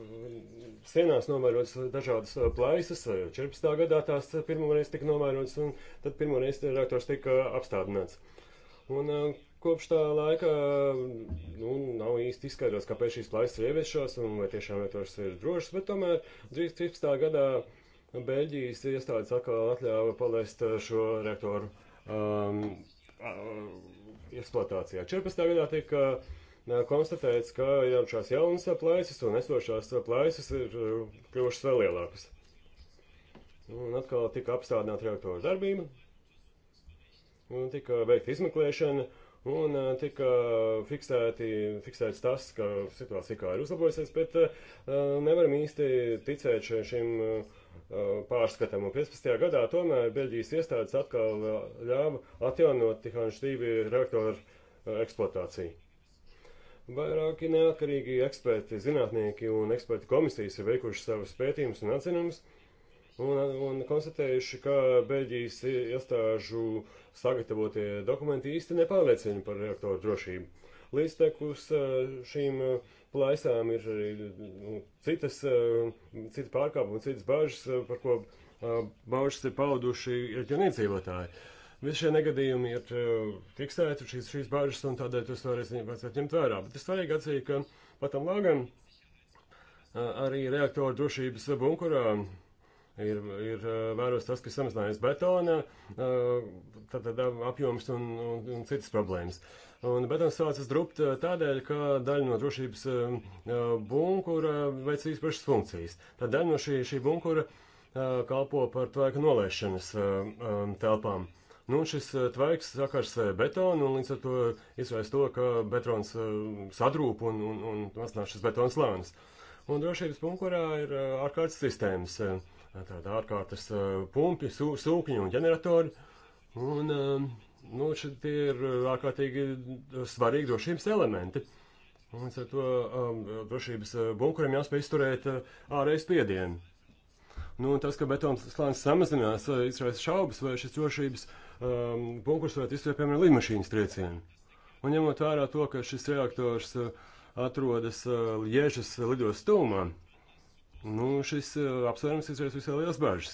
sienās novērotas dažādas eh, plaisas, 14. gadā tās pirmoreiz tika novērotas, un tad pirmoreiz reaktors tika apstādināts. Un Kopš tā laika nu, nav īsti izskaidrots, kāpēc šīs plaisas ir ieviešos un vai tiešām vietors ir drošs, bet tomēr 2013. gadā Beļģijas iestādes atkal atļāva palaist uh, šo reaktoru um, eksploatācijā. 14. gadā tika uh, konstatēts, ka ieradušās jaunas plaisas un esošās plaisas ir uh, kļuvušas vēl lielākas. Un atkal tika apstādināta reaktora darbība, un tika veikta izmeklēšana, Un eh, tika fiksēti, fiksēts tas, ka situācija kā ir uzlabojusies, bet uh, nevaram īsti ticēt šim uh, pārskatam. Un 15. gadā tomēr Beļģijas iestādes atkal ļāva atjaunot Tihāņu štīvi reaktoru eksploatāciju. Vairāki neatkarīgi eksperti, zinātnieki un eksperti komisijas ir veikuši savus pētījumus un atzinumus un, un konstatējuši, ka Beļģijas iestāžu uh, sagatavotie dokumenti īsti nepārliecina par reaktoru drošību. Līdztekus eh, šīm eh, plaisām ir arī nu, citas, eh, citas pārkāpumi, citas bažas, par ko bažas ir pauduši ģenīdzīvotāji. Visi šie negadījumi ir fiksēti, šīs, šīs bažas, un tādēļ tos vēlreiz vajadzētu ņemt vērā. Bet ir svarīgi atzīt, ka patam lāgam arī reaktoru drošības bunkurā ir, ir vēros tas, ka samazinājas betona, tātad apjoms un, un, un citas problēmas. Un betons sācis drupt tādēļ, ka daļa no drošības bunkura veic īpašas funkcijas. Tad daļa no šī, šī bunkura kalpo par tvaika nolaišanas telpām. Nu, šis tvaiks sakars betonu un līdz ar to izraisa to, ka betons sadrūp un, un, un atnāk šis betons lānis. Un drošības bunkurā ir ārkārtas sistēmas. Uh, tāda ārkārtas pumpi, sūkņi un ģeneratori. Un, nu, šeit tie ir ārkārtīgi svarīgi drošības elementi. Un ar to drošības bunkuriem jāspēj izturēt ārēju spiedienu. Nu, tas, ka betona slānis samazinās, izraisa šaubas, vai šis drošības um, bunkurs varētu izturēt, piemēram, lidmašīnas triecienu. Un ņemot vērā to, ka šis reaktors atrodas Liežas lidos stūmā, Nu, šis uh, apsvērums izraisa visai liels bažas.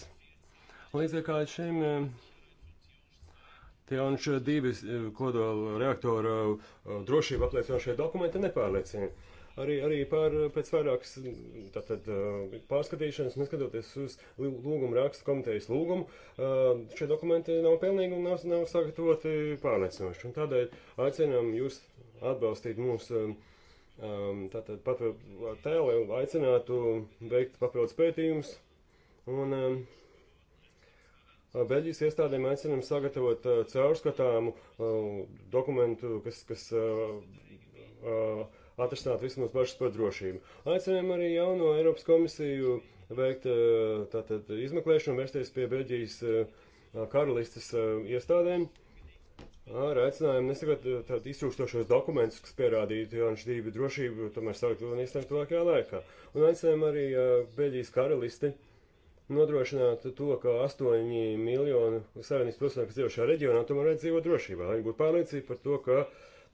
Līdzīgi kā šim uh, eh, Tianš divi uh, eh, kodola reaktora drošību apliecinošie dokumenti nepārliecina. Arī, arī pār, pēc vairākas tātad, pārskatīšanas, neskatoties uz lūgumu rakstu komitejas lūgumu, šie dokumenti nav pilnīgi un nav, nav sagatavoti pārliecinoši. Un tādēļ aicinām jūs atbalstīt mūsu uh, um, tātad papildu tēlu aicinātu veikt papildus pētījumus. Un um, Beļģijas iestādēm aicinām sagatavot uh, caurskatāmu uh, dokumentu, kas, kas uh, uh, atrisināt vismaz bažas par drošību. Aicinām arī jauno Eiropas komisiju veikt uh, tātad izmeklēšanu, vērsties pie Beļģijas uh, karalistes uh, iestādēm. Uh, Ar aicinājumu nesagatavot eh, tādus iztrūkstošos dokumentus, kas pierādītu Jānis Dīvi drošību, tomēr sagatavot un iesniegt tuvākajā laikā. Un aicinājumu arī eh, Beļģijas karalisti nodrošināt to, ka 8 miljonu savienības pilsoņu, kas dzīvo šajā reģionā, tomēr redz dzīvo drošībā. Lai viņi būtu pārliecināti par to, ka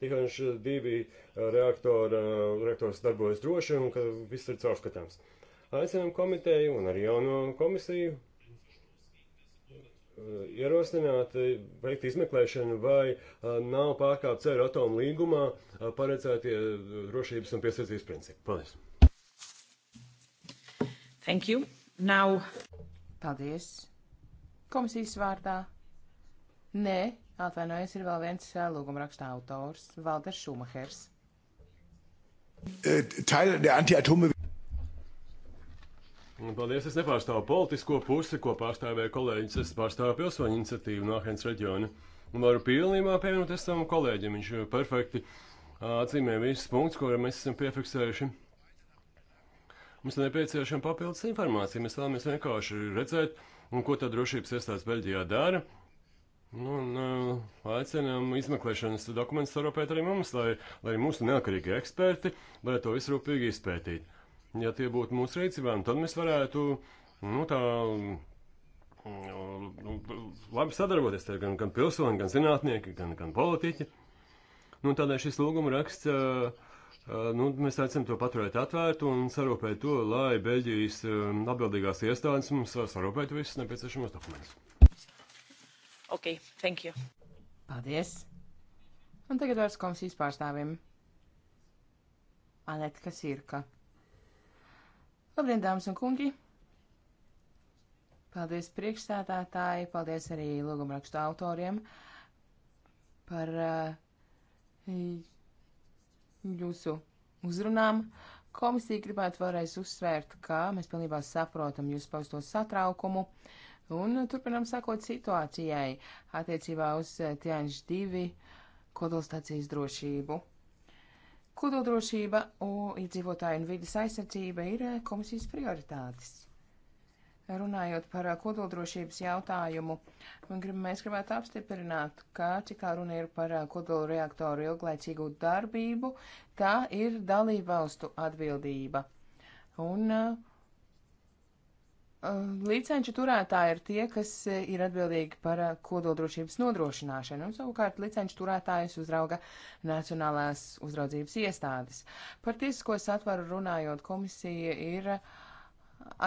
Tihanš eh, divi reaktora, reaktors darbojas droši un ka viss ir caurskatāms. Aicinām komiteju un arī jauno komisiju Eh, ierosināt, eh, veikt izmeklēšanu, vai eh, nav pārkāpts ar atomu līgumā paredzētie drošības un piesardzības principi. Paldies! Thank you. Now. Paldies. Komisijas vārdā. Nē, atvainojos, ir vēl viens lūguma rakstā autors - Valders Šumahers. Teile der Antiatome. Paldies, es nepārstāvu politisko pusi, ko pārstāvēja kolēģis. Es pārstāvu pilsoņu iniciatīvu Nāhens reģiona. Un varu pilnībā pievienoties savam kolēģim. Viņš perfekti atzīmē visus punktus, ko mēs esam piefiksējuši. Mums ir nepieciešama papildus informācija. Mēs vēlamies vienkārši redzēt, ko tā drošības iestādes Beļģijā dara. Nu, un, aicinām izmeklēšanas dokumentus saropēt arī mums, lai, lai mūsu neatkarīgi eksperti varētu to visrūpīgi izpētīt ja tie būtu mūsu rīcībā, nu, tad mēs varētu, nu, tā nu, labi sadarboties ar gan, gan pilsoni, gan zinātnieki, gan, gan politiķi. Nu, tādēļ šis lūguma raksts, nu, mēs aicinām to paturēt atvērtu un sarūpēt to, lai Beļģijas atbildīgās iestādes mums sarūpētu visus nepieciešamos dokumentus. Ok, thank you. Paldies. Un tagad vairs komisijas pārstāvim. Anetka Sirka. Labdien, dāmas un kungi! Paldies priekšstādātāji, paldies arī lūgumrakstu autoriem par uh, jūsu uzrunām. Komisija gribētu vēlreiz uzsvērt, ka mēs pilnībā saprotam jūsu pausto satraukumu un turpinām sakot situācijai attiecībā uz Tianš 2 kodolstācijas drošību. Kodoldrošība un iedzīvotāju un vidas aizsardzība ir eh, komisijas prioritātes. Runājot par eh, kodoldrošības jautājumu, mēs gribētu apstiprināt, ka cik tā runa ir par eh, kodolreaktoru ilglaicīgu darbību, tā ir dalībvalstu atbildība. Un uh, Eh, licenču turētāji ir tie, kas eh, ir atbildīgi par eh, kodoldrošības nodrošināšanu, un savukārt licenču turētājus uzrauga Nacionālās uzraudzības iestādes. Par tiesisko satvaru runājot, komisija ir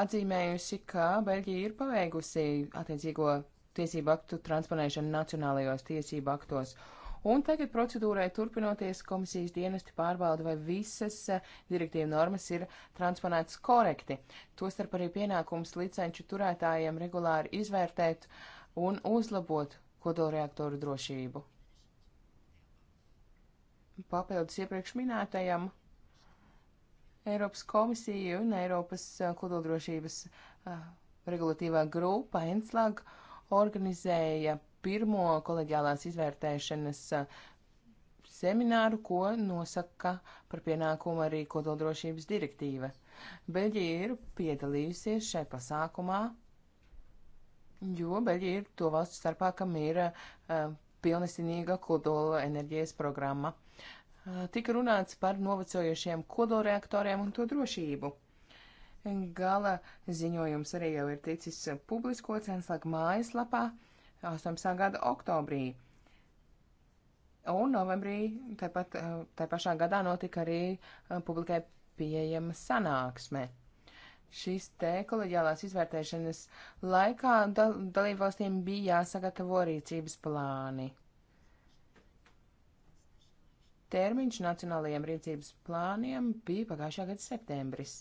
atzīmējusi, ka Beļģija ir paveikusi attiecīgo tiesību aktu transponēšanu nacionālajos tiesību aktos. Uh, Un tagad procedūrai turpinoties komisijas dienesti pārbauda, vai visas eh, direktīva normas ir transponētas korekti. Tostarp arī pienākums licenču turētājiem regulāri izvērtēt un uzlabot kodolreaktoru drošību. Papildus iepriekš minētajam. Eiropas komisija un Eiropas eh, kodoldrošības eh, regulatīvā grupa ENSLAG organizēja pirmo koleģiālās izvērtēšanas uh, semināru, ko nosaka par pienākumu arī kodoldrošības direktīva. Beļģija ir piedalījusies šai pasākumā, jo Beļģija ir to valstu starpā, kam ir uh, pilnesinīga kodola enerģijas programma. Uh, tika runāts par novecojušiem kodolreaktoriem un to drošību. Gala ziņojums arī jau ir ticis publiskots Enslaka mājaslapā. Uh, 18. gada oktobrī. Un novembrī tāpat eh, tā pašā gadā notika arī eh, publikai pieejama sanāksme. Šīs te kolēģiālās izvērtēšanas laikā dal dalībvalstīm bija jāsagatavo rīcības plāni. Termiņš nacionālajiem rīcības plāniem bija pagājušā gada septembris.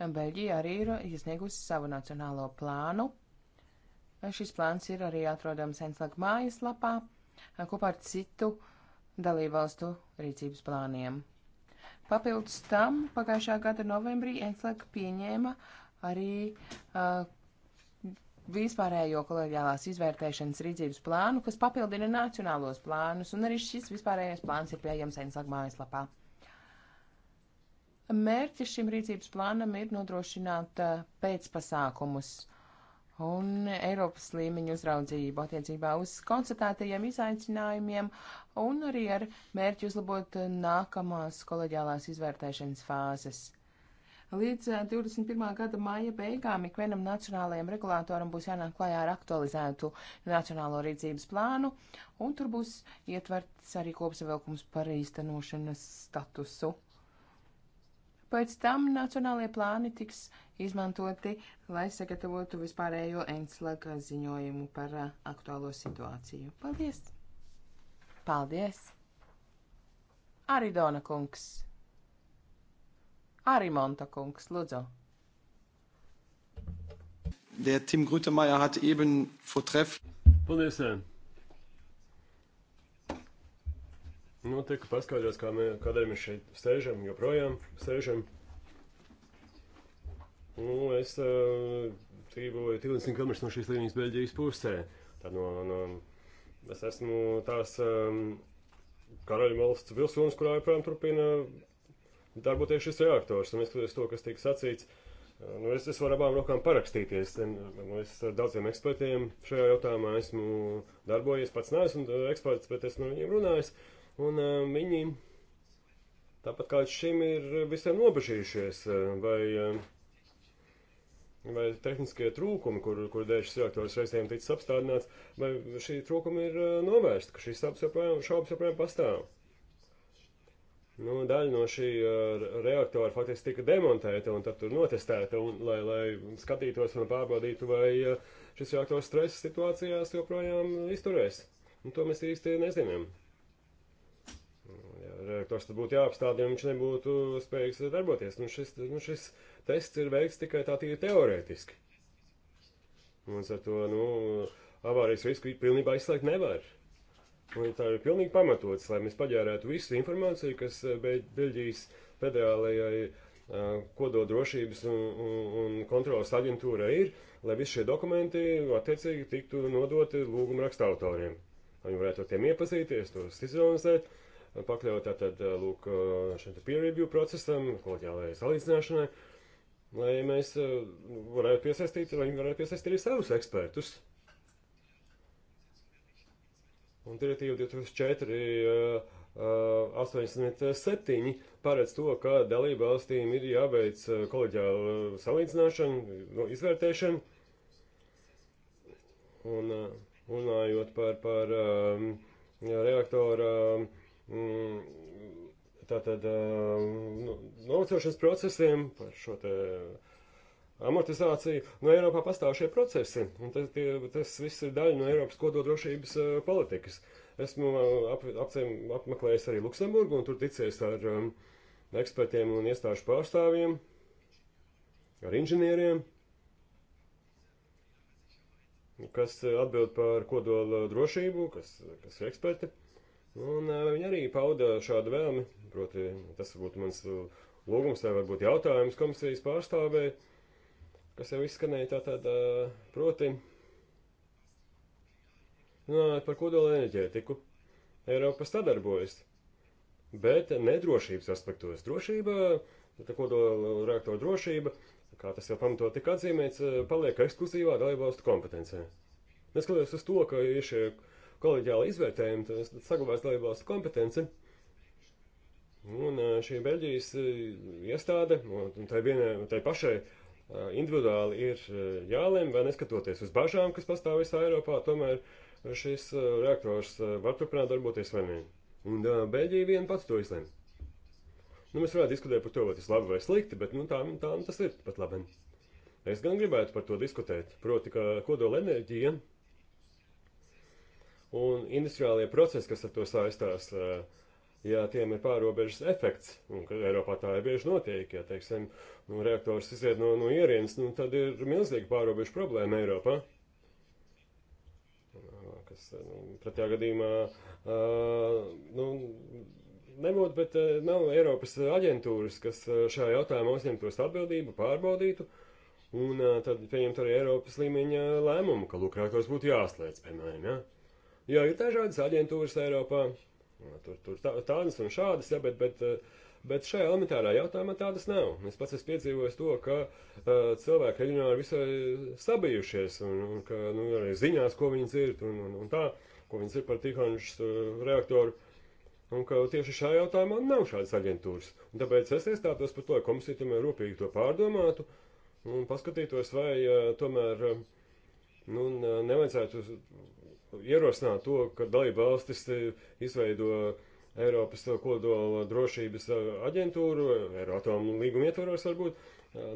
Beļģija arī ir iesniegusi savu nacionālo plānu Šis plāns ir arī atrodams Enslaka mājaslapā kopā ar citu dalībvalstu rīcības plāniem. Papildus tam pagājušā gada novembrī Enslaka pieņēma arī uh, vispārējo kolēģiālās izvērtēšanas rīcības plānu, kas papildina nacionālos plānus, un arī šis vispārējais plāns ir pieejams Enslaka mājaslapā. Mērķis šim rīcības plānam ir nodrošināt uh, pēcpasākumus uh, un Eiropas līmeņa uzraudzību attiecībā uz konstatētajiem izaicinājumiem un arī ar mērķi uzlabot nākamās koleģiālās izvērtēšanas fāzes. Līdz 21. Eh, gada maija beigām ikvienam nacionālajam regulātoram būs jānāk klajā ar aktualizētu nacionālo rīcības plānu, un tur būs ietverts arī kopsavilkums par īstenošanas statusu. Pēc tam nacionālajie plāni tiks izmantoti, lai sagatavotu vispārējo Enslaka ziņojumu par uh, aktuālo situāciju. Paldies! Paldies! Arī Dona kungs! Arī Monta kungs, lūdzu! Der Tim Grütemeyer hat eben vortrefflich. Paldies! Nu, tika paskaidrots, kā mē, kādēļ mēs šeit sēžam, joprojām sēžam. Nu, es uh, dzīvoju 20 km no šīs līnijas Beļģijas pusē. Tad no, no, es esmu tās um, karaļa valsts pilsonis, kurā joprojām turpina darboties šis reaktors. Un neskatoties to, kas tiek sacīts, nu, es, es varu abām rokām parakstīties. Nu, es ar daudziem ekspertiem šajā jautājumā esmu darbojies, pats neesmu eksperts, bet esmu ar viņiem runājis. Uh, Un eh, viņi tāpat kā šim ir visai nobežījušies, eh, vai, eh, vai tehniskie trūkumi, kur, kur dēļ šis reaktors reizēm ticis apstādināts, vai šī trūkuma ir novērsta, ka šīs joprojām, šaubas joprojām pastāv. Nu, daļa no šī uh, reaktora faktiski tika demontēta un tad tur notestēta, un, lai, lai skatītos un pārbaudītu, vai uh, šis reaktors stresa situācijās joprojām izturēs. Un to mēs īsti nezinām reaktors tad būtu jāapstādina, un viņš nebūtu spējīgs darboties. Nu, šis, nu, šis tests ir veikts tikai tā tīri teorētiski. Mums ar to, nu, avārijas risku pilnībā izslēgt nevar. Un tā ir pilnīgi pamatots, lai mēs paģērētu visu informāciju, kas eh, Beļģijas federālajai eh, kododrošības un, un, un kontrolas aģentūra ir, lai visi šie dokumenti attiecīgi tiktu nodoti lūguma raksta autoriem. Viņi varētu ar tiem iepazīties, tos izanalizēt pakļaut tātad, eh, lūk, eh, šim peer review procesam, kolēģiālajai salīdzināšanai, lai mēs eh, varētu piesaistīt, lai viņi varētu piesaistīt arī savus ekspertus. Un direktīva 2004 uh, 87 paredz to, ka dalību valstīm ir jāveic koleģiāla salīdzināšana, no nu, izvērtēšana. Un runājot par, par um, reaktora um, Mm, tātad mm, nu, novecošanas procesiem, par šo te amortizāciju. No nu, Eiropā pastāv šie procesi, un tas, tie, tas viss ir daļa no Eiropas kododrošības politikas. Esmu ap, apciem, apmeklējis arī Luksemburgu un tur ticies ar um, ekspertiem un iestāžu pārstāvjiem, ar inženieriem, kas atbild par kodola drošību, kas, kas ir eksperti. Un viņi arī pauda šādu vēlmi, proti tas būtu mans lūgums vai varbūt jautājums komisijas pārstāvē, kas jau izskanēja tātad, proti, runājot par kodola enerģētiku, Eiropa sadarbojas, bet nedrošības aspektos. Drošība, tā kodola reaktoru drošība, kā tas jau pamatot tika atzīmēts, paliek ekskluzīvā dalībvalstu kompetencē. Neskatoties uz to, ka ir šie koleģiāla izvērtējuma, tas saglabās dalībvalstu kompetenci. Un šī Beļģijas iestāde, un tai vienai, tai pašai individuāli ir jālem, vai neskatoties uz bažām, kas pastāv visā Eiropā, tomēr šis reaktors var turpināt darboties vai nē. Un Beļģija viena pats to izlem. Nu, mēs varētu diskutēt par to, vai tas labi vai slikti, bet nu, tā, tā nu, tas ir pat labi. Es gan gribētu par to diskutēt, proti, ka kodolenerģija enerģija Un industriālie procesi, kas ar to saistās, eh, ja tiem ir pārobežas efekts, un Eiropā tā ir bieži notiek, ja, teiksim, nu, reaktors iziet no, no ierienas, nu, tad ir milzīga pārobežu problēma Eiropā. Kas, eh, nu, pretējā gadījumā, uh, nu, nebūtu, bet uh, nav Eiropas aģentūras, kas šajā jautājumā uzņemtos atbildību, pārbaudītu. Un uh, tad pieņemt arī Eiropas līmeņa lēmumu, ka lūk, reaktors būtu jāslēdz, piemēram, jā. Ja? Jo ir dažādas aģentūras Eiropā, tur, tur tādas un šādas, ja, bet, bet, eh, bet šajā elementārā jautājumā tādas nav. Es pats esmu piedzīvojis to, ka uh, cilvēki reģionāli visai sabijušies, un, un ka nu, arī ziņās, ko viņi dzird, un, un, un tā, ko viņi dzird par Tihanšas uh, reaktoru. Un ka tieši šajā jautājumā nav šādas aģentūras. Un tāpēc es iestātos par to, ka komisija tomēr rūpīgi to pārdomātu un paskatītos, vai uh, tomēr uh, Nu, nevajadzētu ierosināt to, ka dalība valstis e, izveido Eiropas kodola drošības aģentūru, Eiratomu līguma ietvaros varbūt,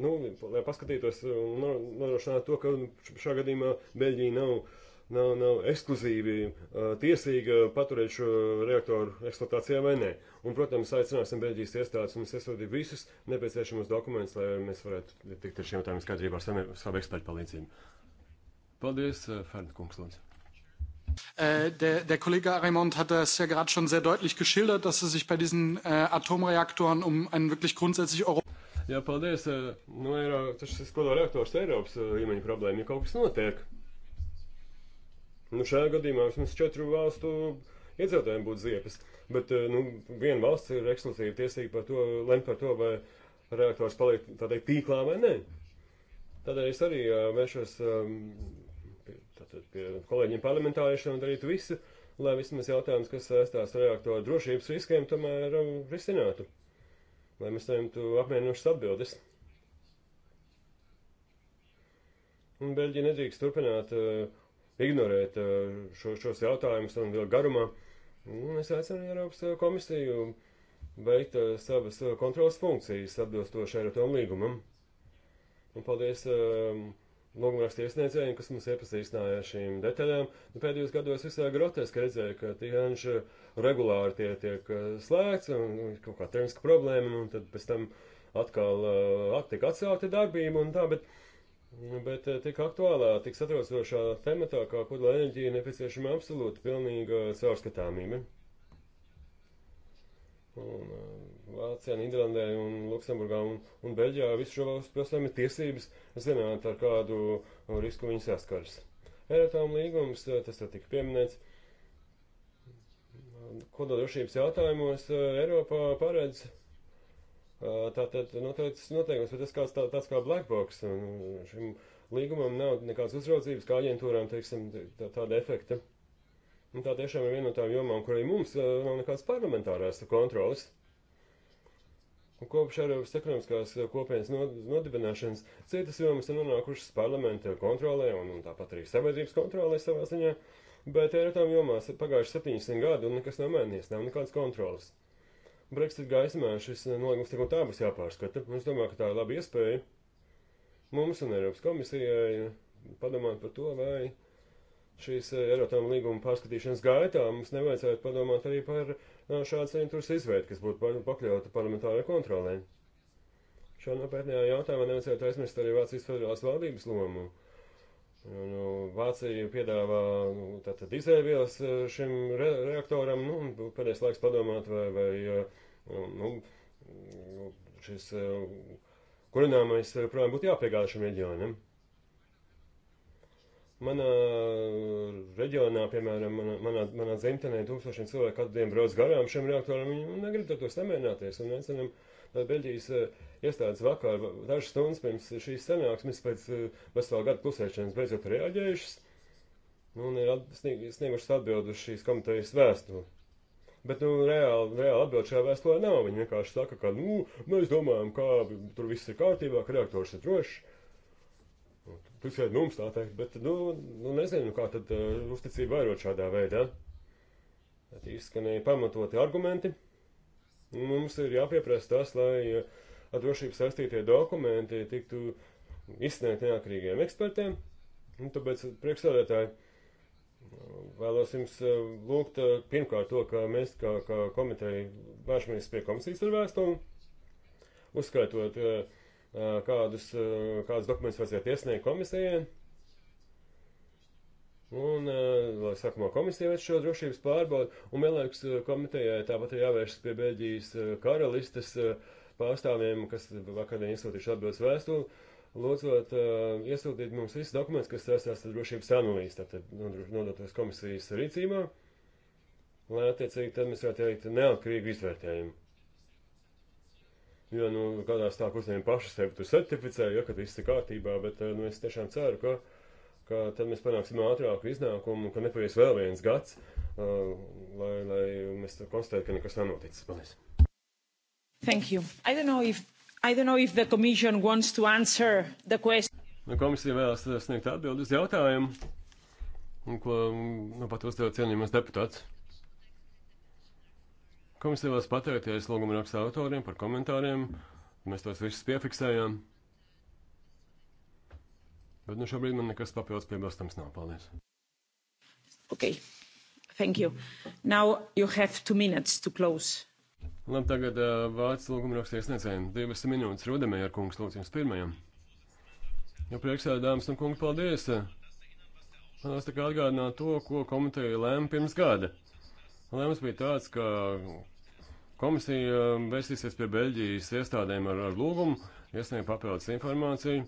nu, lai paskatītos un nodrošinātu to, ka šā gadījumā Beļģija nav, nav, nav ekskluzīvi tiesīga paturēt šo reaktoru eksploatācijā vai nē. Un, protams, aicināsim Beļģijas iestādes mums iesūtīt visus nepieciešamos dokumentus, lai mēs varētu tikt ar šiem jautājumiem skaidrībā ar savu ekspertu palīdzību. Paldies, eh, Fernta kungs, lūdzu. Äh, der, der Kollege Raimond hat das ja gerade schon sehr deutlich geschildert, dass es sich bei diesen äh, Atomreaktoren um einen wirklich grundsätzlich Euro Jā, paldies. Eh, nu, ir, tas ir kodā reaktors Eiropas eh, līmeņa problēma, ja kaut kas notiek. Nu, šajā gadījumā vismaz četru valstu iedzīvotājiem būtu ziepes. Bet nu, viena valsts ir ekskluzīva tiesība par to, lemt par to, vai reaktors paliek tādā tīklā vai nē. Tādēļ es arī vēršos um, tātad pie kolēģiem parlamentāriešiem darītu visu, lai vismaz jautājums, kas saistās ar reaktoru drošības riskiem, tomēr um, risinātu, lai mēs saņemtu apmierinošas atbildes. Un Beļģija nedrīkst turpināt uh, ignorēt uh, šo, šos jautājumus un vēl garumā. Un es aicinu Eiropas uh, komisiju veikt uh, savas uh, kontrolas funkcijas atbilstoši Eiropas līgumam. Un paldies uh, Lūgumrakstu iesniedzējiem, kas mums iepazīstināja ar šīm detaļām, nu, pēdējos gados visā groteski redzēja, ka tihanši regulāri tie tiek eh, slēgts un kaut kā tehniska problēma, un tad pēc tam atkal uh, tiek atcelti darbība un tā, bet, bet eh, tik aktuālā, tik satraucošā tematā, kā kodla enerģija, nepieciešama absolūta pilnīga caurskatāmība. Un, uh, Vācijā, Nīderlandē, un Luksemburgā un, un Beļģijā visu šo valstu pilsoņiem ir tiesības zināt, ar kādu risku viņi saskaras. Eiratām līgums, eh, tas jau tika pieminēts, kodoldrošības jautājumos eh, Eiropā paredz eh, tātad noteikts noteikums, bet tas kāds tā, tāds kā black box. Šim līgumam nav nekādas uzraudzības, kā aģentūrām, teiksim, tā, tāda efekta. Un tā tiešām ir viena no tām jomām, kurai mums nav nekādas parlamentārās kontrolas. Uh, Un kopš Eiropas ekonomiskās eh, kopienas nodibināšanas citas jomas ir nonākušas parlamenta kontrolē un, un tāpat arī sabiedrības kontrolē savā ziņā, bet ir tām jomās pagājuši 700 gadi un nekas nav mainījies, nav nekādas kontrolas. Brexit gaismā šis nolīgums tik un tā būs jāpārskata, un es domāju, ka tā ir laba iespēja mums un Eiropas komisijai padomāt par to, vai šīs eh, Eiropas līguma pārskatīšanas gaitā mums nevajadzētu padomāt arī par uh, šādu centrus izveidi, kas būtu pakļauti parlamentārai kontrolē. Šajā nopietnējā nu, jautājumā nevajadzētu aizmirst arī Vācijas federālās valdības lomu. Nu, Vācija piedāvā nu, tātad izēvielas šim re reaktoram, nu, pēdējais laiks padomāt, vai, vai nu, nu, šis kurināmais, protams, būtu jāpiegāda šim reģionam. Manā uh, reģionā, piemēram, manā, manā, manā dzimtenē, tūkstošiem cilvēku katru dienu brauc garām šiem reaktoriem. Viņi nu, negrib ar to samierināties. Un aicinām uh, Beļģijas uh, iestādes vakar, dažas stundas pirms šīs sanāksmes, pēc veselā gada klusēšanas, beidzot reaģējušas. Nu, un ir sniegušas atbildi uz šīs komitejas vēstuli. Bet, nu, reāli, reāli atbildēt šajā vēstulē nav. Viņi vienkārši saka, ka, nu, mēs domājam, ka tur viss ir kārtībā, ka reaktors ir drošs. Ticiet mums tā teikt, bet, nu, nu nezinu, kā tad uh, uzticība vairot šādā veidā. Tad izskanēja pamatoti argumenti. Mums ir jāpieprasa tas, lai eh, ar drošību saistītie dokumenti tiktu izsniegt neatkarīgiem ekspertiem. Un tāpēc, eh, priekšsēdētāji, Vēlos jums lūgt pirmkārt to, ka mēs kā, kā komiteja vēršamies pie komisijas ar vēstuli, uzskaitot uh, Eh, kādus, eh, kādus dokumentus vajadzētu iesniegt komisijai. Un, eh, lai sākumā komisija veic šo drošības pārbaudi, un vienlaikus komitejai tāpat ir jāvēršas pie Beļģijas karalistes pārstāvjiem, kas vakarā iesūtījuši atbildes vēstuli, lūdzot uh, iesūtīt mums visus dokumentus, kas saistās ar drošības analīzi, tātad nodotos komisijas rīcībā, lai attiecīgi tad mēs varētu veikt neatkarīgu izvērtējumu jo, nu, gadās tā, ka uzņēmumi paši sevi tur certificē, ja, ka viss ir kārtībā, bet, eh, nu, es tiešām ceru, ka, ka tad mēs panāksim ātrāku iznākumu, ka nepaies vēl viens gads, uh, lai, lai mēs konstatētu, ka nekas nav noticis. Paldies. Thank you. I don't know if, I don't know if the commission wants to answer the question. Nu, komisija vēlas sniegt atbildi uz jautājumu, ko nu, pat uzdeva cienījumais deputāts. Komisija vēlas pateikties lūguma raksta autoriem par komentāriem. Mēs tos visus piefiksējām. Bet nu šobrīd man nekas papildus piebilstams nav. Paldies. Okay. Thank you. Now you have two minutes to close. Labi, tagad uh, vārds lūguma raksta iesniedzējiem. Divas minūtes rodamē ar kungs lūdzu jums pirmajam. Ja priekšā dāmas un kungi, paldies. Manās tikai atgādināt to, ko komiteja lēma pirms gada. Lēmums bija tāds, ka Komisija um, vērsīsies pie Beļģijas iestādēm ar, ar lūgumu, iesniegt papildus informāciju,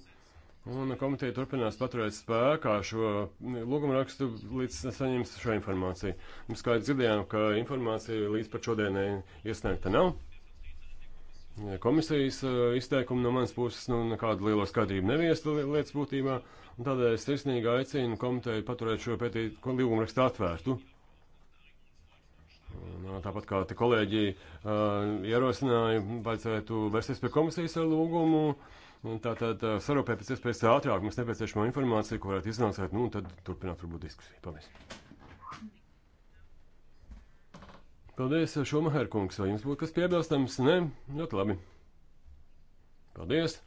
un komiteja turpinās paturēt spēkā šo lūgumu rakstu, līdz saņems šo informāciju. Mums kā dzirdējām, ka informācija līdz pat šodienai iesniegta nav. Komisijas uh, izteikumi no manas puses nu, nekādu lielo skatījumu neviesta lietas būtībā, un tādēļ es sirsnīgi aicinu komiteju paturēt šo pētījumu lūgumu rakstu atvērtu tāpat kā te kolēģi ierosināja, vajadzētu vērsties pie komisijas ar lūgumu. Tātad sarūpēt pēc iespējas ātrāk mums nepieciešamo informāciju, ko varētu iznācēt, nu, un tad turpināt varbūt diskusiju. Paldies! Paldies, Šomaher kungs, vai jums būtu kas piebilstams? Nē, ļoti labi. Paldies!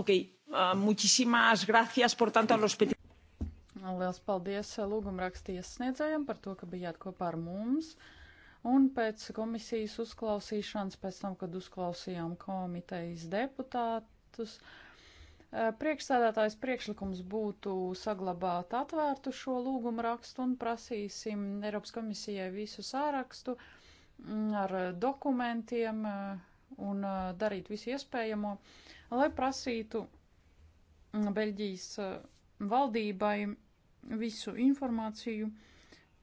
Ok, uh, muchísimas gracias, por tanto, a los peticionarios. Liels paldies eh, lūgumraksta iesniedzējiem par to, ka bijāt kopā ar mums. Un pēc komisijas uzklausīšanas, pēc tam, kad uzklausījām komitejas deputātus, eh, priekšsēdētājs priekšlikums būtu saglabāt atvērtu šo lūgumrakstu un prasīsim Eiropas komisijai visu sārakstu mm, ar dokumentiem eh, un darīt visu iespējamo. Uh, lai prasītu mm, Beļģijas eh, valdībai visu informāciju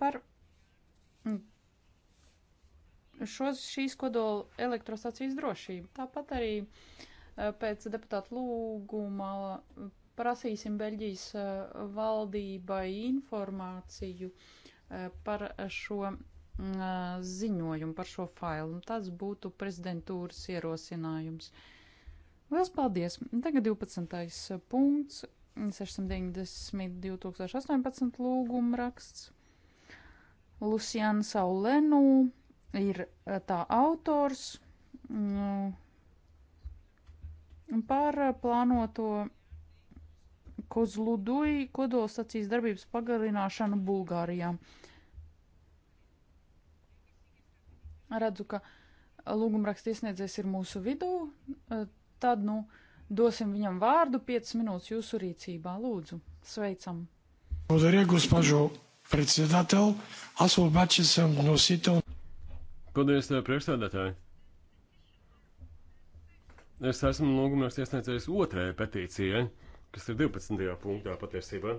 par mm, šos, šīs kodola elektrostacijas drošību. Tāpat arī eh, pēc deputāta lūguma eh, prasīsim Beļģijas valdībai informāciju par šo mm, ziņojumu, par šo failu. Tas būtu prezidentūras ierosinājums. Lielas paldies! Tagad 12. Eh, punkts, 690, 2018 lūguma raksts. Luciana Saulēnu ir eh, tā autors mm, par eh, plānoto Kozluduji kodolstacijas darbības pagarināšanu Bulgārijā. Redzu, ka lūgumraksta iesniedzējs ir mūsu vidū tad, nu, dosim viņam vārdu 5 minūtes jūsu rīcībā. Lūdzu, sveicam! Благодаря, госпожо председател. Аз обаче съм носител. Paldies, priekšstādātāji! Es esmu lūgumnieks iesniedzējis otrajai petīcijai, kas ir 12. punktā patiesībā.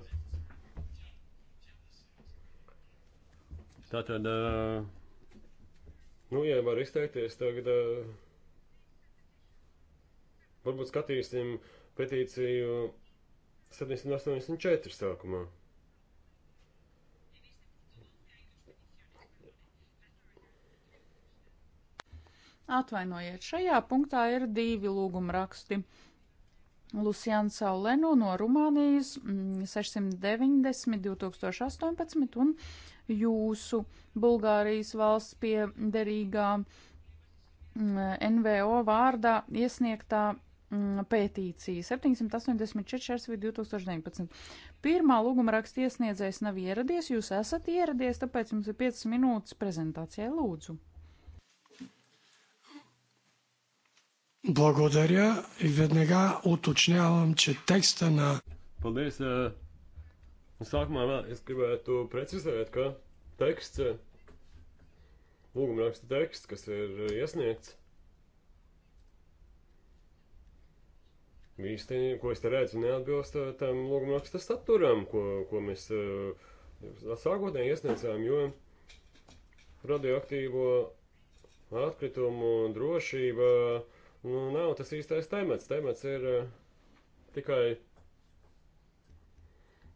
Tātad, nu, ja var izteikties tagad. Uh, Varbūt skatīsim petīciju 784 sākumā. Atvainojiet, šajā punktā ir divi lūguma raksti. Luciana Saulenu no Rumānijas 690 mm, 2018 un jūsu Bulgārijas valsts piederīgā mm, NVO vārdā iesniegtā pētīcija 784 2019. Pirmā lūguma raksta iesniedzējs nav ieradies, jūs esat ieradies, tāpēc jums ir 5 minūtes prezentācijai lūdzu. Благодаря и веднага уточнявам, че текста на... Paldies! Sākumā vēl es gribētu precizēt, ka teksts, lūgumraksta teksts, kas ir iesniegts, īsti, ko es te redzu, neatbilst eh, tam lūgumraksta staturam, ko, ko mēs eh, sākotnēji iesniedzām, jo radioaktīvo atkritumu drošība nu, nav tas īstais temats. Temats ir eh, tikai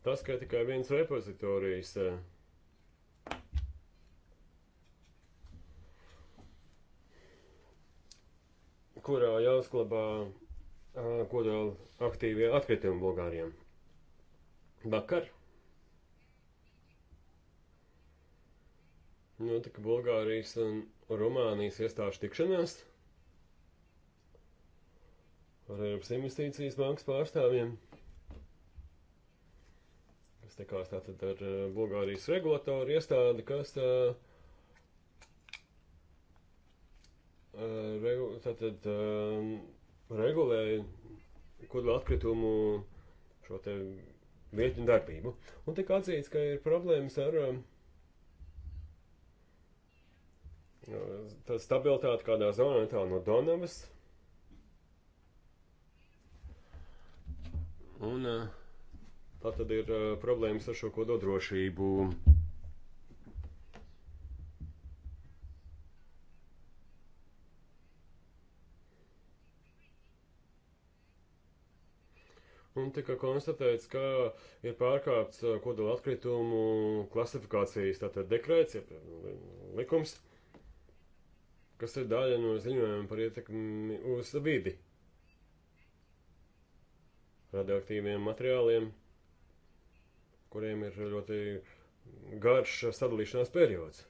tas, ka tikai viens repozitorijas. kurā jāuzklabā kodola aktīvie atkritumi Bulgārijam. Vakar notika Bulgārijas un Rumānijas iestāžu tikšanās ar Eiropas investīcijas bankas pārstāvjiem. Tas tikās tātad ar Bulgārijas regulatoru iestādi, kas uh, uh, regu, tātad um, uh, regulē kodolu atkritumu šo te vietņu darbību. Un tika atzīts, ka ir problēmas ar um, tā stabilitāti kādā zonā netālu no Donavas. Un uh, tā tad ir uh, problēmas ar šo kododrošību. drošību un tika konstatēts, ka ir pārkāpts uh, kodola atkritumu klasifikācijas tātad dekrēts, ja, nu, likums, kas ir daļa no ziņojuma par ietekmi uz vidi, radioaktīviem materiāliem, kuriem ir ļoti garš sadalīšanās periods.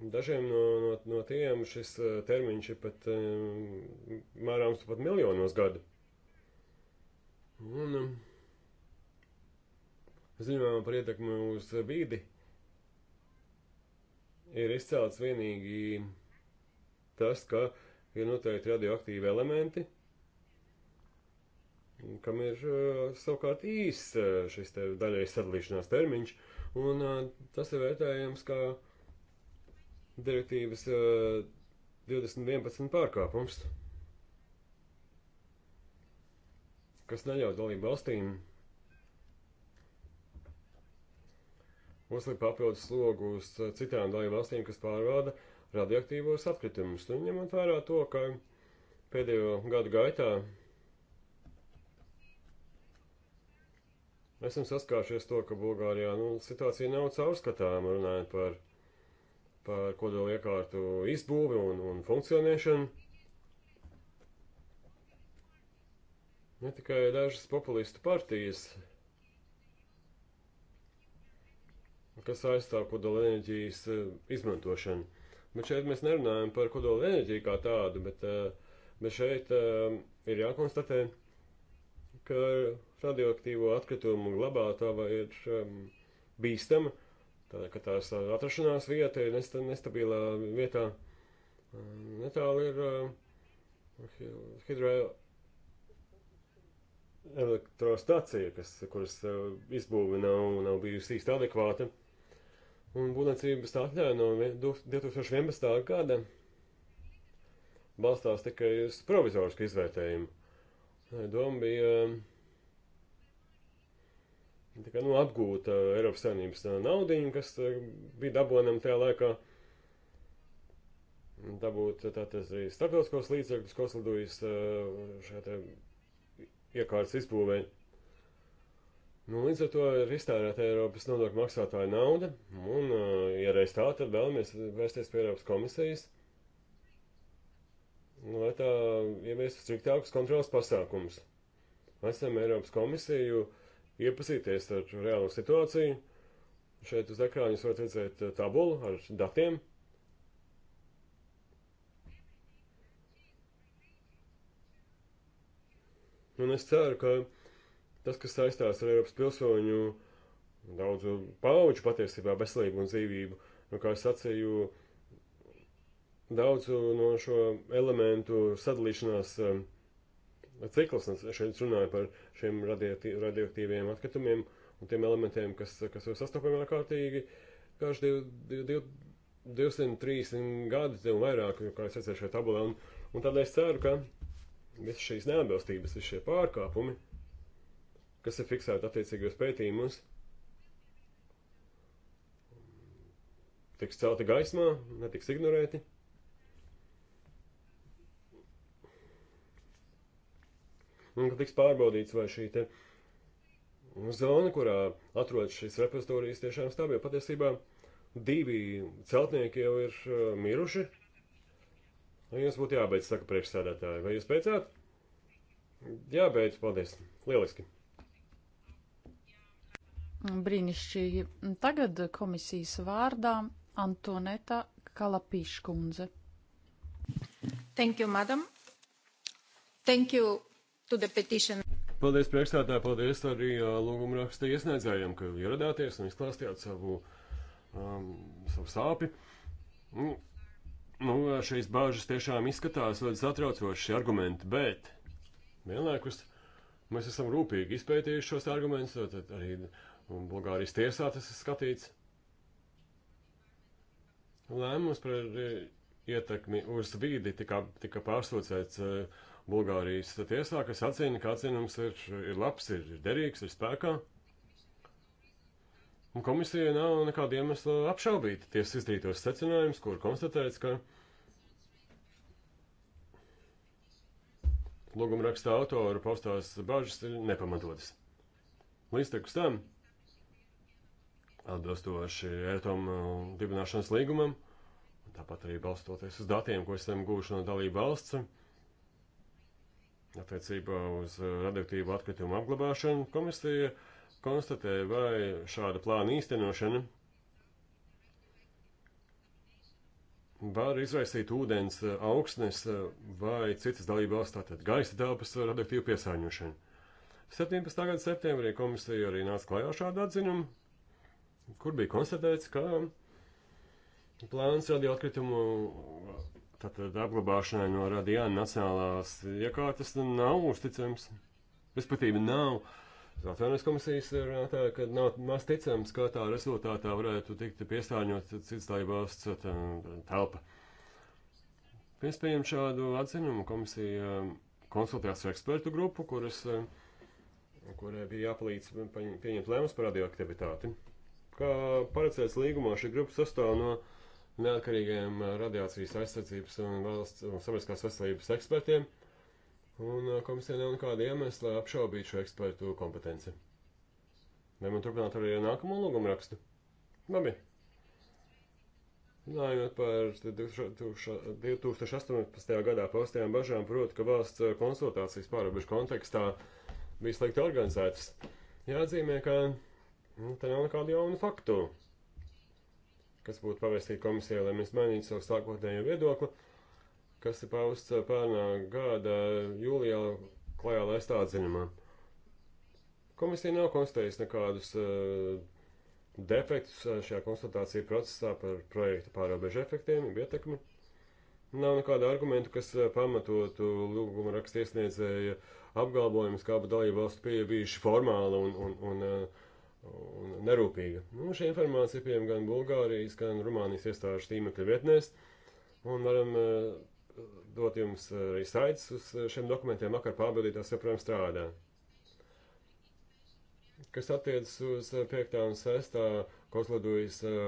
Dažiem no, no, no tiem šis eh, termiņš ir pat eh, mērāms pat miljonos gadu. Un eh, ziņojumā par ietekmi uz vidi ir izcēlts vienīgi tas, ka ir noteikti radioaktīvi elementi, kam ir savukārt īsts šis te daļai sadalīšanās termiņš, un tas ir vērtējams kā direktīvas 2011 eh, pārkāpums, kas neļauj dalību valstīm uzlikt papildus slogu uz eh, citām dalību valstīm, kas pārvalda radioaktīvos atkritumus. Un ņemot vērā to, ka pēdējo gadu gaitā esam saskāršies to, ka Bulgārijā nu, situācija nav caurskatāma runājot par par kodola iekārtu izbūvi un, un funkcionēšanu. Ne tikai dažas populistu partijas, kas aizstāv kodola enerģijas eh, izmantošanu. Bet šeit mēs nerunājam par kodola enerģiju kā tādu, bet, eh, bet šeit eh, ir jākonstatē, ka radioaktīvo atkritumu glabātava ir bīstama Tādēļ, ka tās uh, atrašanās vieta ir nesta, nestabilā vietā. Um, netālu ir uh, hidroelektrostacija, kas, kuras uh, izbūve nav, nav bijusi īsti adekvāta. Un būvniecības atļauja no 2011. gada balstās tikai uz provizorisku izvērtējumu. Doma bija uh, Tā kā, nu, atgūt uh, Eiropas Savienības uh, naudu, kas uh, bija dabūjama tajā laikā, dabūt tātad arī starptautiskos līdzekļus, ko slidojas uh, šajā iekārtas izbūvē. Nu, līdz ar to ir iztērēta Eiropas nodokļu maksātāja nauda, un uh, ja reiz tā, tad vēlamies vērsties pie Eiropas komisijas, nu, lai tā ieviestu ja striktākus kontrolas pasākumus. Esam Eiropas komisiju uh, iepazīties ar reālo situāciju. Šeit uz ekrāna jūs varat redzēt eh, tabulu ar datiem. Un es ceru, ka tas, kas saistās ar Eiropas pilsoņu daudzu pauģu patiesībā veselību un dzīvību, nu, kā es sacīju, daudzu no šo elementu sadalīšanās um, ciklus. Šeit runāju par šiem radioaktīviem atkritumiem un tiem elementiem, kas, kas ir sastopami ārkārtīgi. Kāds 200, 300 gadi un vairāk, kā es redzēju šajā tabulē. Un, un tādēļ es ceru, ka visas šīs neatbilstības, visi šie pārkāpumi, kas ir fiksēti attiecīgajos pētījumus, tiks celti gaismā, netiks ignorēti. un ka tiks pārbaudīts, vai šī te zona, kurā atrodas šis repozitorijas, tiešām stāv, jo patiesībā divi celtnieki jau ir uh, miruši. Vai jums būtu jābeidz, saka priekšsēdētāji, vai jūs beidzāt? Jābeidz, paldies, lieliski. Brīnišķīgi. Tagad komisijas vārdā Antoneta Kalapīškundze. Thank you, madam. Thank you Paldies priekšstādātāji, paldies arī lūguma raksta iesniedzējiem, ka ieradāties un izklāstījāt savu, um, savu sāpi. Nu, nu, šīs bāžas tiešām izskatās ļoti satraucoši argumenti, bet vienlaikus mēs esam rūpīgi izpētījuši šos argumentus, tad arī Bulgārijas tiesā tas ir skatīts. Lēmums par ietekmi uz vīdi tika, tika pārsūcēts uh, Bulgārijas tiesā, kas atzina, ka atzinums ir, ir labs, ir, ir derīgs, ir spēkā. Un komisija nav nekāda iemesla apšaubīt tiesas izdarītos secinājumus, kur konstatēts, ka lūguma raksta autora paustās bažas ir nepamatotas. Līdztekus tam, atbilstoši ERTOM dibināšanas līgumam, tāpat arī balstoties uz datiem, ko esam guvuši no dalību valsts, attiecībā uz uh, radioaktīvu atkritumu apglabāšanu, komisija konstatēja, vai šāda plāna īstenošana var izraisīt ūdens, uh, augsnes uh, vai citas dalību valsts, tātad gaisa telpas radioaktīvu piesāņošanu. 17. gada septembrī komisija arī nāca klajā šādu atzinumu, kur bija konstatēts, ka plāns radioatkritumu Tātad apglabāšanai no radiāna nacionālās iekārtas nav uzticams. Respektīvi, nav. Zatvērnes komisijas ir tā, ka nav maz ticams, ka tā rezultātā varētu tikt piestāņot citstājībās um, telpa. Pirms pieņem šādu atzinumu komisija um, konsultējās ar ekspertu grupu, kuras, um, kurai bija jāpalīdz pieņemt lēmumus par radioaktivitāti. Kā paredzēts līgumā, šī grupa sastāv no neatkarīgiem radiācijas aizsardzības un valsts un sabiedriskās veselības ekspertiem, un komisija nav nekāda iemesla apšaubīt šo ekspertu kompetenci. Vai man turpināt arī ar nākamo lūgumu rakstu? Labi. Runājot par 2018. gadā paustajām bažām, proti, ka valsts konsultācijas pārobežu kontekstā bija slikti organizētas, jāatzīmē, ka nu, te nav nekādu jaunu faktu kas būtu pavēstīti komisijai, lai mēs mainītu savu sākotnējo viedokli, kas ir pausts pērnā gada jūlijā klajā laistā atziņumā. Komisija nav konstatējusi nekādus uh, defektus eh, šajā konstatācija procesā par projektu pārobežu efektiem, ietekmi. Nav nekāda argumenta, kas eh, pamatotu lūguma rakstiesniedzēja apgalvojumus, kā dalība valsts pieeja bijuši formāla un, un, un uh, un nerūpīga. Nu, šī informācija pieejama gan Bulgārijas, gan Rumānijas iestāžu tīmekļa vietnēs, un varam uh, dot jums eh, arī saites uz eh, šiem dokumentiem, vakar pārbaudītās joprojām strādā. Kas attiecas uz 5. un 6. Kozlodujas uh,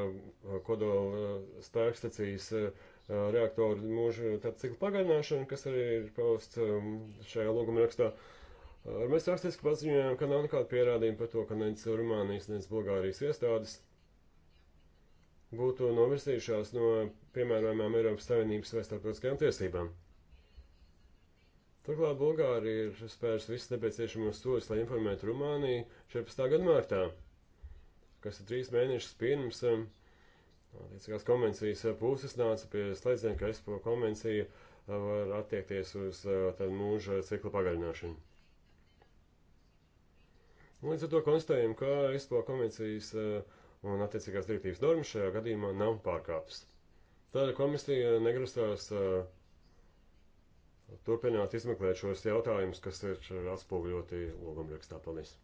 kodola spēkstacijas uh, reaktoru mūža ciklu pagarināšanu, kas arī ir pausts šajā lūguma rakstā. Uh, Mēs rakstiski paziņojām, ka nav nekāda pierādījuma par to, ka nevis Rumānijas, nevis Bulgārijas iestādes būtu novirzījušās no piemērojumām Eiropas Savienības vai starptautiskajām tiesībām. Turklāt Bulgārija ir spērs visus nepieciešamos soļus, lai informētu Rumāniju 14. gada martā, kas ir trīs mēnešus pirms um, attiecīgās konvencijas puses nāca pie slēdziena, ka ESPO konvencija uh, var attiekties uz uh, tādu mūža ciklu pagarināšanu. Līdz ar to konstatējam, ka ESPO konvencijas eh, un attiecīgās direktīvas normas šajā gadījumā nav pārkāptas. Tāda komisija negrasās eh, turpināt izmeklēt šos jautājumus, kas ir atspoguļoti logumrakstā. Paldies!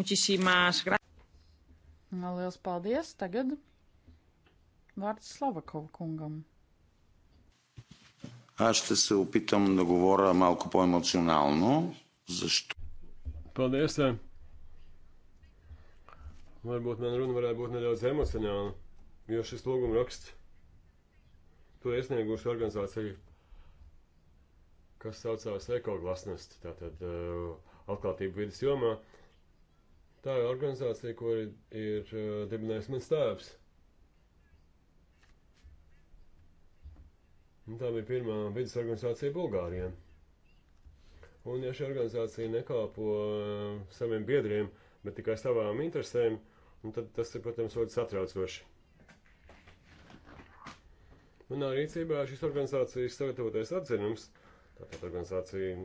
Muchísimas gracias. Lielas paldies. Tagad vārds Slavakov kungam. Аз ще се опитам да говоря малко по-емоционално, защото... Paldies! Varbūt man runa varētu būt nedaudz emocionāla, jo šis lūguma raksts to iesnieguši organizāciju, kas saucās Ekoglasnest, tātad uh, atklātību vidas jomā. Tā ir organizācija, ko ir, ir uh, dibinājis mans tēvs. Un tā bija pirmā vidas organizācija Bulgārijai. Un ja šī organizācija nekalpo um, saviem biedriem, bet tikai savām interesēm, tad tas ir, protams, ļoti satraucoši. Manā rīcībā šīs organizācijas sagatavotais atzinums, tātad organizācija,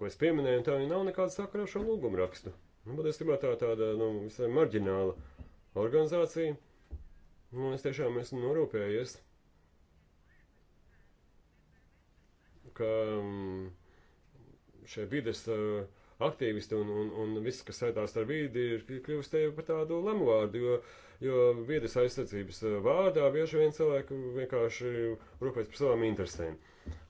ko es pieminēju, tā nav nekāda sakra ar šo lūgumu rakstu. Nu, bet es gribētu tā tāda, nu, visai marģināla organizācija. Nu, es tiešām esmu norūpējies, ka um, šie vides eh, aktīvisti un, un, un viss, kas saistās ar vīdi, ir kļuvis te par tādu lemuvārdu, jo, jo vīdes aizsardzības eh, vārdā bieži vien cilvēki vienkārši rūpēs par savām interesēm.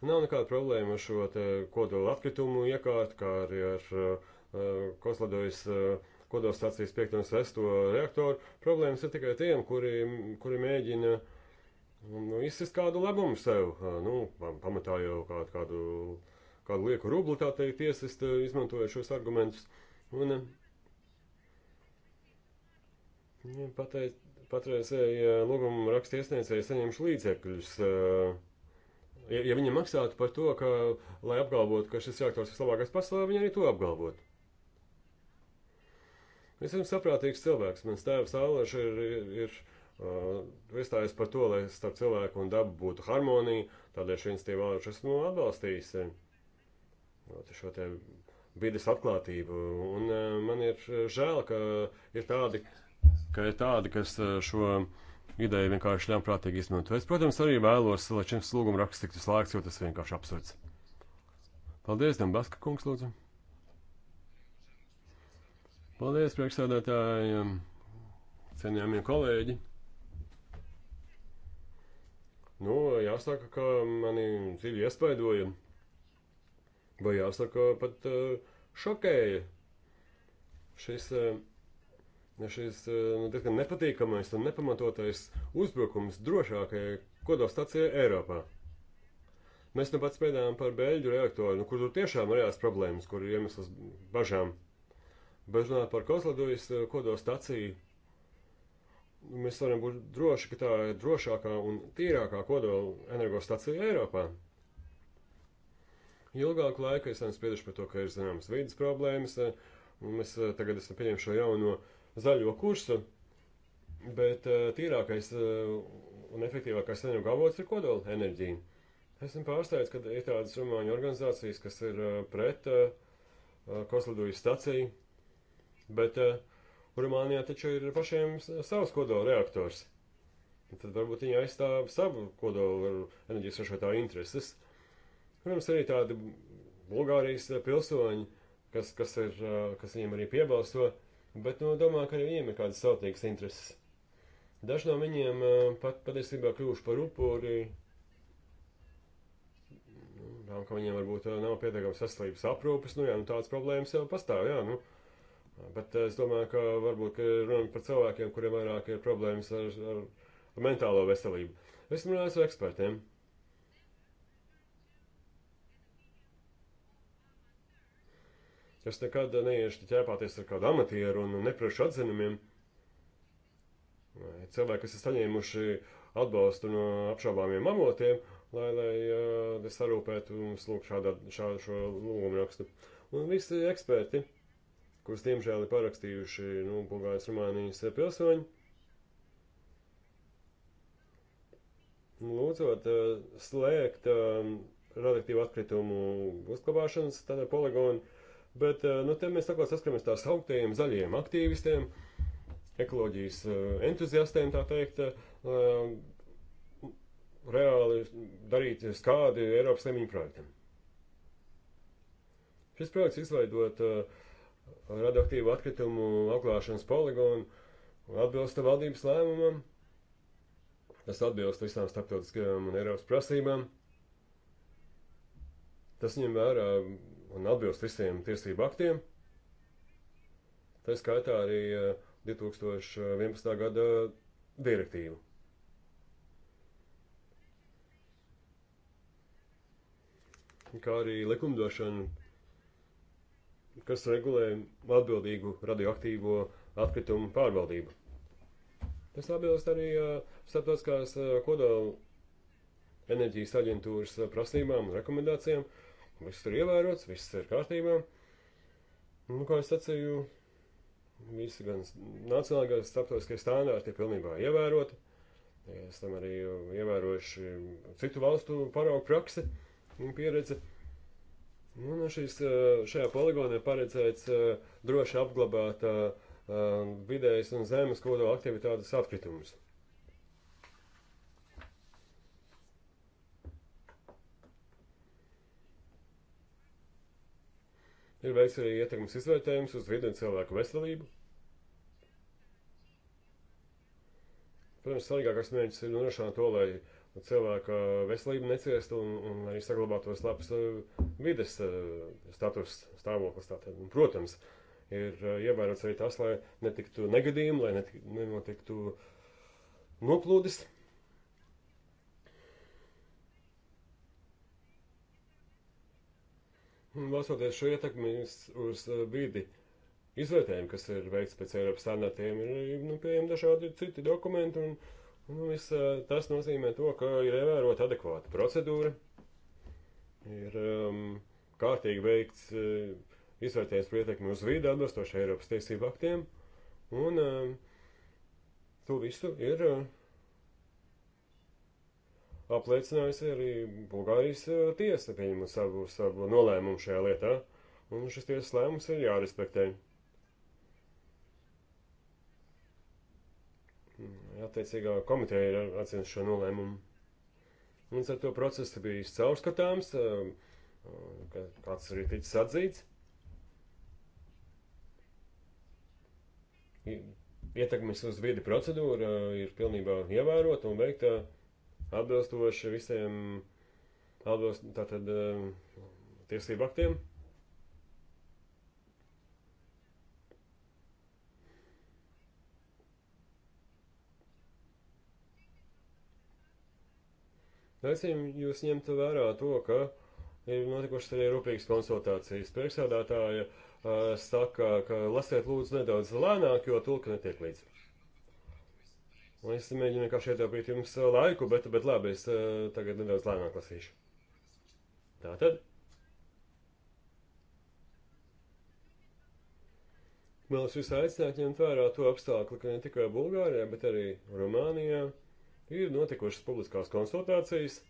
Nav nekāda problēma ar šo kodola atkritumu iekārtu, kā arī ar uh, koslidojas uh, kodolstācijas 5 un 6 reaktoru. Problēmas ir tikai tiem, kuri, kuri mēģina mm, nu, izsist kādu labumu sev, nu, pamatā jau kādu, kādu kādu lieku rublu, tā teikt, iesist, eh, izmantoja šos argumentus. Un, eh, ja, pateic, patreizēji eh, lūguma raksta iesniedzēji saņemšu līdzekļus. Ja, ja viņi maksātu par to, ka, lai apgalvotu, ka šis reaktors ir labākais pasaulē, viņi arī to apgalvotu. Es esmu saprātīgs cilvēks. Mans tēvs Ālēš ir, ir, ir uh, iestājies par to, lai starp cilvēku un dabu būtu harmonija. Tādēļ šī institīva Ālēš esmu atbalstījis. Uh, šo te vides atklātību. Un e, man ir žēl, ka ir tādi, ka ir tādi kas e, šo ideju vienkārši ļaunprātīgi izmanto. Es, protams, arī vēlos, lai šis lūguma raksts tiktu slēgts, jo tas vienkārši absurds. Paldies, Dambaska kungs, lūdzu. Paldies, priekšsēdētājiem, um, cienījamie kolēģi. Nu, jāsaka, ka mani dziļi iespaidoja vai jāsaka, pat eh, šokēja šis, eh, šis eh, nu, diezgan nepatīkamais un nepamatotais uzbrukums drošākajai kodolstacijai Eiropā. Mēs nu pat spēļām par bēļu reaktoru, nu, kur tur tiešām ir jās problēmas, kur ir iemesls bažām. Bet runāt par Kozlodujas kodolstaciju, mēs varam būt droši, ka tā ir drošākā un tīrākā kodola energostacija Eiropā ilgāku laiku, esam sprieduši par to, ka ir zināmas vidas problēmas, eh, un mēs eh, tagad esam pieņemši šo jauno zaļo kursu, bet eh, tīrākais un efektīvākais enerģija avots ir kodola enerģija. Esmu pārsteigts, ka ir tādas rumāņu organizācijas, kas ir pret koslidoju staciju, bet Rumānijā taču ir pašiem savs kodola reaktors. Tad varbūt viņi aizstāv savu kodolu enerģijas ražotāju intereses. Protams, arī tādi Bulgārijas eh, pilsoņi, kas, kas, ir, eh, kas viņiem arī piebalso, bet nu, domāju, ka arī viņiem ir kādas savtīgas intereses. Daži no viņiem eh, pat patiesībā kļuvuši par upuri tām, nu, ka viņiem varbūt nav pietiekams veselības aprūpes, nu jā, nu tādas problēmas jau pastāv, jā, nu. Bet es domāju, ka varbūt, ka runājam par cilvēkiem, kuriem vairāk ir problēmas ar, ar, ar mentālo veselību. Es runāju ar ekspertiem. Es nekad neiešu ķēpāties ar kādu amatieru un neprašu atzinumiem. Cilvēki, kas ir saņēmuši atbalstu no apšaubāmiem avotiem, lai, lai uh, es sarūpētu mums lūk šādā, šā, šo lūgumu rakstu. Un visi eksperti, kurus diemžēl ir parakstījuši, nu, Bulgārijas, Rumānijas pilsoņi, lūdzot uh, slēgt uh, radioaktīvu atkritumu uzglabāšanas poligonu Bet eh, nu, te mēs saskaramies ar augstiem zaļiem aktīvistiem, ekoloģijas eh, entuziastiem, tā teikt, eh, reāli darīt skādi Eiropas līmeņa projektam. Šis projekts izveidot radioaktīvu atkritumu apglāšanas poligonu atbilst valdības lēmumam, tas atbilst visām starptautiskajām un Eiropas prasībām. Tas ņem vērā un atbilst visiem tiesību aktiem. Tā skaitā arī 2011. Eh, eh, gada direktīvu. Kā arī likumdošana, kas regulē atbildīgu radioaktīvo atkritumu pārvaldību. Tas atbilst arī eh, starptautiskās kodola enerģijas aģentūras prasībām un rekomendācijām, uh, viss ir ievērots, viss ir kārtībā. Un, kā es sacīju, visi gan nacionālajie, gan starptautiskie standārti ir pilnībā ievēroti. Esam arī ievērojuši citu valstu paraugu praksi un pieredzi. Un šis, eh, šajā poligonā ir paredzēts eh, droši apglabāt eh, vidējas un zemes kodola aktivitātes atkritumus. Ir veikts arī ietekmes izvērtējums uz vidi un cilvēku veselību. Protams, svarīgākais mērķis ir nodrošināt to, lai cilvēka veselība neciestu un, un arī saglabātos labs uh, vides uh, status, stāvoklis. Tātad. Un, protams, ir uh, ievērots arī tas, lai netiktu negadījumi, lai netiktu, nenotiktu noplūdes. Balstoties šo ietekmi uz uh, vidi, izvērtējumu, kas ir veikts pēc Eiropas standartiem, ir nu, pieejami dažādi citi dokumenti. Un, un viss, uh, tas nozīmē to, ka ir ievērota adekvāta procedūra, ir um, kārtīgi veikts uh, izvērtējums par ietekmi uz vidi atbilstoši Eiropas tiesību aktiem. Un um, to visu ir. Uh, apliecinājusi arī Bulgārijas tiesa, pieņemot savu, savu nolēmumu šajā lietā. Un šis tiesas lēmums ir jārespektē. Mm, attiecīgā komiteja ir atzinusi šo nolēmumu. Un ar to procesu bija caurskatāms, kāds arī ticis atzīts. Ietekmes uz vidi procedūra ir pilnībā ievērota un veikta. Uh, atbilstoši visiem atbilst, tātad, um, tiesību aktiem. Aicinu jūs ņemt vērā to, ka ir notikušas arī rūpīgas konsultācijas. Priekšsādātāja uh, saka, ka lasiet lūdzu nedaudz lēnāk, jo tulka netiek līdzi. Un es mēģinu vienkārši ietaupīt jums eh, laiku, bet, bet labi, es eh, tagad nedaudz lēnāk lasīšu. Tātad. Vēlos jūs aicināt ņemt vērā to apstākli, ka ne tikai Bulgārijā, bet arī Rumānijā ir notikušas publiskās konsultācijas.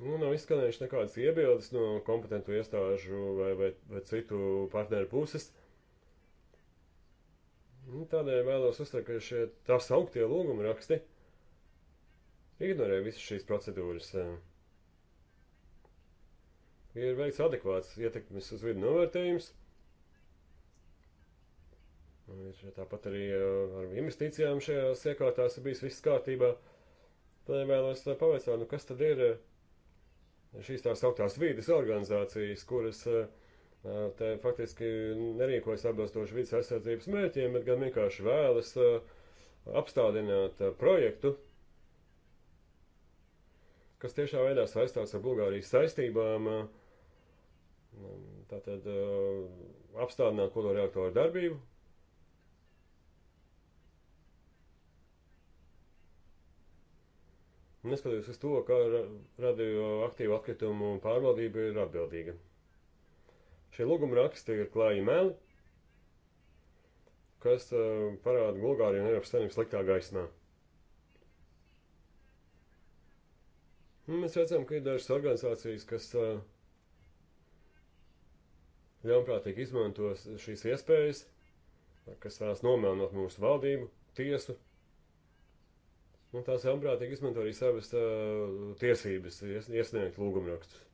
Nu, nav izskanējuši nekādas iebildes no kompetentu iestāžu vai, vai, vai citu partneru puses. Nu, tādēļ vēlos uzsvērt, ka šie tā sauktie lūguma raksti ignorē visas šīs procedūras. Eh. Ir veikts adekvāts ietekmes uz vidu novērtējums. Ir tāpat arī eh, ar investīcijām šajās iekārtās ir bijis viss kārtībā. Tādēļ vēlos eh, pavaicāt, nu kas tad ir šīs tā sauktās vīdes organizācijas, kuras uh, te faktiski nerīkojas atbilstoši vidas aizsardzības mērķiem, bet gan vienkārši vēlas apstādināt projektu, kas tiešā veidā saistās ar Bulgārijas saistībām, tātad apstādināt kodolreaktoru darbību. Neskatoties uz to, ka radioaktīvu atkritumu pārvaldība ir atbildīga. Šie lūguma raksti ir klāji meli, kas uh, parāda Bulgāriju un Eiropas Savienību sliktā gaismā. Un nu, mēs redzam, ka ir dažas organizācijas, kas uh, ļaunprātīgi izmantos šīs iespējas, kas vēlas nomēnot mūsu valdību, tiesu. Un tās ļaunprātīgi izmanto arī savas uh, tiesības ies, iesniegt lūgumrakstus.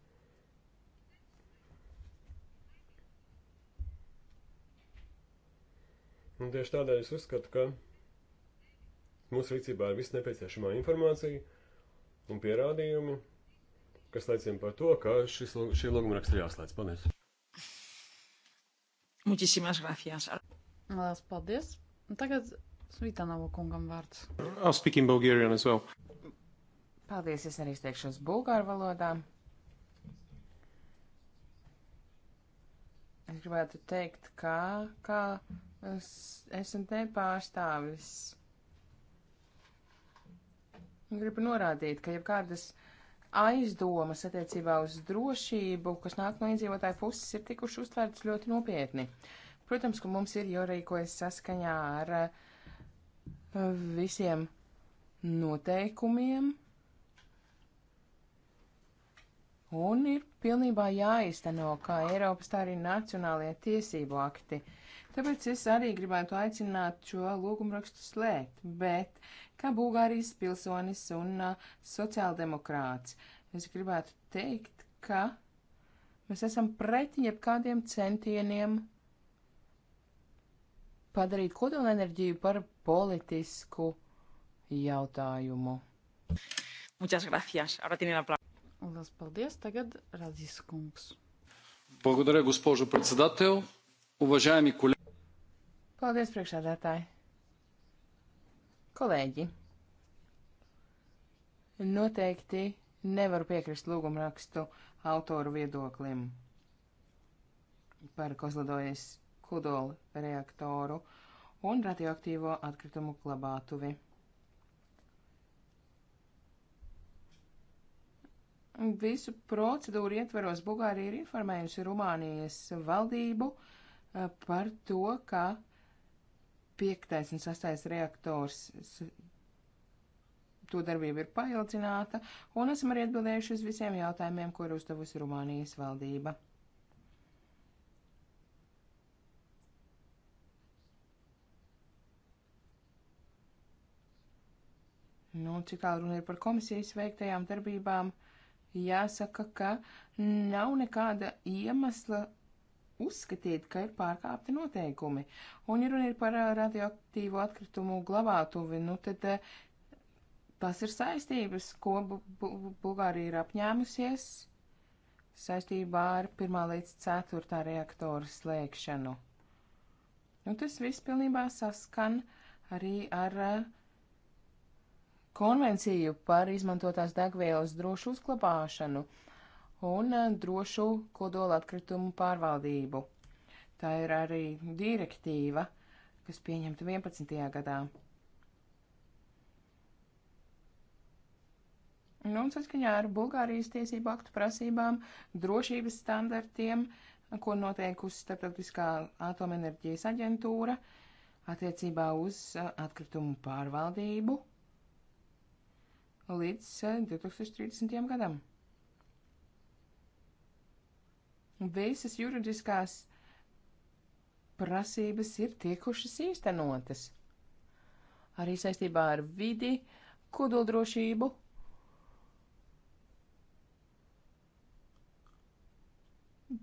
Un tieši tādēļ es uzskatu, ka mūsu rīcībā ir viss nepieciešamā informācija un pierādījumi, kas liecina par to, ka šis, šī lūguma raksts ir jāslēdz. Paldies! Muchísimas gracias. Lielas paldies. Un tagad Svitānovu kungam vārds. I'll speak in Bulgarian as well. Paldies, es arī steikšos bulgāru valodā. Es gribētu teikt, ka, kā SMT pārstāvis. Gribu norādīt, ka jebkādas aizdomas attiecībā uz drošību, kas nāk no iedzīvotāju puses, ir tikuši uztvērtas ļoti nopietni. Protams, ka mums ir jārīkojas saskaņā ar uh, visiem noteikumiem, un ir pilnībā jāizteno kā Eiropas, tā arī nacionālie tiesību akti. Uh, Tāpēc es arī gribētu aicināt šo lūgumrakstu slēgt, bet kā Bulgārijas pilsonis un uh, sociāldemokrāts, es gribētu teikt, ka mēs esam pret jebkādiem centieniem padarīt kodolenerģiju par politisku jautājumu. Muchas gracias. Ahora tiene la palabra. Lielas paldies. Tagad Radzis kungs. Благодаря, госпожо председател. Уважаеми колеги, Paldies, priekšādātāji! Kolēģi! Noteikti nevaru piekrist lūgumrakstu autoru viedoklim par kozlidojas kudola reaktoru un radioaktīvo atkritumu glabātuvi. Visu procedūru ietveros Bulgārija ir informējusi Rumānijas valdību eh, par to, ka piektais un sastais reaktors. To darbība ir paildzināta, un esam arī atbildējuši uz visiem jautājumiem, kur uzdevusi Rumānijas valdība. Nu, cik tālu runa ir par komisijas veiktajām darbībām, jāsaka, ka nav nekāda iemesla uzskatīt, ka ir pārkāpti noteikumi. Un, ja runa ir par radioaktīvo atkritumu glabātuvi, nu tad tas ir saistības, ko B B Bulgārija ir apņēmusies saistībā ar 1. līdz 4. reaktoru slēgšanu. Nu, tas viss pilnībā saskan arī ar konvenciju par izmantotās degvielas drošu uzklabāšanu. Uh, un eh, drošu kodola atkritumu pārvaldību. Tā ir arī direktīva, kas pieņemta 11. gadā. Nu, un saskaņā ar Bulgārijas tiesību aktu prasībām, drošības standartiem, ko noteikusi Starptautiskā atomenerģijas aģentūra attiecībā uz eh, atkritumu pārvaldību līdz 2030. Eh, gadam visas juridiskās prasības ir tiekušas īstenotas. Arī saistībā ar vidi, kodoldrošību.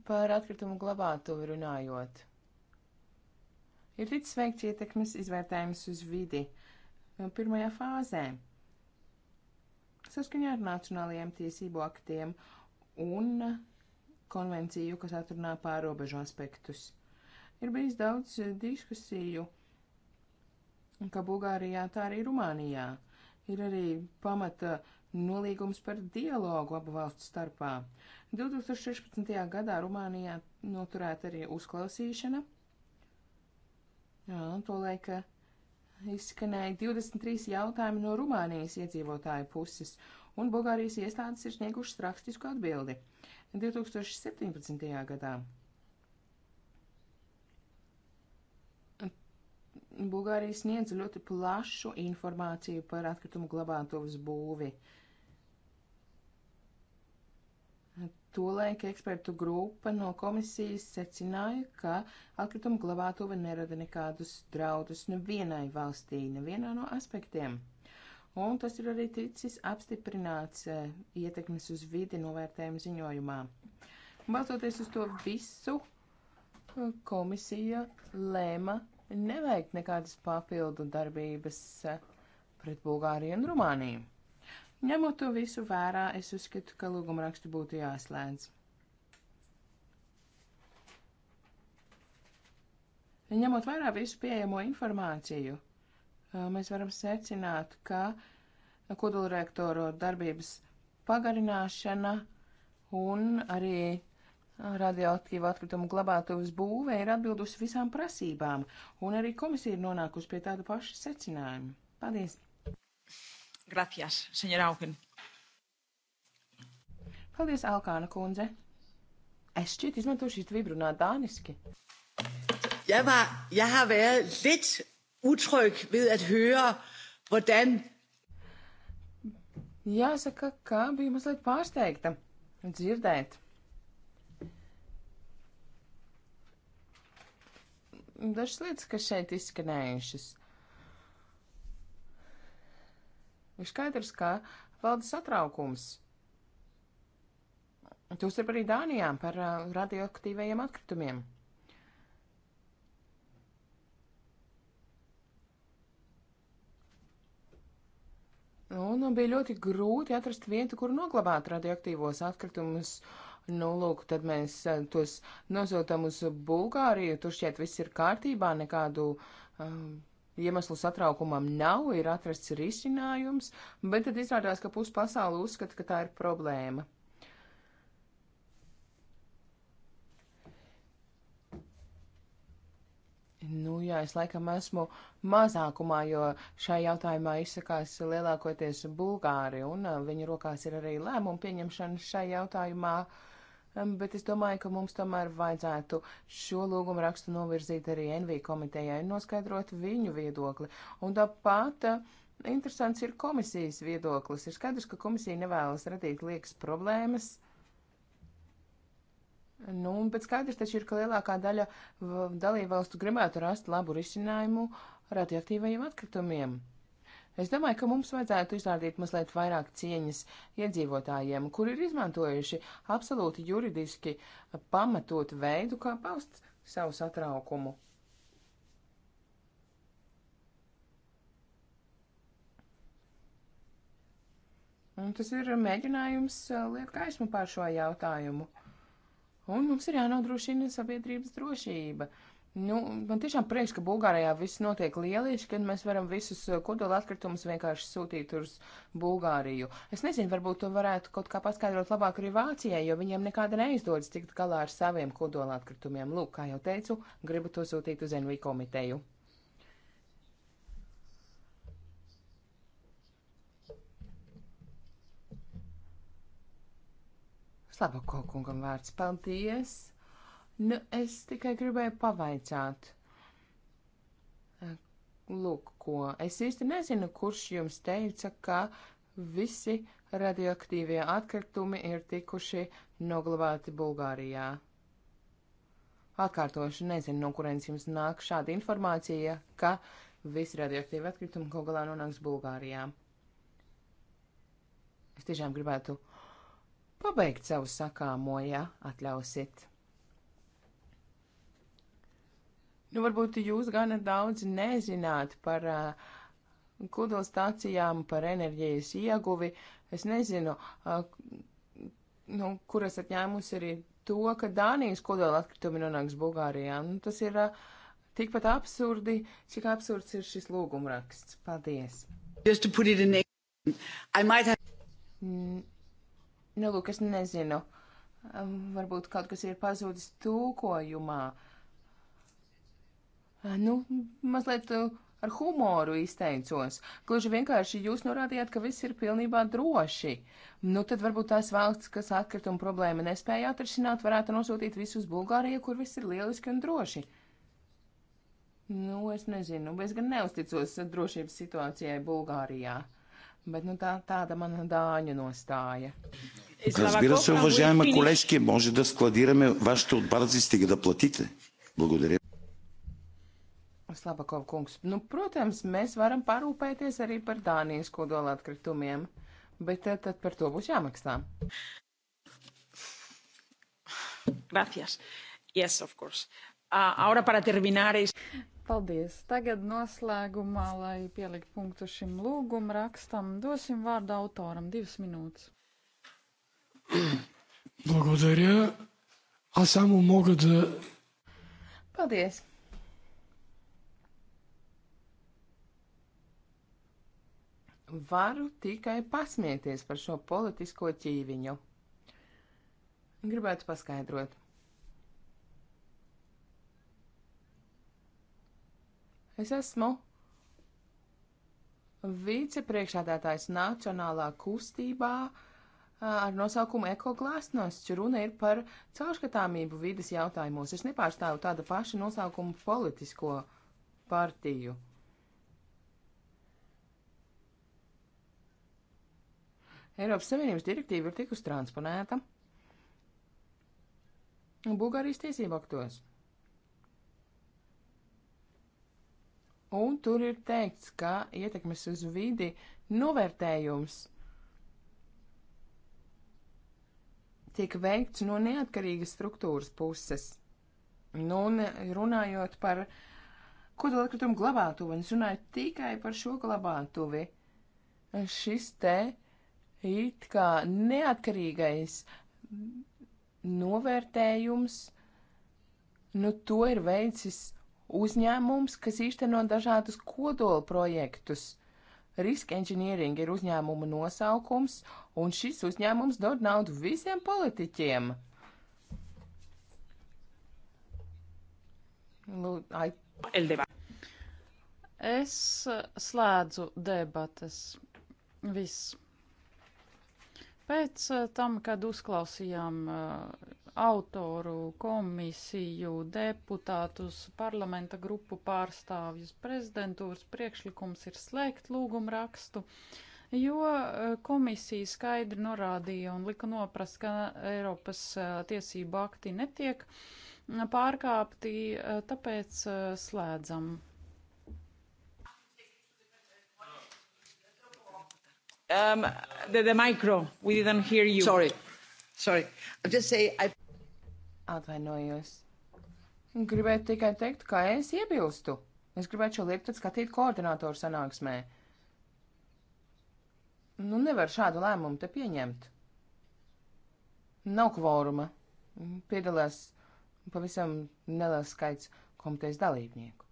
Par atkritumu glabātuvi runājot. Ir ticis veikts ietekmes izvērtējums uz vidi uh, pirmajā fāzē. Saskaņā ar nacionālajiem tiesību aktiem un konvenciju, kas atrunā pārobežu aspektus. Ir bijis daudz diskusiju, ka Bulgārijā, tā arī Rumānijā ir arī pamata nolīgums par dialogu abu valstu starpā. 2016. gadā Rumānijā noturēta arī uzklausīšana. Jā, to laika izskanēja 23 jautājumi no Rumānijas iedzīvotāju puses, un Bulgārijas iestādes ir sniegušas rakstisku atbildi. 2017. gadā. Bulgārija sniedz ļoti plašu informāciju par atkritumu glabātuvas būvi. Tolaik ekspertu grupa no komisijas secināja, ka atkrituma glabātuve nerada nekādus draudus nevienai valstī, nevienā no aspektiem un tas ir arī ticis apstiprināts e, ietekmes uz vidi novērtējuma ziņojumā. Balstoties uz to visu, e, komisija lēma neveikt nekādas papildu darbības e, pret Bulgāriju un Rumāniju. Ņemot to visu vērā, es uzskatu, ka lūguma rakstu būtu jāslēdz. Ņemot vērā visu pieejamo informāciju, mēs varam secināt, ka kodolreaktoru darbības pagarināšana un arī radioaktīvu atkritumu glabātuves būve ir atbildusi visām prasībām, un arī komisija ir nonākusi pie tāda paša secinājuma. Paldies! Gracias, senora Auken. Paldies, Alkāna kundze. Es šķiet izmantošu šīs vibrunā dāniski. Jeg, var, jeg har været lidt utryg ved at høre, hvordan. Jāsaka, ka bija mazliet pārsteigta dzirdēt. Dažas lietas, kas šeit izskanējušas. Ir skaidrs, ka valda satraukums. Tūs ir arī Dānijā par uh, radioaktīvajiem atkritumiem. Un bija ļoti grūti atrast vietu, kur noglabāt radioaktīvos atkritumus. Nu, lūk, tad mēs eh, tos nosūtām uz Bulgāriju, tur šķiet viss ir kārtībā, nekādu um, iemeslu satraukumam nav, ir atrasts risinājums, bet tad izrādās, ka pusi pasauli uzskata, ka tā ir problēma. Nu jā, es laikam esmu mazākumā, jo šai jautājumā izsakās lielākoties Bulgāri, un uh, viņu rokās ir arī lēmumu pieņemšana šai jautājumā. Um, bet es domāju, ka mums tomēr vajadzētu šo lūgumu rakstu novirzīt arī NV komitejai un noskaidrot viņu viedokli. Un tāpat uh, interesants ir komisijas viedoklis. Ir skaidrs, ka komisija nevēlas radīt liekas problēmas Nu, bet skaidrs taču ir, ka lielākā daļa dalībvalstu gribētu rast labu risinājumu radioaktīvajiem atkritumiem. Es domāju, ka mums vajadzētu izrādīt mazliet vairāk cieņas iedzīvotājiem, kur ir izmantojuši absolūti juridiski pamatot veidu, kā paust savu satraukumu. Un tas ir mēģinājums uh, liet gaismu pār šo jautājumu. Un mums ir jānodrošina sabiedrības drošība. Nu, man tiešām prieks, ka Bulgārijā viss notiek lieliski, kad mēs varam visus eh, kodola atkritumus vienkārši sūtīt uz Bulgāriju. Es nezinu, varbūt to varētu kaut kā paskaidrot labāk arī Vācijai, jo viņiem nekāda neizdodas tikt galā ar saviem kodola atkritumiem. Lūk, kā jau teicu, gribu to sūtīt uz NV komiteju. Slavako kungam vārds paldies. Nu, es tikai gribēju pavaicāt. Eh, lūk, ko es īsti nezinu, kurš jums teica, ka visi radioaktīvie atkritumi ir tikuši noglabāti Bulgārijā. Atkārtošu, nezinu, no kurienes jums nāk šāda informācija, ka visi radioaktīvi atkritumi kaut galā nonāks Bulgārijā. Es tiešām gribētu uh, pabeigt savu sakāmo, ja atļausit. Nu, varbūt jūs gana daudz nezināt par uh, kodolstācijām, par enerģijas ieguvi. Es nezinu, uh, nu, kur esat ņēmusi arī to, ka Dānijas kodola atkritumi nonāks Bulgārijā. Nu, tas ir uh, tikpat absurdi, cik absurds ir šis lūgumraksts. Paldies! Have... Mm, Nu, lūk, es nezinu. Varbūt kaut kas ir pazudis tūkojumā. Nu, mazliet eh, ar humoru izteicos. Gluži vienkārši jūs norādījāt, ka viss ir pilnībā droši. Nu, tad varbūt tās valsts, kas atkrituma problēma nespēja atrisināt, varētu nosūtīt visus Bulgāriju, kur viss ir lieliski un droši. Nu, es nezinu, es gan neusticos drošības situācijai Bulgārijā. Bet nu, tā, tāda mana дāņu nostāja. Разбира се, уважаема колежки, може да складираме вашите отпадъци, стига да платите. Благодаря. Slabakov kungs, nu, protams, mēs varam parūpēties arī par Dānijas kodola atkritumiem, bet tad par to būs jāmaksā. Gracias. Yes, of course. Uh, ahora para terminar es... Paldies! Tagad noslēgumā, lai pielikt punktu šim lūgumu rakstam, dosim vārdu autoram divas minūtes. Благодаря. Аз само мога да. Paldies! Varu tikai pasmieties par šo politisko ķīviņu. Gribētu paskaidrot. Es esmu vicepriekšādātājs Nacionālā kustībā ar nosaukumu ekoglāstnosts. Runa ir par caurskatāmību vidas jautājumos. Es nepārstāvu tādu pašu nosaukumu politisko partiju. Eiropas Savienības direktīva ir tikus transponēta Bulgārijas tiesību aktos. Un tur ir teikts, ka ietekmes uz vidi novērtējums tiek veikts no neatkarīgas struktūras puses. Nu, un runājot par kodolkritumu glabātuvi, un es runāju tikai par šo glabātuvi, šis te it kā neatkarīgais novērtējums, nu, to ir veicis uzņēmums, kas īsteno dažādus kodola projektus. Risk engineering ir uzņēmuma nosaukums, un šis uzņēmums dod naudu visiem politiķiem. Es slēdzu debatas. Viss. Pēc eh, tam, kad uzklausījām eh, autoru, komisiju, deputātus, parlamenta grupu pārstāvjus, prezidentūras priekšlikums ir slēgt lūgumu rakstu, jo eh, komisija skaidri norādīja un lika noprast, ka Eiropas tiesību akti netiek pārkāpti, tāpēc slēdzam Um, the, the micro, we didn't hear you. Sorry. Sorry. I'll just say I... Atvainojos. Gribētu tikai teikt, ka es iebilstu. Es gribētu šo lietu tad skatīt koordinātoru sanāksmē. Nu, nevar šādu lēmumu te pieņemt. Nav kvoruma. Piedalās pavisam neliels skaits komitejas dalībnieku.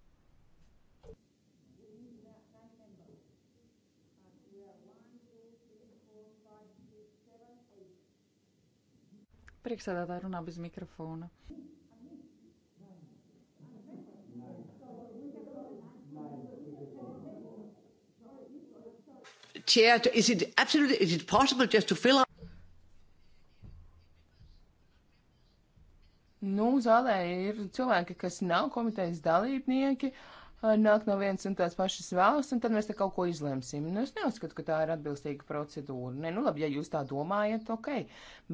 Priekšsēdētāji runā bez mikrofona. Chair, is it absolutely is it possible just to fill up? Nu, zālē ir cilvēki, kas nav komitejas dalībnieki, uh, Eh, nāk no viens un tās pašas valsts, un tad mēs te kaut ko izlemsim. Nu, es neuzskatu, ka tā ir atbilstīga procedūra. Nē, nu labi, ja jūs tā domājat, ok,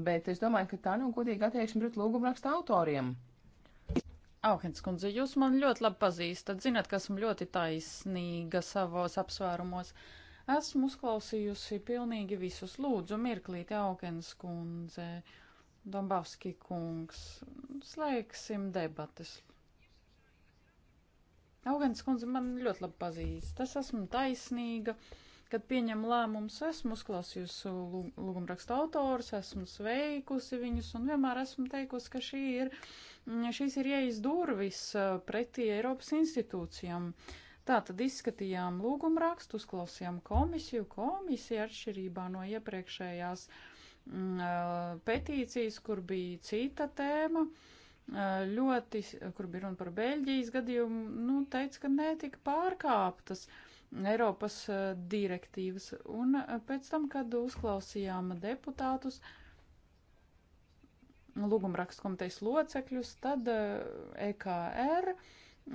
bet es domāju, ka tā nav godīga attieksme pret lūgumrakstu autoriem. Auhens kundze, jūs man ļoti labi pazīstat, zināt, ka esmu ļoti taisnīga savos apsvērumos. Esmu uzklausījusi pilnīgi visus. Lūdzu, mirklīti, Auhens kundze, Dombavski kungs, slēgsim debates. Augans kundze man ļoti labi pazīst. Es esmu taisnīga, kad pieņem lēmumus, esmu uzklausījusi lūgumrakstu autors, esmu sveikusi viņus un vienmēr esmu teikusi, ka šī ir, mm, šīs ir ieejas durvis pretī Eiropas institūcijām. Tā tad izskatījām lūgumrakstu, uzklausījām komisiju, komisija atšķirībā no iepriekšējās m, mm, petīcijas, kur bija cita tēma. Uh, ļoti, kur bija runa par Beļģijas gadījumu, nu, teica, ka netika pārkāptas Eiropas direktīvas. Un pēc tam, kad uzklausījām deputātus, lūgumrakstu komitejas locekļus, tad EKR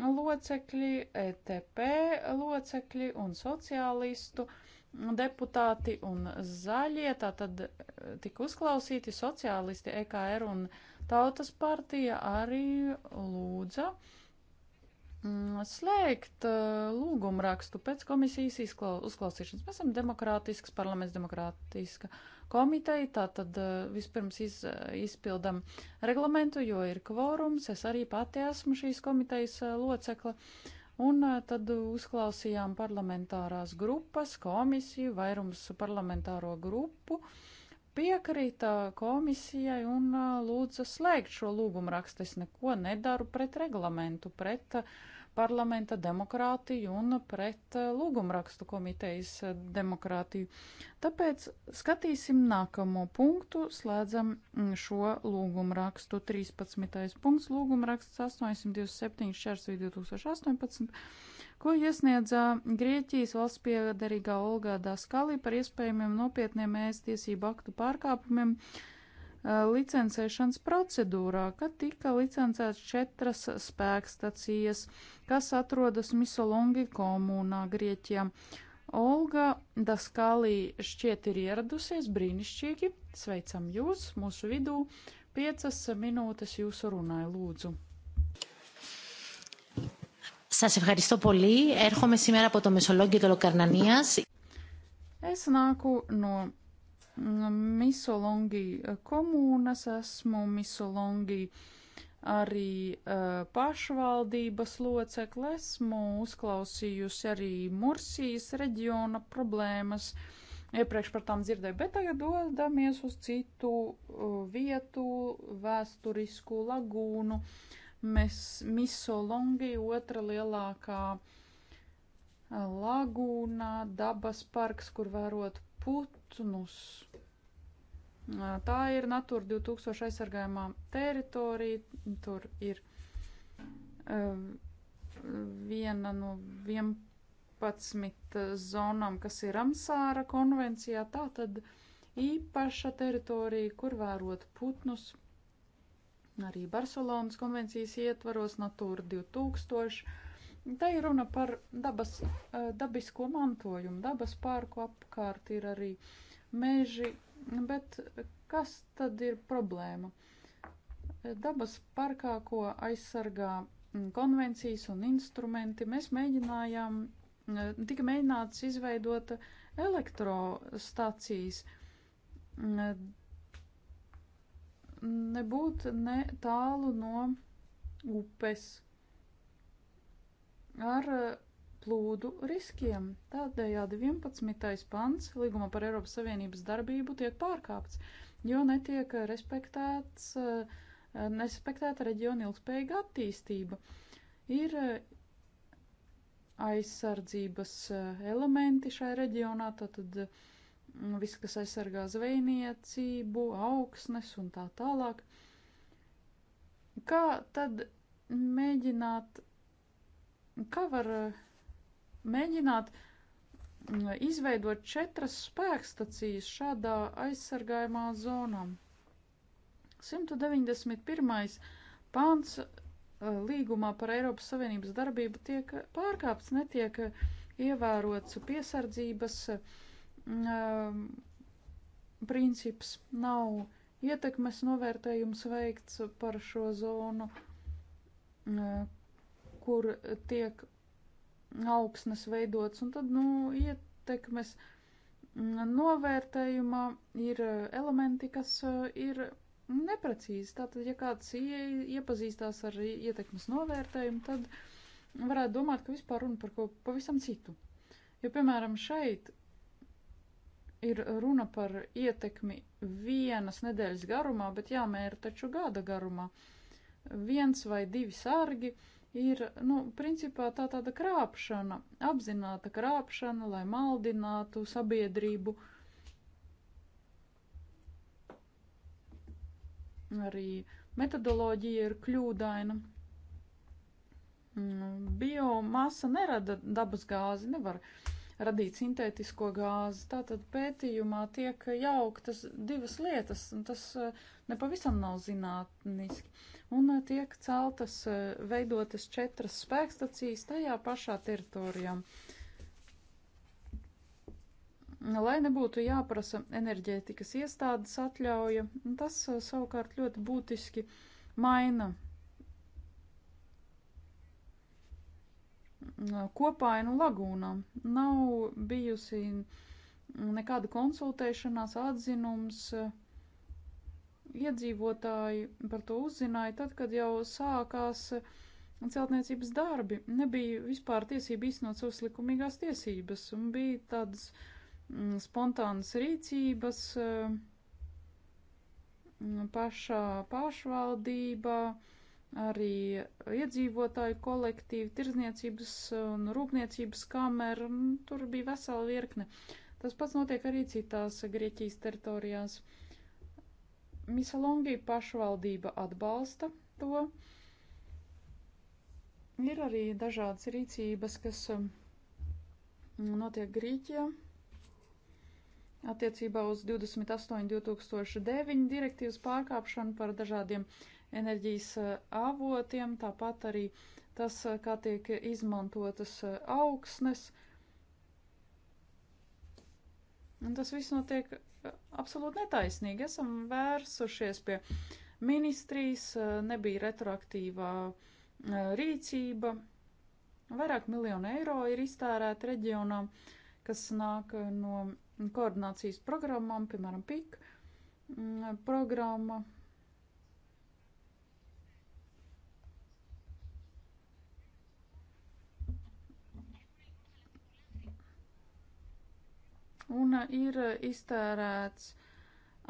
locekļi, ETP locekļi un sociālistu deputāti un zaļie, tātad tika uzklausīti sociālisti EKR un ETP Tautas partija arī lūdza mm, slēgt eh, lūgumu rakstu pēc komisijas uzklausīšanas. Mēs esam demokrātisks parlaments, demokrātiska komiteja, tātad eh, vispirms iz, eh, izpildam reglamentu, jo ir kvorums, es arī pati esmu šīs komitejas locekla. Un tad uzklausījām parlamentārās grupas, komisiju, vairums parlamentāro grupu. Uh, piekrita komisijai un lūdza slēgt šo lūgumu rakstu. Es neko nedaru pret reglamentu, pret parlamenta demokrātiju un pret eh, lūgumrakstu komitejas eh, demokrātiju. Tāpēc skatīsim nākamo punktu, slēdzam mm, šo lūgumrakstu. 13. punkts lūgumraksts 827 šķērsvī 2018 ko iesniedza Grieķijas valsts piedarīgā Olgā Daskalī par iespējamiem nopietniem ēst tiesību aktu pārkāpumiem Eh, licencēšanas procedūrā, kad tika licencēts četras spēkstacijas, kas atrodas Misolongi komunā Grieķijā. Olga Daskalī šķiet ir ieradusies brīnišķīgi. Sveicam jūs mūsu vidū. Piecas minūtes jūsu runai, lūdzu. Σας ευχαριστώ πολύ. Έρχομαι σήμερα από το Μεσολόγιο Τελοκαρνανίας. Es nāku no Misolongi eh, komūnas, esmu Misolongi arī uh, pašvaldības locekle, esmu uzklausījusi arī Mursijas reģiona problēmas, iepriekš par tām dzirdēju, bet tagad dodamies uz citu uh, vietu, vēsturisku lagūnu. Mēs Misolongi, otra lielākā lagūna, dabas parks, kur vērot putnus. Tā ir Natūra 2000 aizsargājumā teritorija. Tur ir viena no 11 zonām, kas ir Ramsāra konvencijā. Tā tad īpaša teritorija, kur vērot putnus. Arī Barcelonas konvencijas ietvaros Natūra 2000 Tā ir runa par dabas, eh, dabisko mantojumu. Dabas pārku apkārt ir arī meži, bet kas tad ir problēma? Dabas parkā, ko aizsargā mm, konvencijas un instrumenti, mēs mēģinājām, mm, tika mēģināts izveidot elektrostacijas. Mm, Nebūt ne tālu no upes ar eh, plūdu riskiem. Tādējādi 11. pants līguma par Eiropas Savienības darbību tiek pārkāpts, jo netiek eh, respektēts, eh, nespektēta reģiona ilgspējīga attīstība. Ir aizsardzības elementi šai reģionā, tātad mm, viss, kas aizsargā zvejniecību, augsnes un tā tālāk. Kā tad mēģināt kā var eh, mēģināt mm, izveidot četras spēkstacijas šādā aizsargājumā zonā. 191. pāns eh, līgumā par Eiropas Savienības darbību tiek pārkāpts, netiek eh, ievērots piesardzības um, princips, nav ietekmes novērtējums veikts par šo zonu. Um, kur tiek augsnes veidots, un tad, nu, ietekmes novērtējumā ir elementi, kas uh, ir neprecīzi. Tātad, ja kāds iepazīstās ar ietekmes novērtējumu, tad varētu domāt, ka vispār runa par ko pavisam citu. Jo, piemēram, šeit ir runa par ietekmi vienas nedēļas garumā, bet jāmēra taču gada garumā. Viens vai divi sārgi ir, nu, principā tā tāda krāpšana, apzināta krāpšana, lai maldinātu sabiedrību. Arī metodoloģija ir kļūdaina. Mm, biomasa nerada dabas gāzi, nevar uh, radīt sintētisko gāzi. Tātad pētījumā tiek jauktas divas lietas, un tas eh, nepavisam nav zinātniski. Un eh, tiek celtas, eh, veidotas četras spēkstacijas tajā pašā teritorijā. Lai nebūtu jāprasa enerģētikas iestādes atļauja, tas savukārt ļoti būtiski maina kopainu lagūnām. Nav bijusi nekāda konsultēšanās, atzinums. Iedzīvotāji par to uzzināja tad, kad jau sākās celtniecības darbi. Nebija vispār tiesība īstenot savas likumīgās tiesības, un bija tādas mm, spontānas rīcības pašā pašvaldībā arī iedzīvotāju kolektīvi, tirzniecības un rūpniecības kameru, un tur bija vesela virkne. Tas pats notiek arī citās Grieķijas teritorijās. Misalongi pašvaldība atbalsta to. Ir arī dažādas rīcības, kas um, notiek Grieķijā. Attiecībā uz 28.2009 direktīvas pārkāpšanu par dažādiem uh, enerģijas eh, avotiem, tāpat arī tas, eh, kā tiek izmantotas eh, augsnes. Un tas viss notiek absolūti netaisnīgi. Esam vērsušies pie ministrijas, nebija retroaktīvā rīcība. Vairāk miljonu eiro ir iztērēti reģionām, kas nāk no koordinācijas programmām, piemēram, PIK mm, programma un uh, ir uh, iztērēts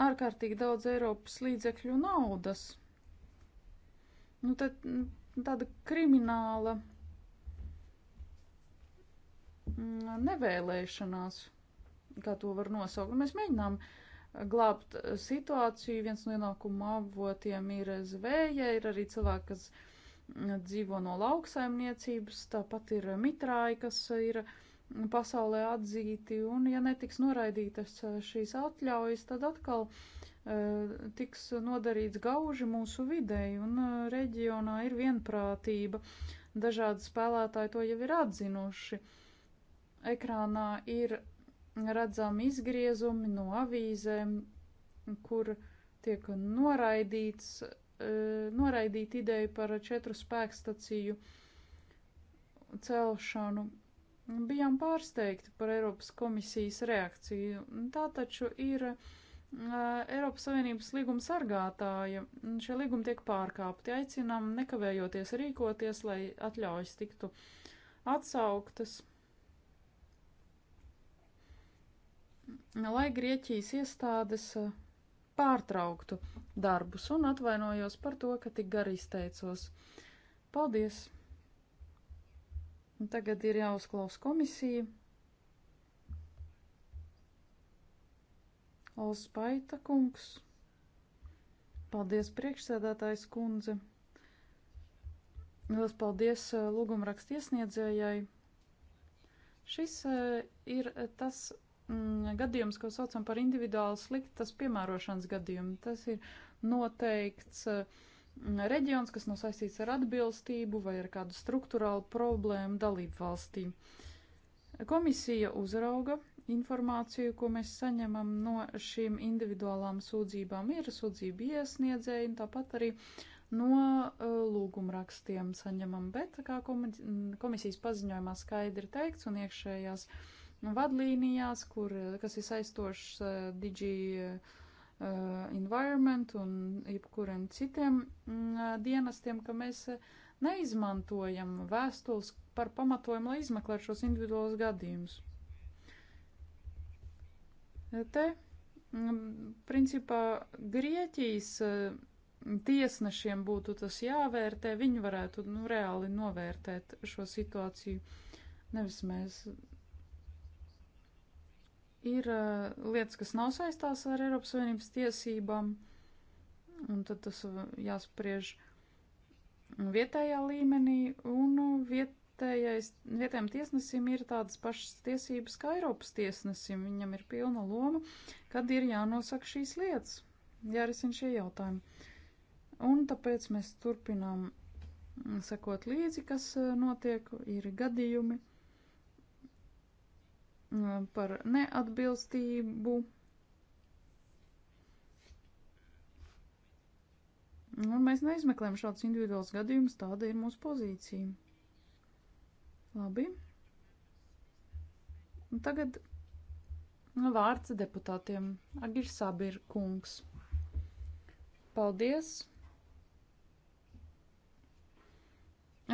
ārkārtīgi daudz Eiropas līdzekļu naudas. Nu, tad nu, tāda krimināla mm, nevēlēšanās, kā to var nosaukt. Nu, mēs mēģinām glābt uh, situāciju. Viens no ienākuma avotiem ir zvēja, ir arī cilvēki, kas mm, dzīvo no lauksaimniecības, tāpat ir mitrāji, kas ir uh, pasaulē atzīti, un ja netiks noraidītas eh, šīs atļaujas, tad atkal eh, tiks nodarīts gauži mūsu videi, un eh, reģionā ir vienprātība. Dažādi spēlētāji to jau ir atzinuši. Ekrānā ir redzami izgriezumi no avīzēm, kur tiek noraidīts, noraidīta ideja par četru spēkstaciju celšanu Bijām pārsteigti par Eiropas komisijas reakciju. Tā taču ir uh, Eiropas Savienības līguma sargātāja. Šie līgumi tiek pārkāpti. Aicinām nekavējoties rīkoties, lai atļaujas tiktu atsauktas. Lai Grieķijas iestādes pārtrauktu darbus un atvainojos par to, ka tik gari izteicos. Paldies! Un tagad ir jāuzklaus komisija. Olspaita kungs. Paldies priekšsēdētājs kundze. Liels paldies eh, lūgumrakst iesniedzējai. Šis eh, ir eh, tas mm, gadījums, ko saucam par individuāli sliktas piemērošanas gadījumu. Tas ir noteikts uh, reģions, kas nav saistīts ar atbilstību vai ar kādu struktūrālu problēmu dalību valstī. Komisija uzrauga informāciju, ko mēs saņemam no šīm individuālām sūdzībām, ir sūdzība iesniedzēji un tāpat arī no uh, lūgumrakstiem saņemam, bet kā komisijas paziņojumā skaidri teikts un iekšējās vadlīnijās, kur, kas ir saistošs uh, Digi uh, Uh, environment un jebkuriem citiem mm, uh, dienestiem, ka mēs uh, neizmantojam vēstules par pamatojumu, lai izmeklētu šos individuālos gadījumus. Te, mm, principā, Grieķijas tiesnešiem būtu tas jāvērtē, viņi varētu nu, reāli novērtēt šo situāciju, nevis mēs ir eh, lietas, kas nav saistās ar Eiropas Savienības tiesībām, un tad tas eh, jāspriež vietējā līmenī, un vietējais, vietējiem tiesnesim ir tādas pašas tiesības kā Eiropas tiesnesim. Viņam ir pilna loma, kad ir jānosaka šīs lietas, jārisina šie jautājumi. Un tāpēc mēs turpinām mm, sekot līdzi, kas eh, notiek, ir gadījumi par neatbilstību. Un nu, mēs neizmeklējam šādus individuālus gadījumus, tāda ir mūsu pozīcija. Labi. Un tagad vārds deputātiem. Agir Sabir kungs. Paldies!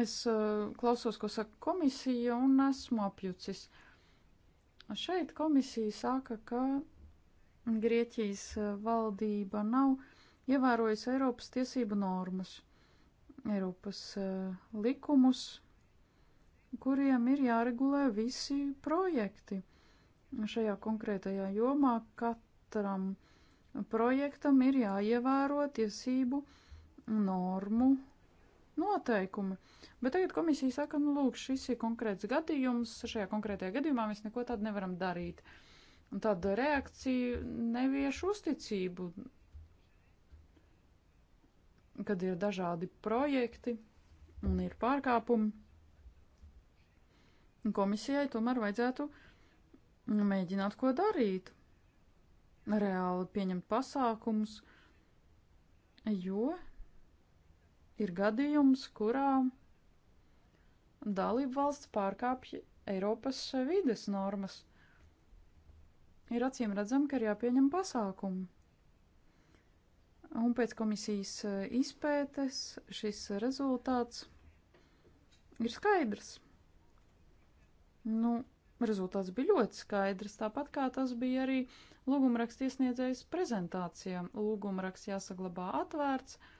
Es uh, klausos, ko saka komisija, un esmu apjucis. Uh, Šeit komisija saka, ka Grieķijas eh, valdība nav ievērojusi Eiropas tiesību normas, Eiropas eh, likumus, kuriem ir jāregulē visi projekti šajā konkrētajā jomā katram projektam ir jāievēro tiesību normu noteikumi. Bet tagad komisija saka, nu, lūk, šis ir konkrēts gadījums, šajā konkrētajā gadījumā mēs neko tādu nevaram darīt. Un tāda reakcija nevieš uzticību, kad ir dažādi projekti un ir pārkāpumi. Komisijai tomēr vajadzētu mēģināt ko darīt, reāli pieņemt pasākumus, jo ir gadījums, kurā dalību valsts pārkāpj Eiropas vides normas. Ir acīm redzam, ka ir jāpieņem pasākumi. Un pēc komisijas e, izpētes šis rezultāts ir skaidrs. Nu, rezultāts bija ļoti skaidrs, tāpat kā tas bija arī lūgumraksta iesniedzējas prezentācijā. Lūgumraksts jāsaglabā atvērts, uh,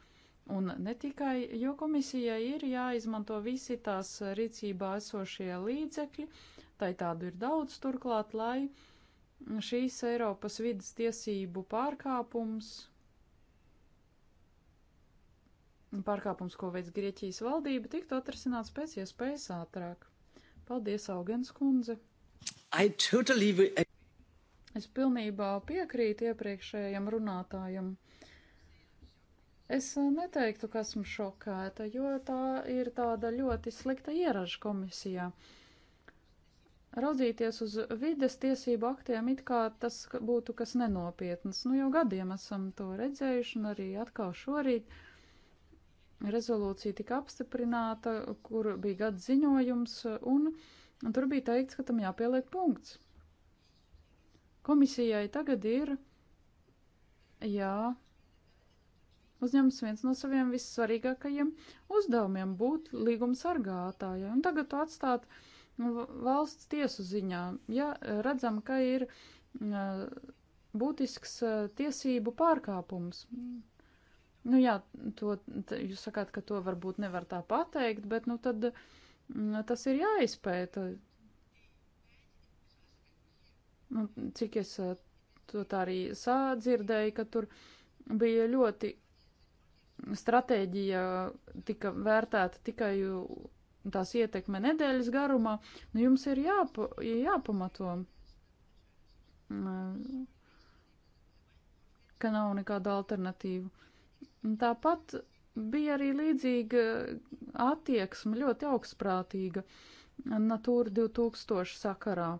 Un ne tikai, jo komisijai ir jāizmanto visi tās rīcībā esošie līdzekļi, tai tādu ir daudz turklāt, lai šīs Eiropas vidas tiesību pārkāpums, pārkāpums, ko veids Grieķijas valdība, tiktu atrasināts pēc iespējas ātrāk. Paldies, Augens kundze! I totally... Es pilnībā piekrītu iepriekšējam runātājam. Es eh, neteiktu, ka esmu šokēta, jo tā ir tāda ļoti slikta ieraža komisijā. Raudzīties uz vides tiesību aktiem it kā tas būtu kas nenopietnas. Nu jau gadiem esam to redzējuši un arī atkal šorīt rezolūcija tika apstiprināta, kur bija gada ziņojums un, un tur bija teikts, ka tam jāpieliek punkts. Komisijai tagad ir jā uzņemas viens no saviem vissvarīgākajiem uzdevumiem - būt līguma sargātājai. Un tagad to atstāt valsts tiesu ziņā. Ja redzam, ka ir būtisks tiesību pārkāpums. Nu jā, to, jūs sakāt, ka to varbūt nevar tā pateikt, bet nu tad tas ir jāizpēta. Nu, cik es to tā arī sādzirdēju, ka tur bija ļoti stratēģija tika vērtēta tikai tās ietekme nedēļas garumā, nu jums ir jāpa, jāpamato, ka nav nekāda alternatīva. Tāpat bija arī līdzīga attieksme, ļoti augstprātīga Natūra 2000 sakarā.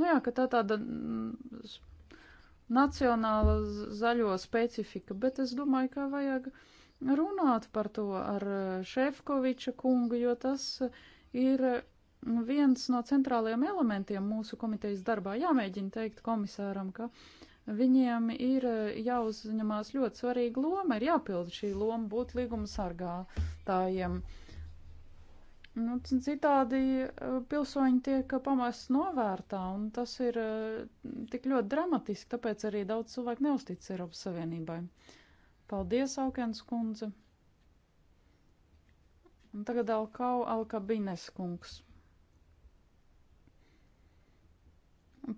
Nu jā, ka tā tāda mm, nacionāla zaļo specifika, bet es domāju, ka vajag runāt par to ar eh, Šefkoviča kungu, jo tas eh, ir mm, viens no centrālajiem elementiem mūsu komitejas darbā. Jāmēģina teikt komisāram, ka viņiem ir eh, jāuzņemās ļoti svarīga loma, ir jāpild šī loma būt līguma sargātājiem. Uh, Nu, citādi eh, pilsoņi tiek pamests novērtā, un tas ir eh, tik ļoti dramatiski, tāpēc arī daudz cilvēku neustic Eiropas Savienībai. Paldies, Aukens kundze! Un tagad Alkau Alkabines kungs.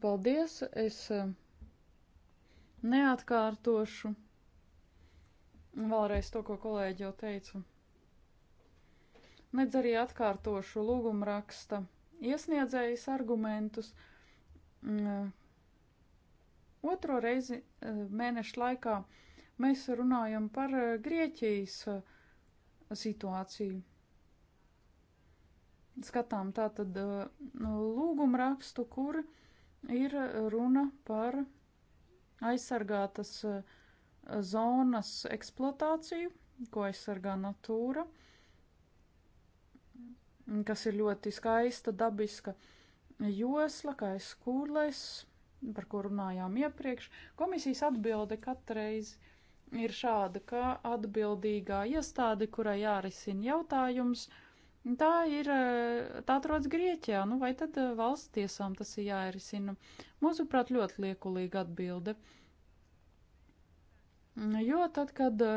Paldies, es eh, neatkārtošu vēlreiz to, ko kolēģi jau teica nedz arī atkārtošu lūgumraksta iesniedzējas argumentus. Mm, eh, otro reizi eh, mēnešu laikā mēs runājam par eh, Grieķijas situāciju. Skatām tātad lūgumrakstu, kur ir runa par aizsargātas zonas eksploatāciju, ko aizsargā natūra. Uh, kas ir ļoti skaista, dabiska josla, kā es skūrlēs, par kur runājām iepriekš. Komisijas atbilde katreiz ir šāda, ka atbildīgā iestāde, kurai jārisina jautājums, tā ir, e, tā atrodas Grieķijā, nu vai tad e, valsts tiesām tas ir jārisina. Mūsuprāt, ļoti liekulīga atbilde. Jo tad, kad e,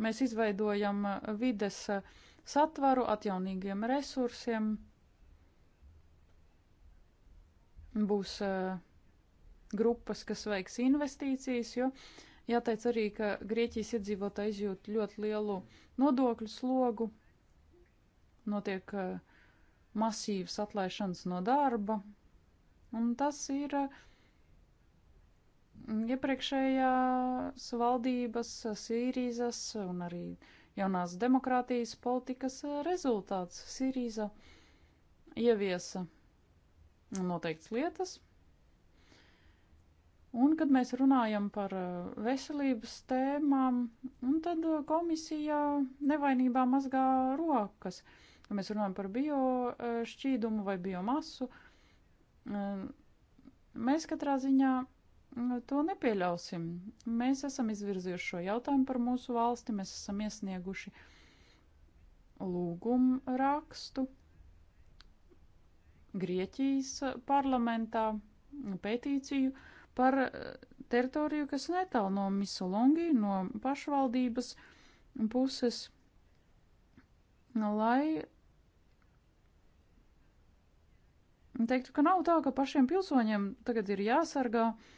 mēs izveidojam vides uh, satvaru, atjaunīgiem resursiem. Būs uh, grupas, kas veiks investīcijas, jo jāteic arī, ka Grieķijas iedzīvotāji izjūt ļoti lielu nodokļu slogu, notiek uh, masīvas atlaišanas no darba, un tas ir uh, iepriekšējās valdības, Sīrijas un arī uh, jaunās demokrātijas politikas rezultāts. Sirīza ieviesa noteikts lietas. Un, kad mēs runājam par uh, veselības tēmām, tad uh, komisija nevainībā mazgā rokas. Kad mēs runājam par biošķīdumu uh, vai biomasu, um, mēs katrā ziņā Nu, to nepieļausim. Mēs esam izvirzījuši šo jautājumu par mūsu valsti, mēs esam iesnieguši lūgumu rakstu Grieķijas parlamentā pētīciju par eh, teritoriju, kas netālu no Misolongi, no pašvaldības puses, lai teiktu, ka nav tā, ka pašiem pilsoņiem tagad ir jāsargā uh,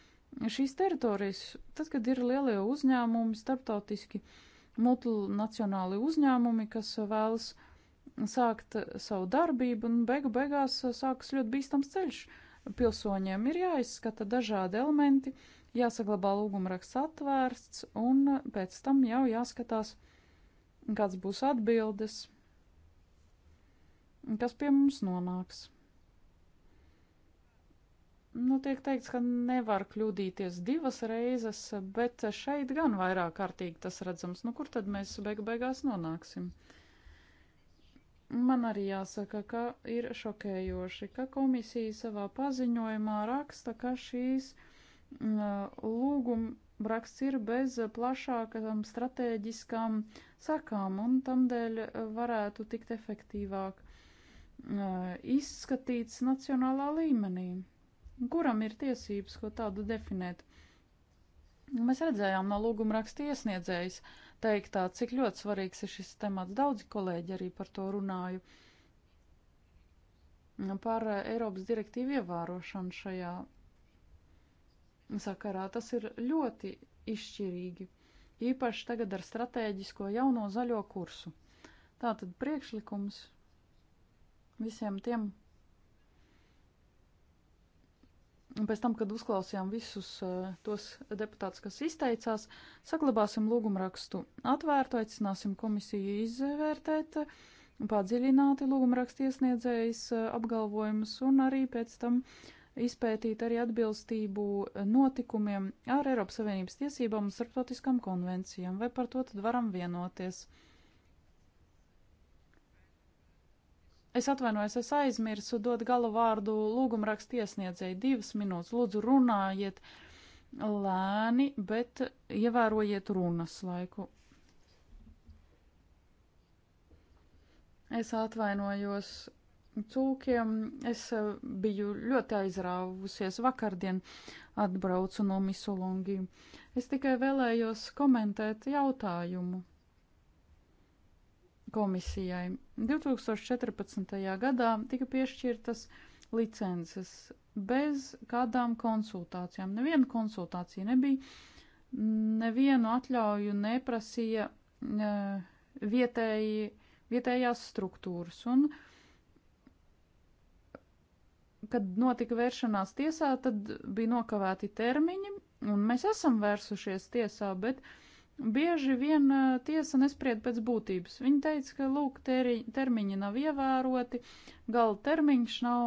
šīs teritorijas, tad, kad ir lielie uzņēmumi, starptautiski multinacionāli uzņēmumi, kas vēlas sākt savu darbību, un beigu beigās sākas ļoti bīstams ceļš. Pilsoņiem ir jāizskata dažādi elementi, jāsaglabā lūgumraksts atvērsts, un pēc tam jau jāskatās, kāds būs atbildes, kas pie mums nonāks. Nu, tiek teikts, ka nevar kļūdīties divas reizes, bet šeit gan vairāk kārtīgi tas redzams. Nu, kur tad mēs beigu beigās nonāksim? Man arī jāsaka, ka ir šokējoši, ka komisija savā paziņojumā raksta, ka šīs mm, lūguma raksts ir bez plašākām stratēģiskām sakām un tamdēļ varētu tikt efektīvāk mm, izskatīts nacionālā līmenī. Kuram ir tiesības, ko tādu definēt? Mēs redzējām no lūguma raksta iesniedzējas teiktā, cik ļoti svarīgs ir šis temats. Daudzi kolēģi arī par to runāju. Par eh, Eiropas direktīvu ievērošanu šajā sakarā tas ir ļoti izšķirīgi, īpaši tagad ar strateģisko jauno zaļo kursu. Tātad priekšlikums visiem tiem pēc tam, kad uzklausījām visus eh, tos deputātus, kas izteicās, saglabāsim lūgumrakstu atvērtu, aicināsim komisiju izvērtēt padziļināti lūgumrakstu iesniedzējas eh, apgalvojumus un arī pēc tam izpētīt arī atbilstību notikumiem ar Eiropas Savienības tiesībām un starptautiskām konvencijām, vai par to tad varam vienoties. Es atvainojos, es aizmirsu dot gala vārdu lūgumrakstu iesniedzēju. Divas minūtes, lūdzu, runājiet lēni, bet ievērojiet runas laiku. Es atvainojos cūkiem. Es eh, biju ļoti aizrāvusies vakardien, atbraucu no Misulungi. Es tikai vēlējos komentēt jautājumu komisijai. 2014. gadā tika piešķirtas licences bez kādām konsultācijām. Neviena konsultācija nebija, nevienu atļauju neprasīja e, vietēji, vietējās struktūras. Un, kad notika vēršanās tiesā, tad bija nokavēti termiņi, un mēs esam vērsušies tiesā, bet uh, Bieži vien tiesa nespried pēc būtības. Viņa teica, ka lūk, teri, termiņi nav ievēroti, gala termiņš nav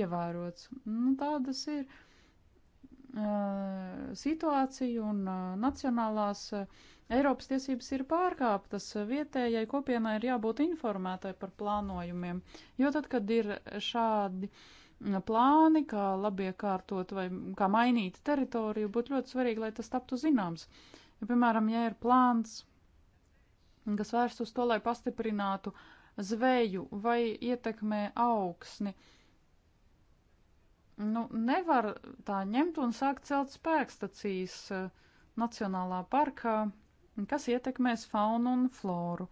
ievērots. Nu, tādas ir uh, situācija un uh, nacionālās uh, Eiropas tiesības ir pārkāptas. Vietējai kopienai ir jābūt informētai par plānojumiem, jo tad, kad ir šādi uh, plāni, kā labiekārtot vai kā mainīt teritoriju, būtu ļoti svarīgi, lai tas taptu zināms. Ja, piemēram, ja ir plāns, kas vērsts uz to, lai pastiprinātu zveju vai ietekmē augsni, nu, nevar tā ņemt un sākt celt spēkstacijas eh, Nacionālā parkā, kas ietekmēs faunu un floru.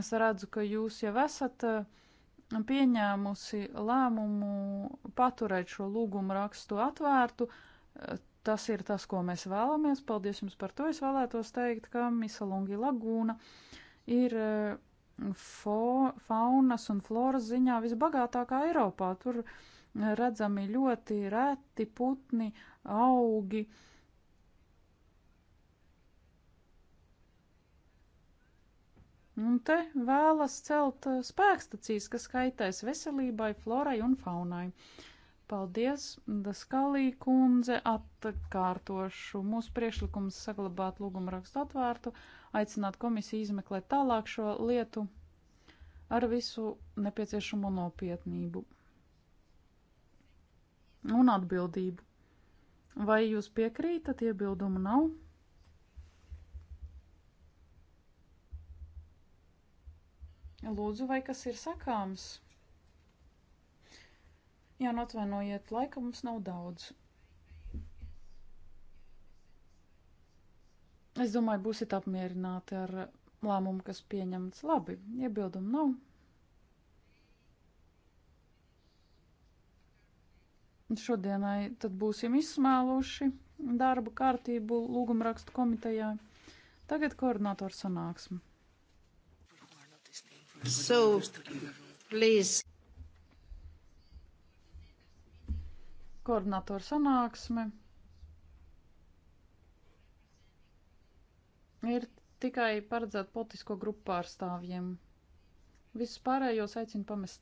Es redzu, ka jūs jau esat eh, pieņēmusi lēmumu paturēt šo lūgumu rakstu atvērtu, eh, tas ir tas, ko mēs vēlamies. Paldies jums par to. Es vēlētos teikt, ka Misalungi lagūna ir eh, fo, faunas un floras ziņā visbagātākā Eiropā. Tur eh, redzami ļoti reti putni, augi. Un te vēlas celt eh, spēkstacijas, kas kaitēs veselībai, florai un faunai. Uh, Paldies, Daskalī kundze, atkārtošu. Mūsu priekšlikums saglabāt lūgumu rakstu atvērtu, aicināt komisiju izmeklēt tālāk šo lietu ar visu nepieciešamo nopietnību un atbildību. Vai jūs piekrītat, iebildumu nav? Lūdzu, vai kas ir sakāms? Jā, atvainojiet, laika mums nav daudz. Es domāju, būsiet apmierināti ar lēmumu, kas pieņemts labi. Iebildumu nav. Šodienai tad būsim izsmēluši darba kārtību lūgumrakstu komitejā. Tagad koordinātoru sanāksme. So, please. koordinatoru sanāksme ir tikai paredzēta politisko grupu pārstāvjiem. Visus pārējos aicinu pamest